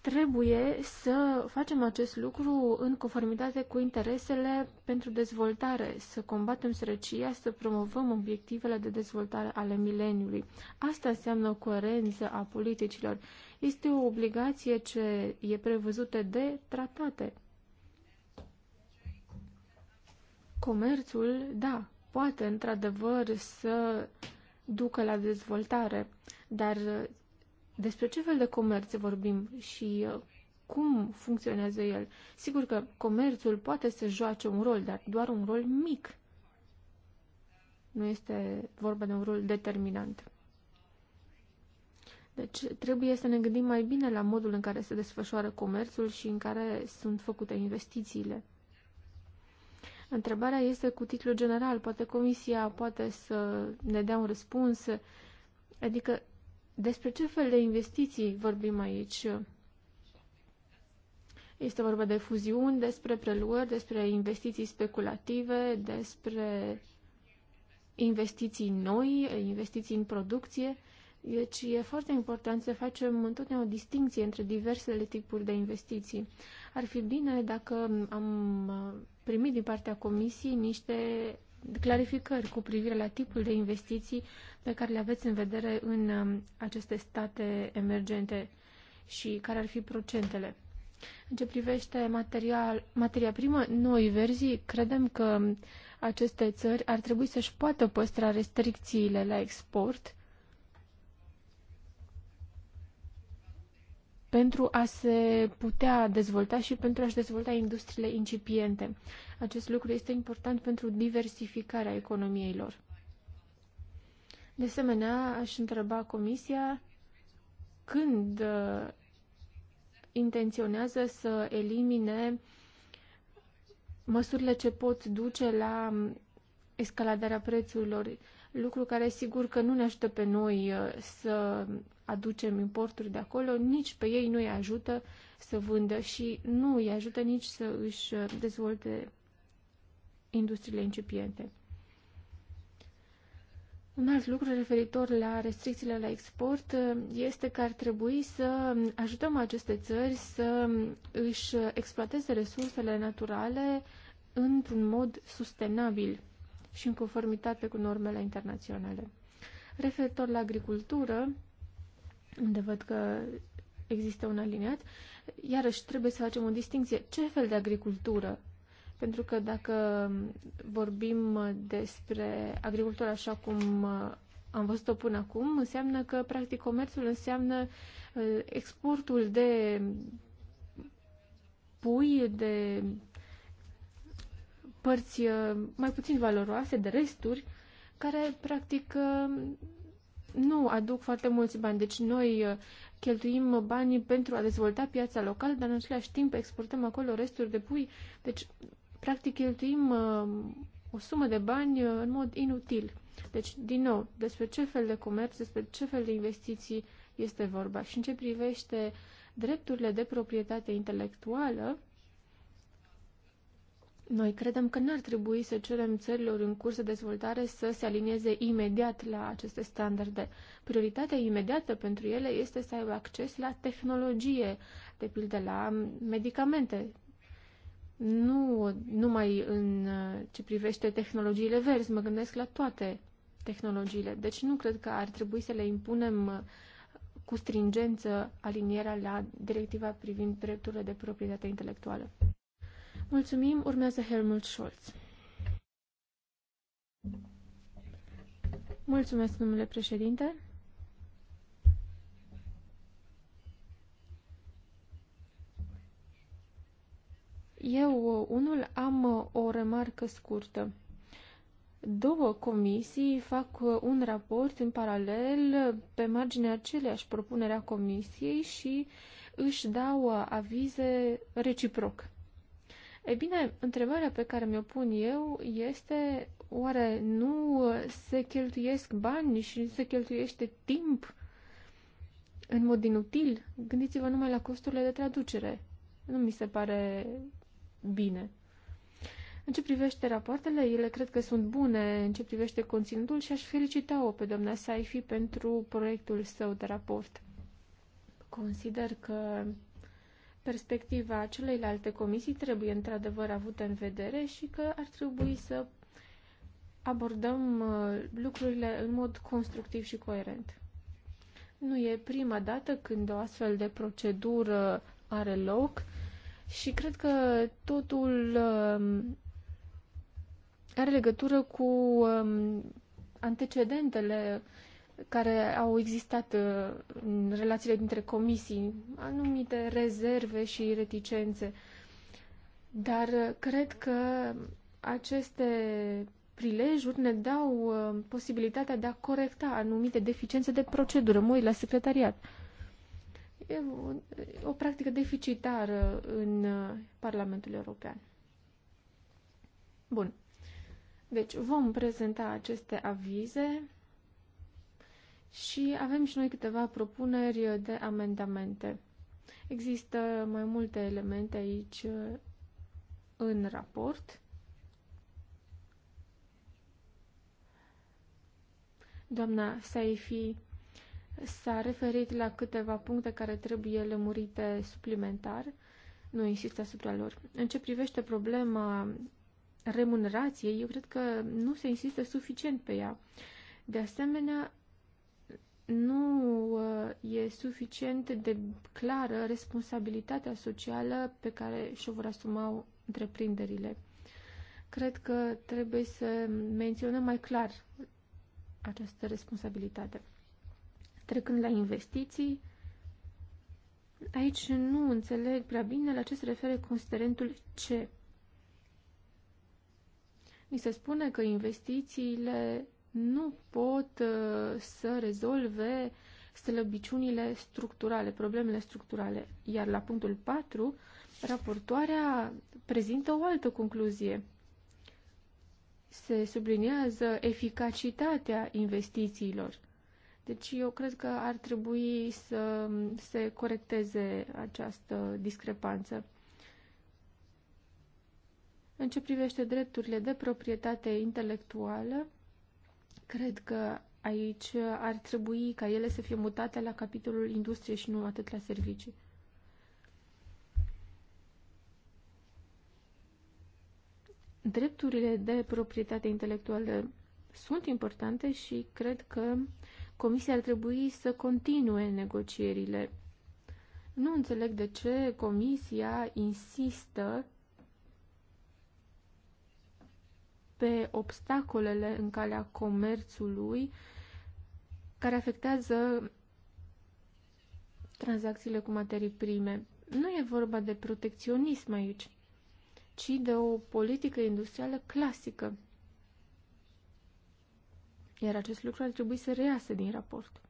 trebuie să facem acest lucru în conformitate cu interesele pentru dezvoltare, să combatem sărăcia, să promovăm obiectivele de dezvoltare ale mileniului. Asta înseamnă coerență a politicilor. Este o obligație ce e prevăzută de tratate. Comerțul, da, poate într-adevăr să ducă la dezvoltare, dar despre ce fel de comerț vorbim și uh, cum funcționează el? Sigur că comerțul poate să joace un rol, dar doar un rol mic. Nu este vorba de un rol determinant. Deci trebuie să ne gândim mai bine la modul în care se desfășoară comerțul și în care sunt făcute investițiile. Întrebarea este cu titlu general. Poate comisia poate să ne dea un răspuns. Adică despre ce fel de investiții vorbim aici? Este vorba de fuziuni, despre preluări, despre investiții speculative, despre investiții noi, investiții în producție. Deci e foarte important să facem întotdeauna o distinție între diversele tipuri de investiții. Ar fi bine dacă am primit din partea Comisiei niște clarificări cu privire la tipul de investiții pe care le aveți în vedere în um, aceste state emergente și care ar fi procentele. În ce privește material, materia primă, noi verzii credem că aceste țări ar trebui să-și poată păstra restricțiile la export pentru a se putea dezvolta și pentru a-și dezvolta industriile incipiente. Acest lucru este important pentru diversificarea economiei lor. De asemenea, aș întreba Comisia când uh, intenționează să elimine măsurile ce pot duce la escaladarea prețurilor, lucru care sigur că nu ne ajută pe noi uh, să aducem importuri de acolo, nici pe ei nu îi ajută să vândă și nu îi ajută nici să își uh, dezvolte industriile incipiente. Un alt lucru referitor la restricțiile la export uh, este că ar trebui să ajutăm aceste țări să își exploateze resursele naturale într-un mod sustenabil și în conformitate cu normele internaționale. Referitor la agricultură, unde văd că există un aliniat, iarăși trebuie să facem o distinție. Ce fel de agricultură? Pentru că dacă vorbim despre agricultura așa cum uh, am văzut-o până acum, înseamnă că, practic, comerțul înseamnă uh, exportul de pui, de părți uh, mai puțin valoroase, de resturi, care, practic, nu aduc foarte mulți bani. Deci noi uh, cheltuim banii pentru a dezvolta piața locală, dar în același timp exportăm acolo resturi de pui. Deci, practic, cheltuim uh, o sumă de bani uh, în mod inutil. Deci, din nou, despre ce fel de comerț, despre ce fel de investiții este vorba. Și în ce privește drepturile de proprietate intelectuală, noi credem că n-ar trebui să cerem țărilor în curs de dezvoltare să se alinieze imediat la aceste standarde. Prioritatea imediată pentru ele este să aibă acces la tehnologie, de pildă la medicamente, nu numai în uh, ce privește tehnologiile verzi, mă gândesc la toate tehnologiile. Deci nu cred că ar trebui să le impunem uh, cu stringență alinierea la directiva privind drepturile de proprietate intelectuală. Mulțumim. Urmează Helmut Scholz. Mulțumesc, domnule președinte. Eu, unul, am o remarcă scurtă. Două comisii fac un raport în paralel pe marginea aceleași propunere a comisiei și își dau avize reciproc. E bine, întrebarea pe care mi-o pun eu este oare nu se cheltuiesc bani și se cheltuiește timp în mod inutil? Gândiți-vă numai la costurile de traducere. Nu mi se pare bine. În ce privește rapoartele, ele cred că sunt bune în ce privește conținutul și aș felicita-o pe doamna Saifi pentru proiectul său de raport. Consider că perspectiva celeilalte comisii trebuie într-adevăr avută în vedere și că ar trebui să abordăm uh, lucrurile în mod constructiv și coerent. Nu e prima dată când o astfel de procedură are loc și cred că totul um, are legătură cu um, antecedentele care au existat uh, în relațiile dintre comisii, anumite rezerve și reticențe. Dar uh, cred că aceste prilejuri ne dau uh, posibilitatea de a corecta anumite deficiențe de procedură. Mă uit la secretariat. E o, o practică deficitară în Parlamentul European. Bun. Deci vom prezenta aceste avize și avem și noi câteva propuneri de amendamente. Există mai multe elemente aici uh, în raport. Doamna Saifi s-a referit la câteva puncte care trebuie lămurite suplimentar. Nu insist asupra lor. În ce privește problema remunerației, eu cred că nu se insistă suficient pe ea. De asemenea, nu uh, e suficient de clară responsabilitatea socială pe care și-o vor asuma întreprinderile. Cred că trebuie să menționăm mai clar această responsabilitate. Trecând la investiții, aici nu înțeleg prea bine la ce se referă considerentul C. Mi se spune că investițiile nu pot uh, să rezolve slăbiciunile structurale, problemele structurale. Iar la punctul 4, raportoarea prezintă o altă concluzie. Se subliniază eficacitatea investițiilor. Deci eu cred că ar trebui să se corecteze această discrepanță. În ce privește drepturile de proprietate intelectuală, Cred că aici ar trebui ca ele să fie mutate la capitolul industrie și nu atât la servicii. Drepturile de proprietate intelectuală sunt importante și cred că Comisia ar trebui să continue negocierile. Nu înțeleg de ce Comisia insistă pe obstacolele în calea comerțului care afectează tranzacțiile cu materii prime. Nu e vorba de protecționism aici, ci de o politică industrială clasică. Iar acest lucru ar trebui să reiasă din raport.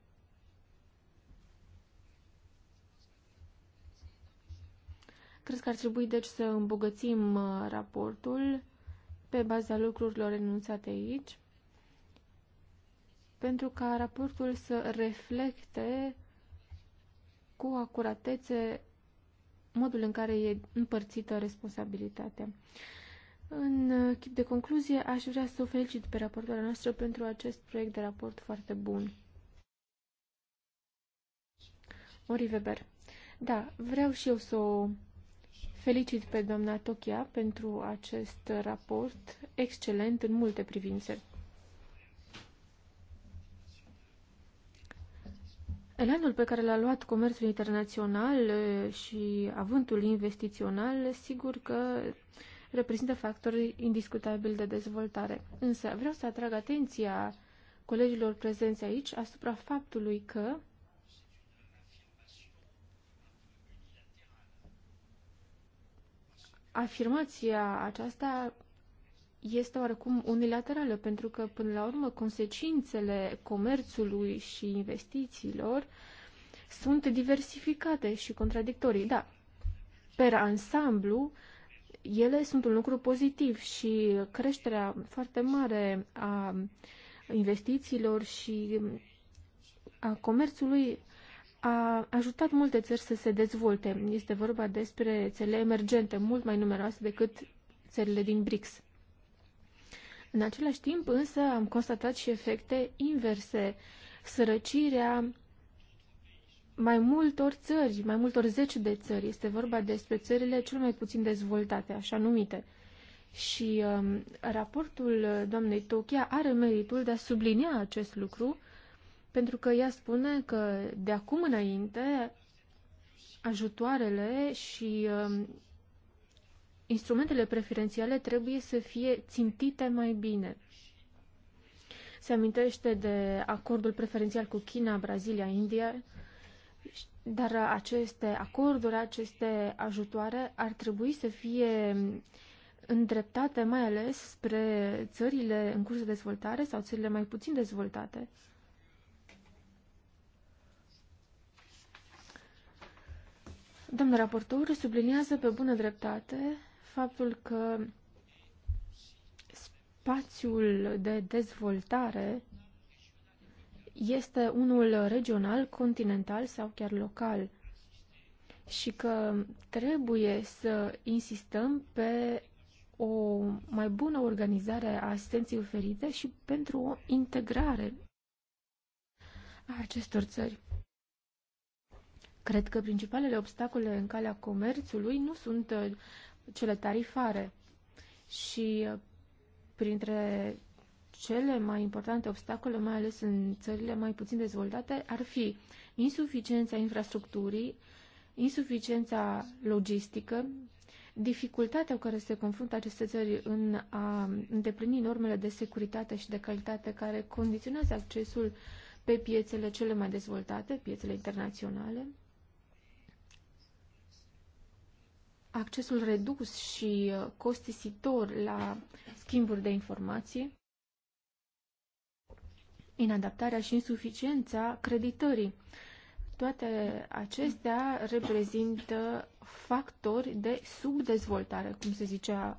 Cred că ar trebui, deci, să îmbogățim uh, raportul pe baza lucrurilor enunțate aici, pentru ca raportul să reflecte cu acuratețe modul în care e împărțită responsabilitatea. În chip de concluzie, aș vrea să o felicit pe raportoarea noastră pentru acest proiect de raport foarte bun. Ori Weber. Da, vreau și eu să o Felicit pe doamna Tokia pentru acest raport excelent în multe privințe. Elanul pe care l-a luat comerțul internațional și avântul investițional, sigur că reprezintă factori indiscutabili de dezvoltare. Însă vreau să atrag atenția colegilor prezenți aici asupra faptului că afirmația aceasta este oarecum unilaterală, pentru că, până la urmă, consecințele comerțului și investițiilor sunt diversificate și contradictorii. Da, per ansamblu, ele sunt un lucru pozitiv și creșterea foarte mare a investițiilor și a comerțului a ajutat multe țări să se dezvolte. Este vorba despre țările emergente, mult mai numeroase decât țările din BRICS. În același timp, însă, am constatat și efecte inverse. Sărăcirea mai multor țări, mai multor zeci de țări. Este vorba despre țările cel mai puțin dezvoltate, așa numite. Și um, raportul doamnei Tokia are meritul de a sublinia acest lucru pentru că ea spune că de acum înainte ajutoarele și uh, instrumentele preferențiale trebuie să fie țintite mai bine. Se amintește de acordul preferențial cu China, Brazilia, India, dar aceste acorduri, aceste ajutoare ar trebui să fie îndreptate mai ales spre țările în curs de dezvoltare sau țările mai puțin dezvoltate. Domnul raportor subliniază pe bună dreptate faptul că spațiul de dezvoltare este unul regional, continental sau chiar local și că trebuie să insistăm pe o mai bună organizare a asistenței oferite și pentru o integrare a acestor țări. Cred că principalele obstacole în calea comerțului nu sunt uh, cele tarifare și uh, printre cele mai importante obstacole, mai ales în țările mai puțin dezvoltate, ar fi insuficiența infrastructurii, insuficiența logistică, dificultatea cu care se confruntă aceste țări în a îndeplini normele de securitate și de calitate care condiționează accesul pe piețele cele mai dezvoltate, piețele internaționale, accesul redus și uh, costisitor la schimburi de informații, inadaptarea și insuficiența creditării. Toate acestea reprezintă factori de subdezvoltare, cum se zicea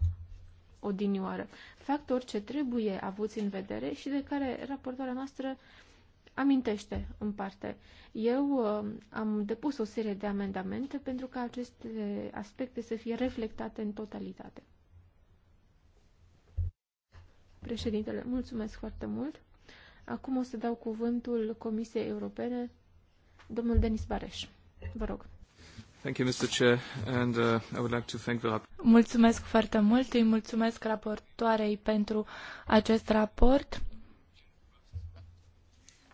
odinioară, factori ce trebuie avuți în vedere și de care raportarea noastră uh, amintește în parte. Eu uh, am depus o serie de amendamente pentru ca aceste aspecte să fie reflectate în totalitate. Președintele, mulțumesc foarte mult. Acum o să dau cuvântul Comisiei Europene, domnul Denis Bareș. Vă rog. Thank you, Mr. Chair, and uh, I would like to thank the Mulțumesc foarte mult, îi mulțumesc raportoarei pentru acest raport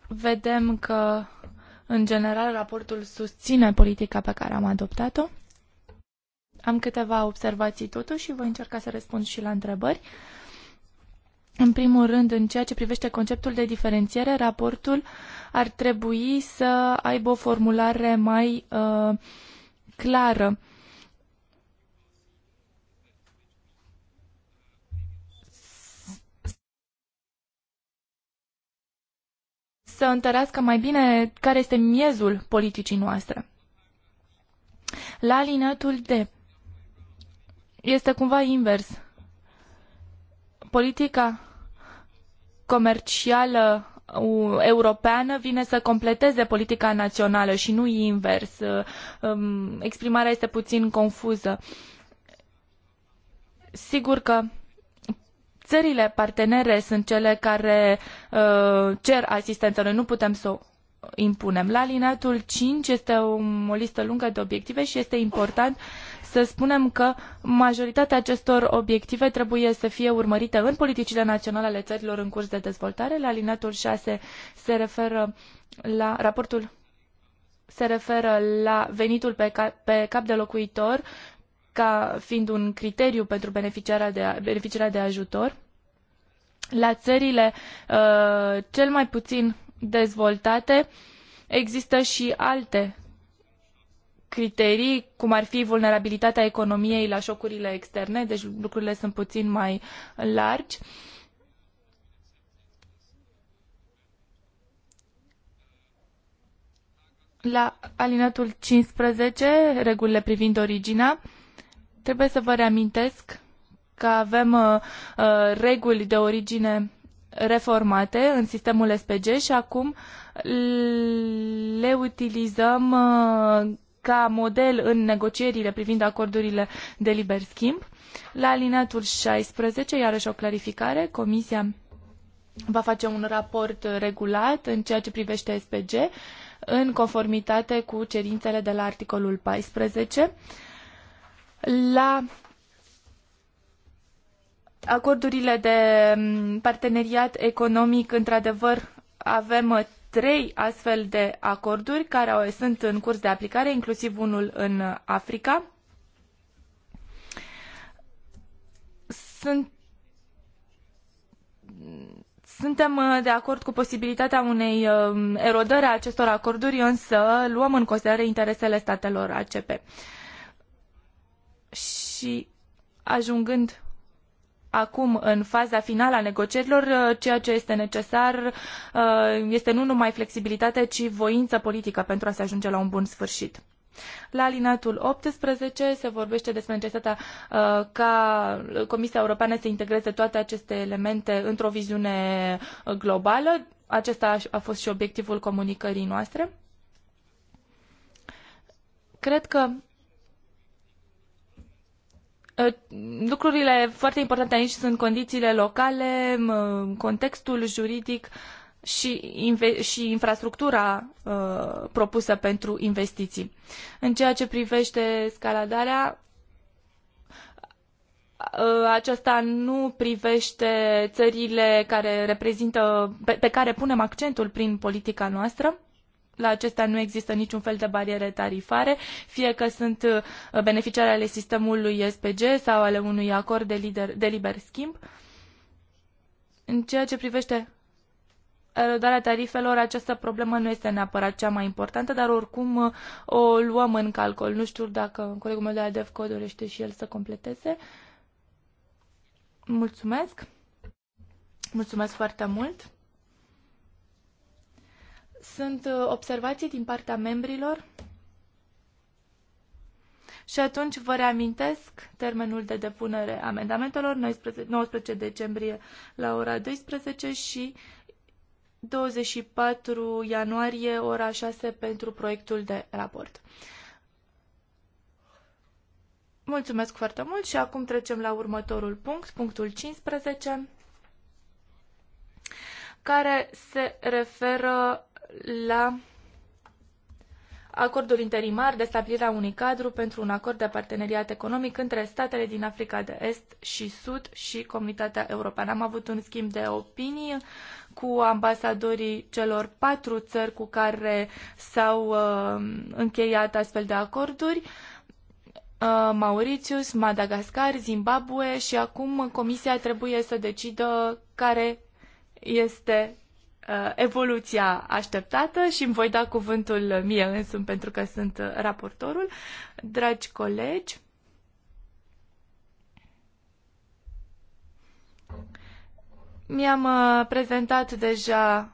vedem că, în general, raportul susține politica pe care am adoptat-o. Am câteva observații totuși și voi încerca să răspund și la întrebări. În primul rând, în ceea ce privește conceptul de diferențiere, raportul ar trebui să aibă o formulare mai uh, clară să întărească mai bine care este miezul politicii noastre. La alineatul D este cumva invers. Politica comercială europeană vine să completeze politica națională și nu invers. Um, exprimarea este puțin confuză. Sigur că Țările partenere sunt cele care uh, cer asistență, noi nu putem să o impunem. La alineatul 5 este o, o listă lungă de obiective și este important să spunem că majoritatea acestor obiective trebuie să fie urmărite în politicile naționale ale țărilor în curs de dezvoltare. La alineatul 6 se referă la raportul se referă la venitul pe cap, pe cap de locuitor ca fiind un criteriu pentru beneficiarea de, beneficierea de ajutor. La țările uh, cel mai puțin dezvoltate există și alte criterii, cum ar fi vulnerabilitatea economiei la șocurile externe, deci lucrurile sunt puțin mai largi. La alinatul 15, regulile privind originea, Trebuie să vă reamintesc că avem uh, uh reguli de origine reformate în sistemul SPG și acum le utilizăm uh, ca model în negocierile privind acordurile de liber schimb. La alineatul 16, iarăși o clarificare, Comisia va face un raport regulat în ceea ce privește SPG în conformitate cu cerințele de la articolul 14 la acordurile de mm, parteneriat economic, într-adevăr, avem uh, trei astfel de acorduri care sunt în curs de aplicare, inclusiv unul în Africa. Sunt suntem uh, de acord cu posibilitatea unei um, erodări a acestor acorduri, însă luăm în considerare interesele statelor ACP și ajungând acum în faza finală a negocierilor, uh, ceea ce este necesar uh, este nu numai flexibilitate, ci voință politică pentru a se ajunge la un bun sfârșit. La alinatul 18 se vorbește despre necesitatea uh, ca Comisia Europeană să integreze toate aceste elemente într-o viziune uh, globală. Acesta a fost și obiectivul comunicării noastre. Cred că Ă, lucrurile foarte importante aici sunt condițiile locale, contextul juridic și, și infrastructura uh, propusă pentru investiții. În ceea ce privește scaladarea, uh, aceasta nu privește țările care reprezintă, pe, pe care punem accentul prin politica noastră la acestea nu există niciun fel de bariere tarifare, fie că sunt uh, beneficiari ale sistemului SPG sau ale unui acord de, lider, de liber schimb. În ceea ce privește erodarea tarifelor, această problemă nu este neapărat cea mai importantă, dar oricum uh, o luăm în calcul. Nu știu dacă colegul meu de la DEFCO dorește și el să completeze. Mulțumesc! Mulțumesc foarte mult! Sunt uh, observații din partea membrilor? Și atunci vă reamintesc termenul de depunere a amendamentelor, 19 decembrie la ora 12 și 24 ianuarie, ora 6, pentru proiectul de raport. Mulțumesc foarte mult și acum trecem la următorul punct, punctul 15, care se referă la acordul interimar de stabilire a unui cadru pentru un acord de parteneriat economic între statele din Africa de Est și Sud și Comunitatea Europeană. Am avut un schimb de opinii cu ambasadorii celor patru țări cu care s-au uh, încheiat astfel de acorduri. Uh, Mauritius, Madagascar, Zimbabwe și acum Comisia trebuie să decidă care este Uh, evoluția așteptată și îmi voi da cuvântul mie însumi pentru că sunt uh, raportorul. Dragi colegi, mi-am uh, prezentat deja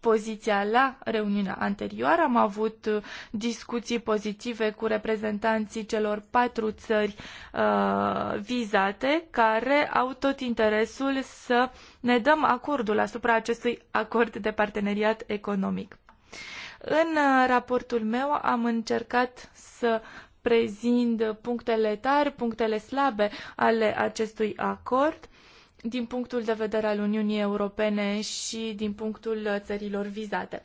poziția la reuniunea anterioară. Am avut uh, discuții pozitive cu reprezentanții celor patru țări uh, vizate, care au tot interesul să ne dăm acordul asupra acestui acord de parteneriat economic. În uh, raportul meu am încercat să prezint punctele tari, punctele slabe ale acestui acord din punctul de vedere al Uniunii Europene și din punctul uh, țărilor vizate.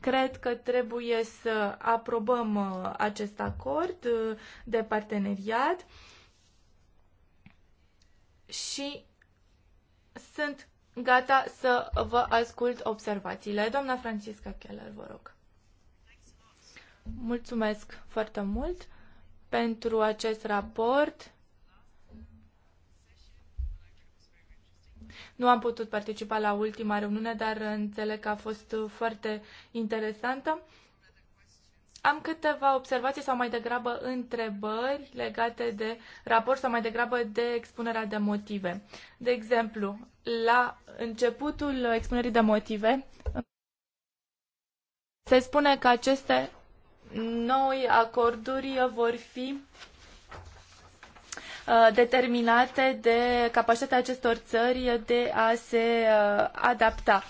Cred că trebuie să aprobăm uh, acest acord uh, de parteneriat și sunt gata să vă ascult observațiile. Doamna Francisca Keller, vă rog. Mulțumesc foarte mult pentru acest raport Nu am putut participa la ultima reuniune, dar înțeleg că a fost foarte interesantă. Am câteva observații sau mai degrabă întrebări legate de raport sau mai degrabă de expunerea de motive. De exemplu, la începutul expunerii de motive se spune că aceste noi acorduri vor fi Uh, determinate de capacitatea acestor țări de a se uh, adapta.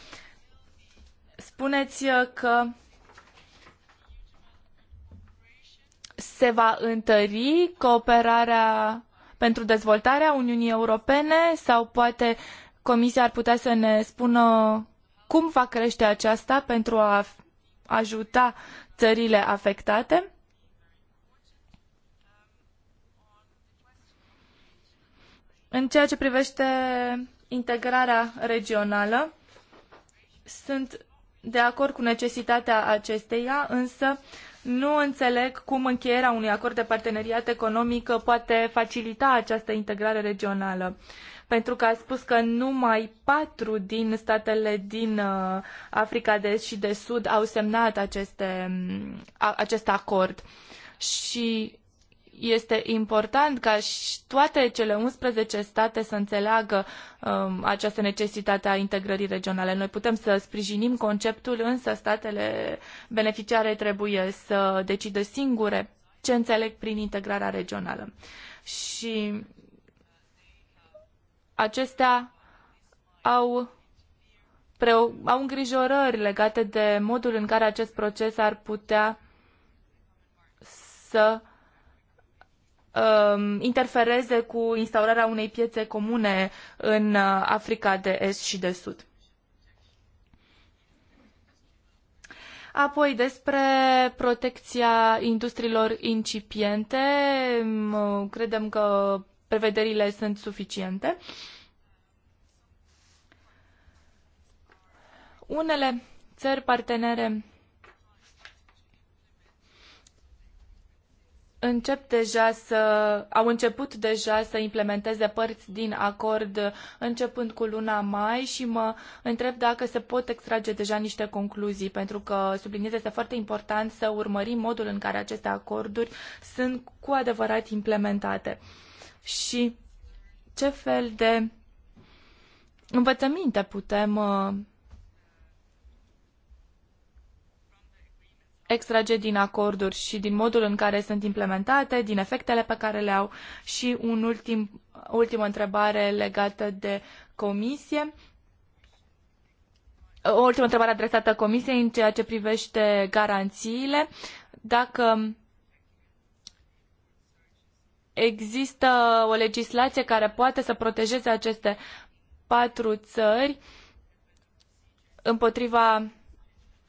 Spuneți uh, că se va întări cooperarea pentru dezvoltarea Uniunii Europene sau poate Comisia ar putea să ne spună cum va crește aceasta pentru a ajuta țările afectate? În ceea ce privește integrarea regională, sunt de acord cu necesitatea acesteia, însă nu înțeleg cum încheierea unui acord de parteneriat economic poate facilita această integrare regională. Pentru că a spus că numai patru din statele din uh, Africa de Est și de Sud au semnat aceste, mm, acest acord. Și este important ca și toate cele 11 state să înțeleagă um, această necesitate a integrării regionale. Noi putem să sprijinim conceptul, însă statele beneficiare trebuie să decidă singure ce înțeleg prin integrarea regională. Și acestea au, preu, au îngrijorări legate de modul în care acest proces ar putea să Um, interfereze cu instaurarea unei piețe comune în uh, Africa de Est și de Sud. Apoi despre protecția industriilor incipiente, um, credem că prevederile sunt suficiente. Unele țări partenere încep deja să, au început deja să implementeze părți din acord începând cu luna mai și mă întreb dacă se pot extrage deja niște concluzii, pentru că subliniez este foarte important să urmărim modul în care aceste acorduri sunt cu adevărat implementate. Și ce fel de învățăminte putem uh, extrage din acorduri și din modul în care sunt implementate, din efectele pe care le au și un ultim, ultimă întrebare legată de comisie. O ultimă întrebare adresată comisiei în ceea ce privește garanțiile. Dacă există o legislație care poate să protejeze aceste patru țări împotriva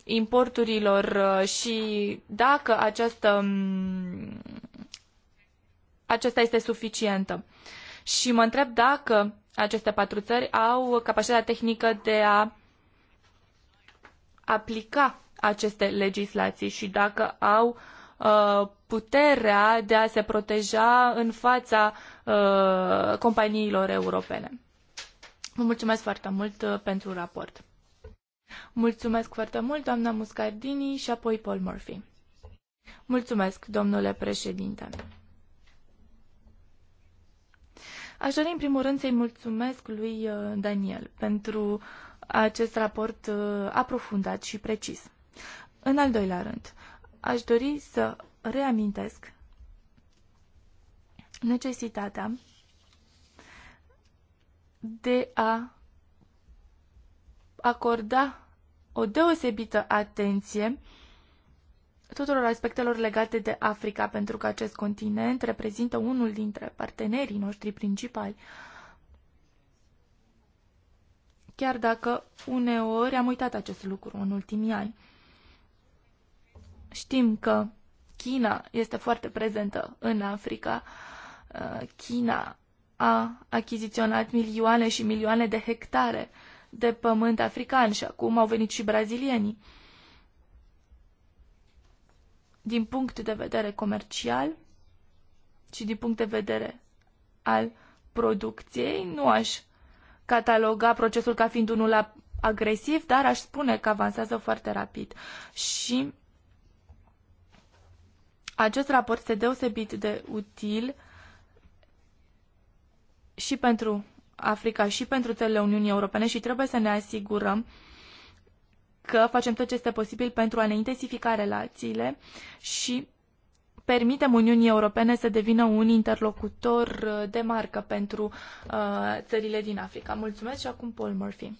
importurilor uh, și dacă această, mm, aceasta este suficientă. Și mă întreb dacă aceste patru țări au capacitatea tehnică de a aplica aceste legislații și dacă au uh, puterea de a se proteja în fața uh, companiilor europene. Vă mulțumesc foarte mult uh, pentru raport. Mulțumesc foarte mult, doamna Muscardini și apoi Paul Murphy. Mulțumesc, domnule președinte. Aș dori în primul rând să-i mulțumesc lui uh, Daniel pentru uh, acest raport uh, aprofundat și precis. În al doilea rând, aș dori să reamintesc necesitatea de a acorda o deosebită atenție tuturor aspectelor legate de Africa, pentru că acest continent reprezintă unul dintre partenerii noștri principali. Chiar dacă uneori am uitat acest lucru în ultimii ani. Știm că China este foarte prezentă în Africa. Uh, China a achiziționat milioane și milioane de hectare uh, de pământ african și acum au venit și brazilienii. Din punct de vedere comercial și din punct de vedere al producției, nu aș cataloga procesul ca fiind unul agresiv, dar aș spune că avansează foarte rapid. Și acest raport este deosebit de util și pentru Africa și pentru țările Uniunii Europene și trebuie să ne asigurăm că facem tot ce este posibil pentru a ne intensifica relațiile și permitem Uniunii Europene să devină un interlocutor uh, de marcă pentru uh, țările din Africa. Mulțumesc și acum Paul Murphy.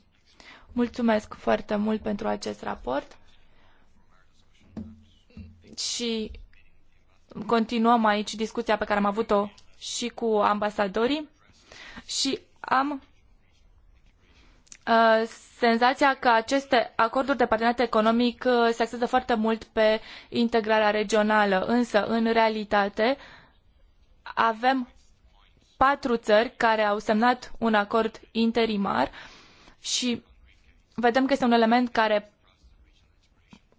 Mulțumesc foarte mult pentru acest raport și continuăm aici discuția pe care am avut-o și cu ambasadorii și am uh, senzația că aceste acorduri de parteneriat economic uh, se axează foarte mult pe integrarea regională, însă, în realitate, avem patru țări care au semnat un acord interimar și vedem că este un element care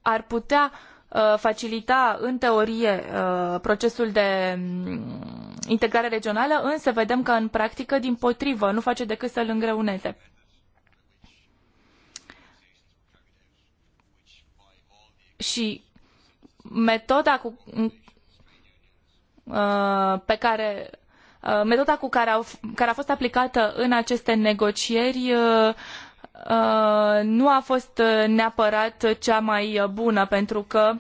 ar putea uh, Uh, facilita în teorie uh, procesul de mm, integrare regională, însă vedem că în practică, din potrivă, nu face decât să îl îngreuneze. Și metoda cu, uh, pe care metoda cu care, au, care a fost aplicată în aceste negocieri Uh, nu a fost uh, neapărat cea mai bună, pentru că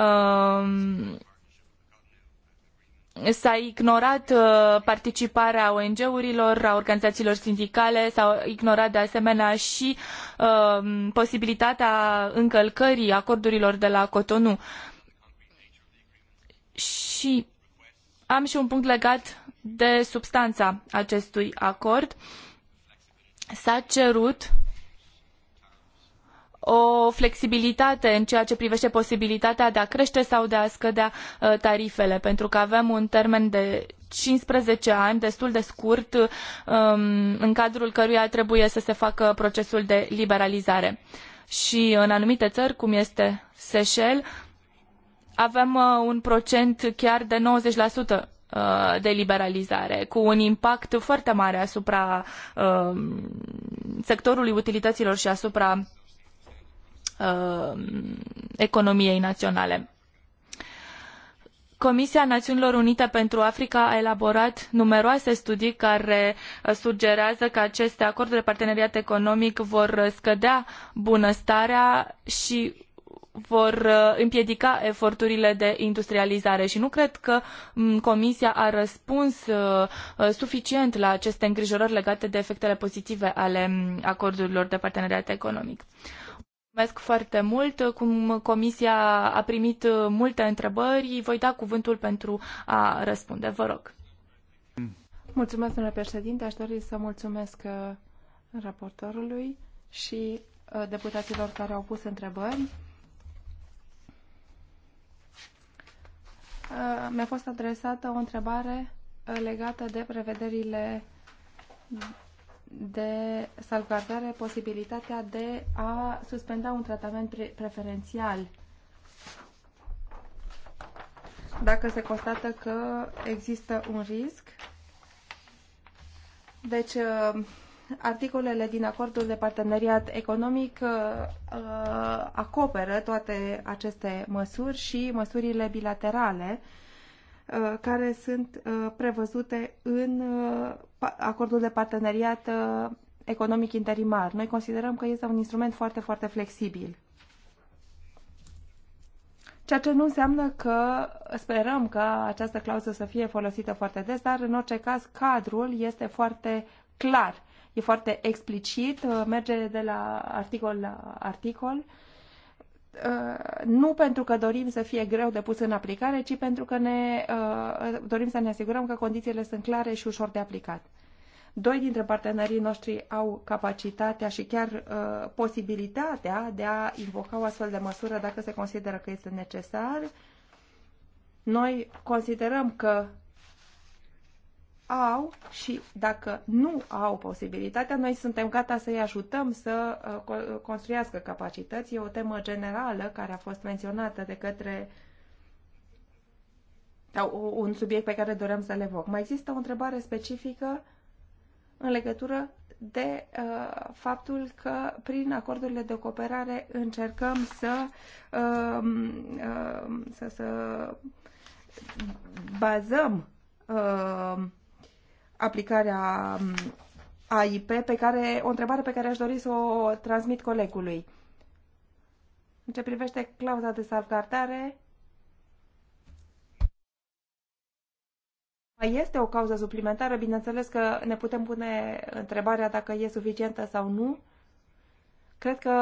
um, s-a ignorat uh, participarea ONG-urilor, a organizațiilor sindicale, s-a ignorat de asemenea și uh, posibilitatea încălcării acordurilor de la Cotonou. Și am și un punct legat de substanța acestui acord. Uh, s-a cerut o flexibilitate în ceea ce privește posibilitatea de a crește sau de a scădea uh, tarifele, pentru că avem un termen de 15 ani, destul de scurt, um, în cadrul căruia trebuie să se facă procesul de liberalizare. Și în anumite țări, cum este Seychelles, avem uh, un procent chiar de 90% Uh, de liberalizare, cu un impact foarte mare asupra uh, sectorului utilităților și asupra uh, economiei naționale. Comisia Națiunilor Unite pentru Africa a elaborat numeroase studii care uh, sugerează că aceste acorduri de parteneriat economic vor scădea bunăstarea și vor uh, împiedica eforturile de industrializare și nu cred că mm, Comisia a răspuns uh, uh, suficient la aceste îngrijorări legate de efectele pozitive ale mm, acordurilor de parteneriat economic. Mulțumesc foarte mult. Cum Comisia a primit multe întrebări, voi da cuvântul pentru a răspunde. Vă rog. Mulțumesc, domnule președinte. Aș dori să mulțumesc raportorului și deputaților care au pus întrebări. Uh, mi-a fost adresată o întrebare uh, legată de prevederile de salvgardare posibilitatea de a suspenda un tratament preferențial dacă se constată că există un risc. Deci, uh, articolele din acordul de parteneriat economic uh, uh, acoperă toate aceste măsuri și măsurile bilaterale uh, care sunt prevăzute în acordul de parteneriat economic interimar. Noi considerăm că este un instrument foarte, foarte flexibil. Ceea ce nu înseamnă că sperăm că această clauză să fie folosită foarte des, dar în orice caz cadrul este foarte clar e foarte explicit, uh, merge de la articol la articol. Uh, nu pentru că dorim să fie greu de pus în aplicare, ci pentru că ne uh, dorim să ne asigurăm că condițiile sunt clare și ușor de aplicat. Doi dintre partenerii noștri au capacitatea și chiar uh, posibilitatea de a invoca o astfel de măsură dacă se consideră că este necesar. Noi considerăm că au și dacă nu au posibilitatea, noi suntem gata să-i ajutăm să uh, uh, construiască capacități. E o temă generală care a fost menționată de către sau un subiect pe care doream să le evoc. Mai există o întrebare specifică în legătură de uh, faptul că prin acordurile de cooperare încercăm să, uh, uh, să, să bazăm uh, aplicarea um, AIP, pe care, o întrebare pe care aș dori să o transmit colegului. În ce privește clauza de salvgardare, mai este o cauză suplimentară, bineînțeles că ne putem pune întrebarea dacă e suficientă sau nu. Cred că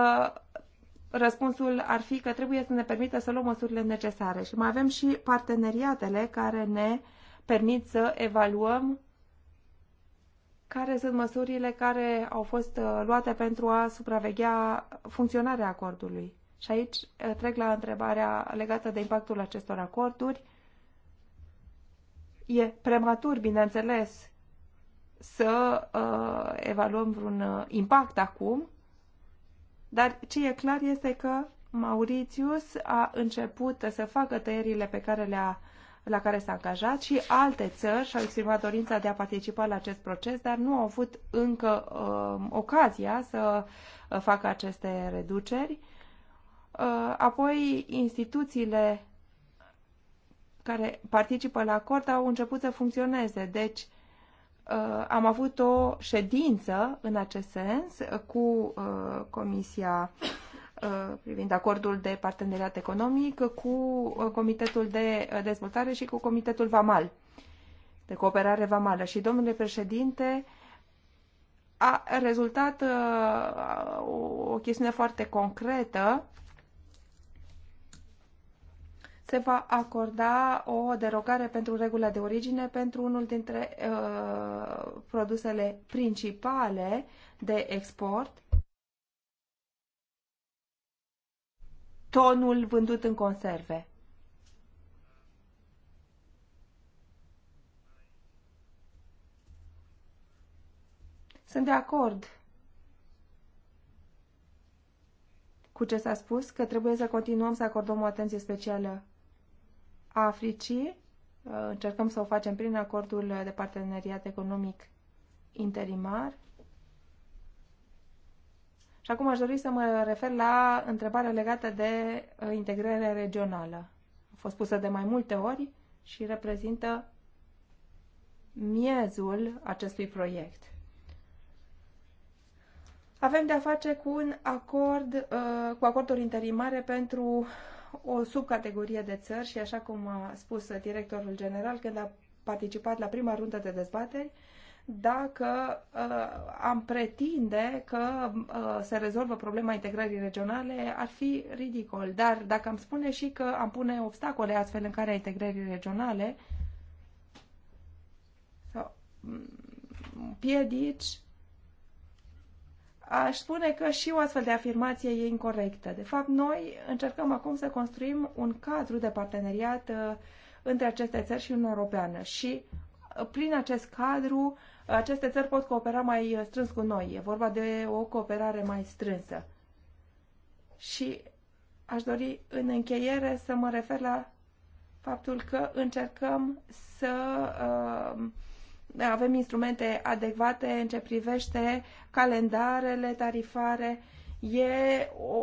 răspunsul ar fi că trebuie să ne permită să luăm măsurile necesare. Și mai avem și parteneriatele care ne permit să evaluăm care sunt măsurile care au fost uh, luate pentru a supraveghea funcționarea acordului. Și aici uh, trec la întrebarea legată de impactul acestor acorduri. E prematur, bineînțeles, să uh, evaluăm vreun uh, impact acum, dar ce e clar este că Mauritius a început să facă tăierile pe care le-a uh, la care s-a angajat și alte țări și-au exprimat dorința de a participa la acest proces, dar nu au avut încă uh, ocazia să uh, facă aceste reduceri. Uh, apoi, instituțiile care participă la acord au început să funcționeze, deci uh, am avut o ședință în acest sens cu uh, Comisia Uh, privind acordul de parteneriat economic cu uh, Comitetul de uh, Dezvoltare și cu Comitetul VAMAL, de cooperare VAMALă. Și, domnule președinte, a rezultat o chestiune foarte concretă. Se va acorda o derogare pentru regula de origine pentru unul dintre uh, produsele principale de export tonul vândut în conserve. Sunt de acord cu ce s-a spus că trebuie să continuăm să acordăm o atenție specială Africii. Încercăm să o facem prin acordul de parteneriat economic interimar și acum aș dori să mă refer la întrebarea legată de uh, integrare regională. A fost pusă de mai multe ori și reprezintă miezul acestui proiect. Avem de-a face cu un acord, uh, cu acorduri interimare pentru o subcategorie de țări și așa cum a spus directorul general când a participat la prima rundă de dezbateri, dacă uh, am pretinde că uh, se rezolvă problema integrării regionale, ar fi ridicol. Dar dacă am spune și că am pune obstacole astfel în care integrării regionale sau mm, piedici, aș spune că și o astfel de afirmație e incorrectă. De fapt, noi încercăm acum să construim un cadru de parteneriat uh, între aceste țări și Uniunea Europeană și uh, prin acest cadru uh, aceste țări pot coopera mai strâns cu noi. E vorba de o cooperare mai strânsă. Și aș dori în încheiere să mă refer la faptul că încercăm să uh, avem instrumente adecvate în ce privește calendarele tarifare. E,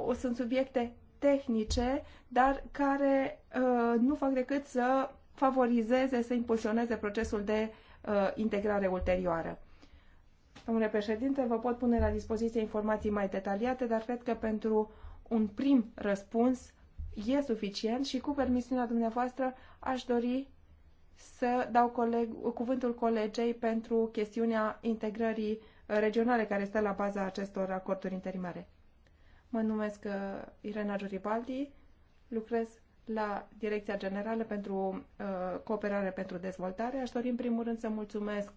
o, sunt subiecte tehnice, dar care uh, nu fac decât să favorizeze, să impulsioneze procesul de uh, Uh, integrare ulterioară. Domnule președinte, vă pot pune la dispoziție informații mai detaliate, dar cred că pentru un prim răspuns e suficient și cu permisiunea dumneavoastră aș dori să dau coleg, cuvântul colegei pentru chestiunea integrării regionale care stă la baza acestor acorduri interimare. Mă numesc uh, Irena Juribaldi, lucrez la Direcția Generală pentru uh, Cooperare pentru Dezvoltare. Aș dori în primul rând să mulțumesc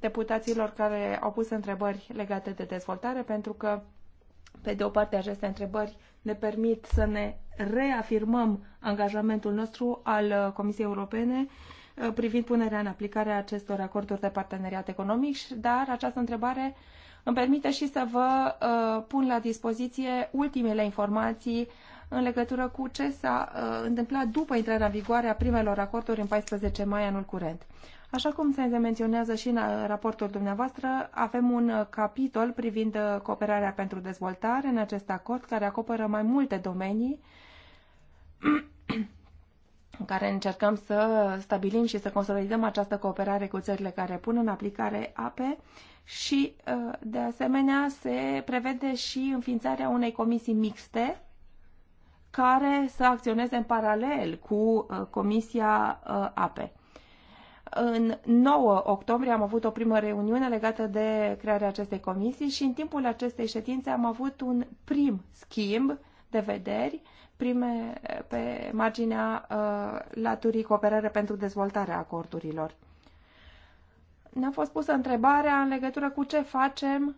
deputaților care au pus întrebări legate de dezvoltare, pentru că, pe de o parte, aceste întrebări ne permit să ne reafirmăm angajamentul nostru al uh, Comisiei Europene uh, privind punerea în aplicare a acestor acorduri de parteneriat economic, dar această întrebare uh, îmi permite și să vă uh, pun la dispoziție ultimele informații în legătură cu ce s-a uh, întâmplat după intrarea în vigoare a primelor acorduri în 14 mai anul curent. Așa cum se menționează și în uh, raportul dumneavoastră, avem un uh, capitol privind uh, cooperarea pentru dezvoltare în acest acord, care acoperă mai multe domenii în care încercăm să stabilim și să consolidăm această cooperare cu țările care pun în aplicare APE și, uh, de asemenea, se prevede și înființarea unei comisii mixte care să acționeze în paralel cu uh, Comisia uh, APE. În 9 octombrie am avut o primă reuniune legată de crearea acestei comisii și în timpul acestei ședințe am avut un prim schimb de vederi prime pe marginea uh, laturii cooperare pentru dezvoltarea acordurilor. Ne-a fost pusă întrebarea în legătură cu ce facem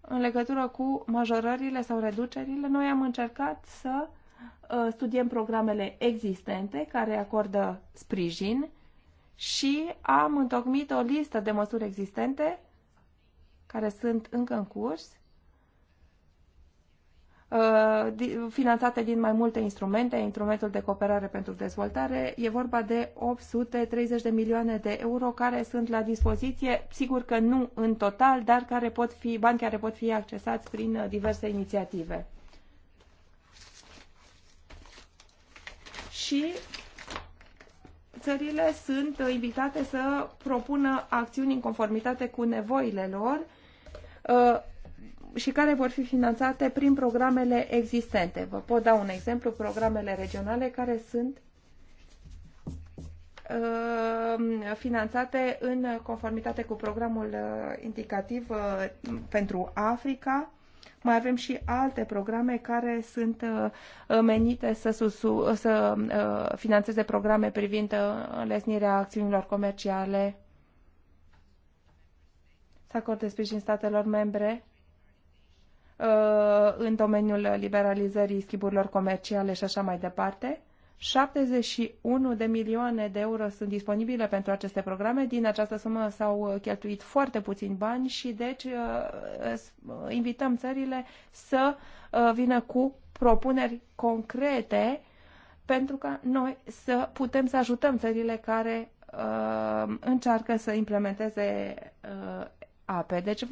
în legătură cu majorările sau reducerile. Noi am încercat să uh, studiem programele existente care acordă sprijin și am întocmit o listă de măsuri existente care sunt încă în curs Uh, finanțate din mai multe instrumente, instrumentul de cooperare pentru dezvoltare. E vorba de 830 de milioane de euro care sunt la dispoziție, sigur că nu în total, dar care pot fi, bani care pot fi accesați prin uh, diverse inițiative. Și țările sunt uh, invitate să propună acțiuni în conformitate cu nevoile lor și care vor fi finanțate prin programele existente. Vă pot da un exemplu, programele regionale care sunt uh, finanțate în conformitate cu programul uh, indicativ uh, pentru Africa. Mai avem și alte programe care sunt menite să, susu, să finanțeze programe privind înlesnirea acțiunilor comerciale, să acorde sprijin statelor membre Uh, în domeniul liberalizării schimburilor comerciale și așa mai departe. 71 de milioane de euro sunt disponibile pentru aceste programe. Din această sumă s-au uh, cheltuit foarte puțini bani și deci uh, invităm țările să vină cu propuneri concrete pentru ca noi să putem să ajutăm țările care încearcă să implementeze ape. Deci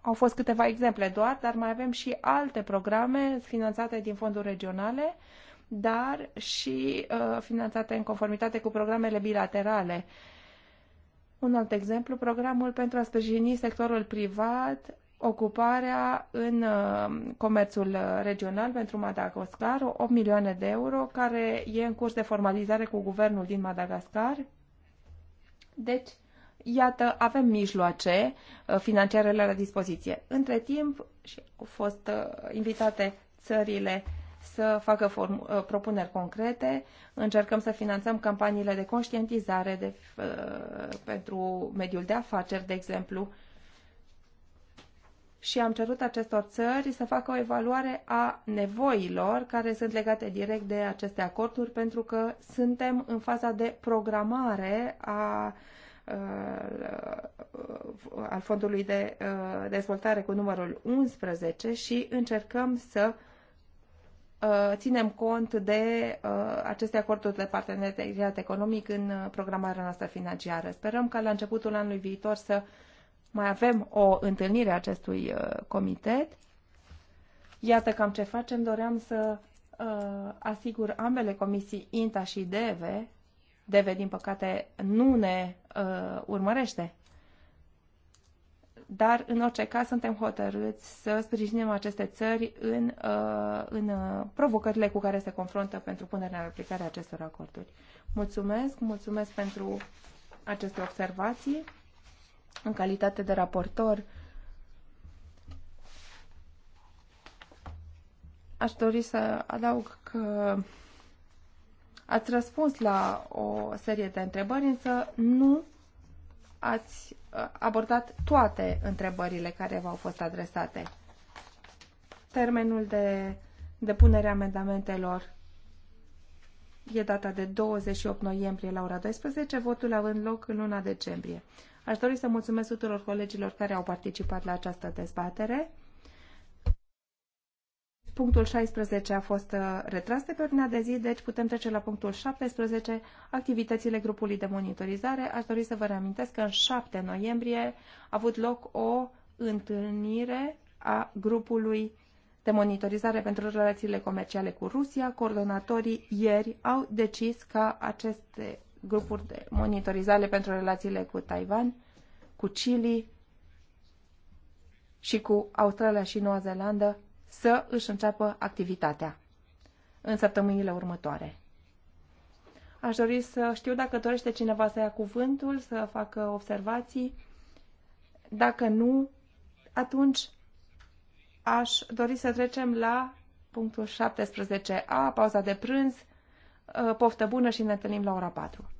au fost câteva exemple doar, dar mai avem și alte programe finanțate din fonduri regionale, dar și uh, finanțate în conformitate cu programele bilaterale. Un alt exemplu, programul pentru a sprijini sectorul privat, ocuparea în uh, comerțul uh, regional pentru Madagascar, 8 milioane de euro, care e în curs de formalizare cu guvernul din Madagascar. Deci, iată, avem mijloace uh, financiare la dispoziție. Între timp, și au fost uh, invitate țările să facă form, uh, propuneri concrete, încercăm să finanțăm campaniile de conștientizare de, pentru mediul de afaceri, de exemplu, și am cerut acestor țări să facă o evaluare a nevoilor care sunt legate direct de aceste acorduri, pentru că suntem în faza de programare a uh, Uh, al Fondului de uh, Dezvoltare cu numărul 11 și încercăm să uh, ținem cont de aceste acorduri de parteneriat economic în programarea noastră financiară. Sperăm ca la începutul anului viitor să mai avem o întâlnire a acestui comitet. Iată cam ce facem. Doream să asigur ambele comisii INTA și DEVE Deve, din păcate, nu ne uh, urmărește. Dar, în orice caz, suntem hotărâți să sprijinim aceste țări în, uh, în uh, provocările cu care se confruntă pentru punerea în aplicare a acestor acorduri. Mulțumesc, mulțumesc pentru aceste observații. În calitate de raportor, aș dori să adaug că Ați răspuns la o serie de întrebări, însă nu ați uh, abordat toate întrebările care v-au fost adresate. Termenul de depunere a amendamentelor e data de 28 noiembrie la ora 12, votul având loc în luna decembrie. Aș dori să mulțumesc tuturor colegilor care au participat la această dezbatere. Punctul 16 a fost uh, retras de pe ordinea de zi, deci putem trece la punctul 17, activitățile grupului de monitorizare. Aș dori să vă reamintesc că în 7 noiembrie a avut loc o întâlnire a grupului de monitorizare pentru relațiile comerciale cu Rusia. Coordonatorii ieri au decis ca aceste grupuri de monitorizare pentru relațiile cu Taiwan, cu Chile și cu Australia și Noua Zeelandă să își înceapă activitatea în săptămânile următoare. Aș dori să știu dacă dorește cineva să ia cuvântul, să facă observații. Dacă nu, atunci aș dori să trecem la punctul 17a, pauza de prânz, poftă bună și ne întâlnim la ora 4.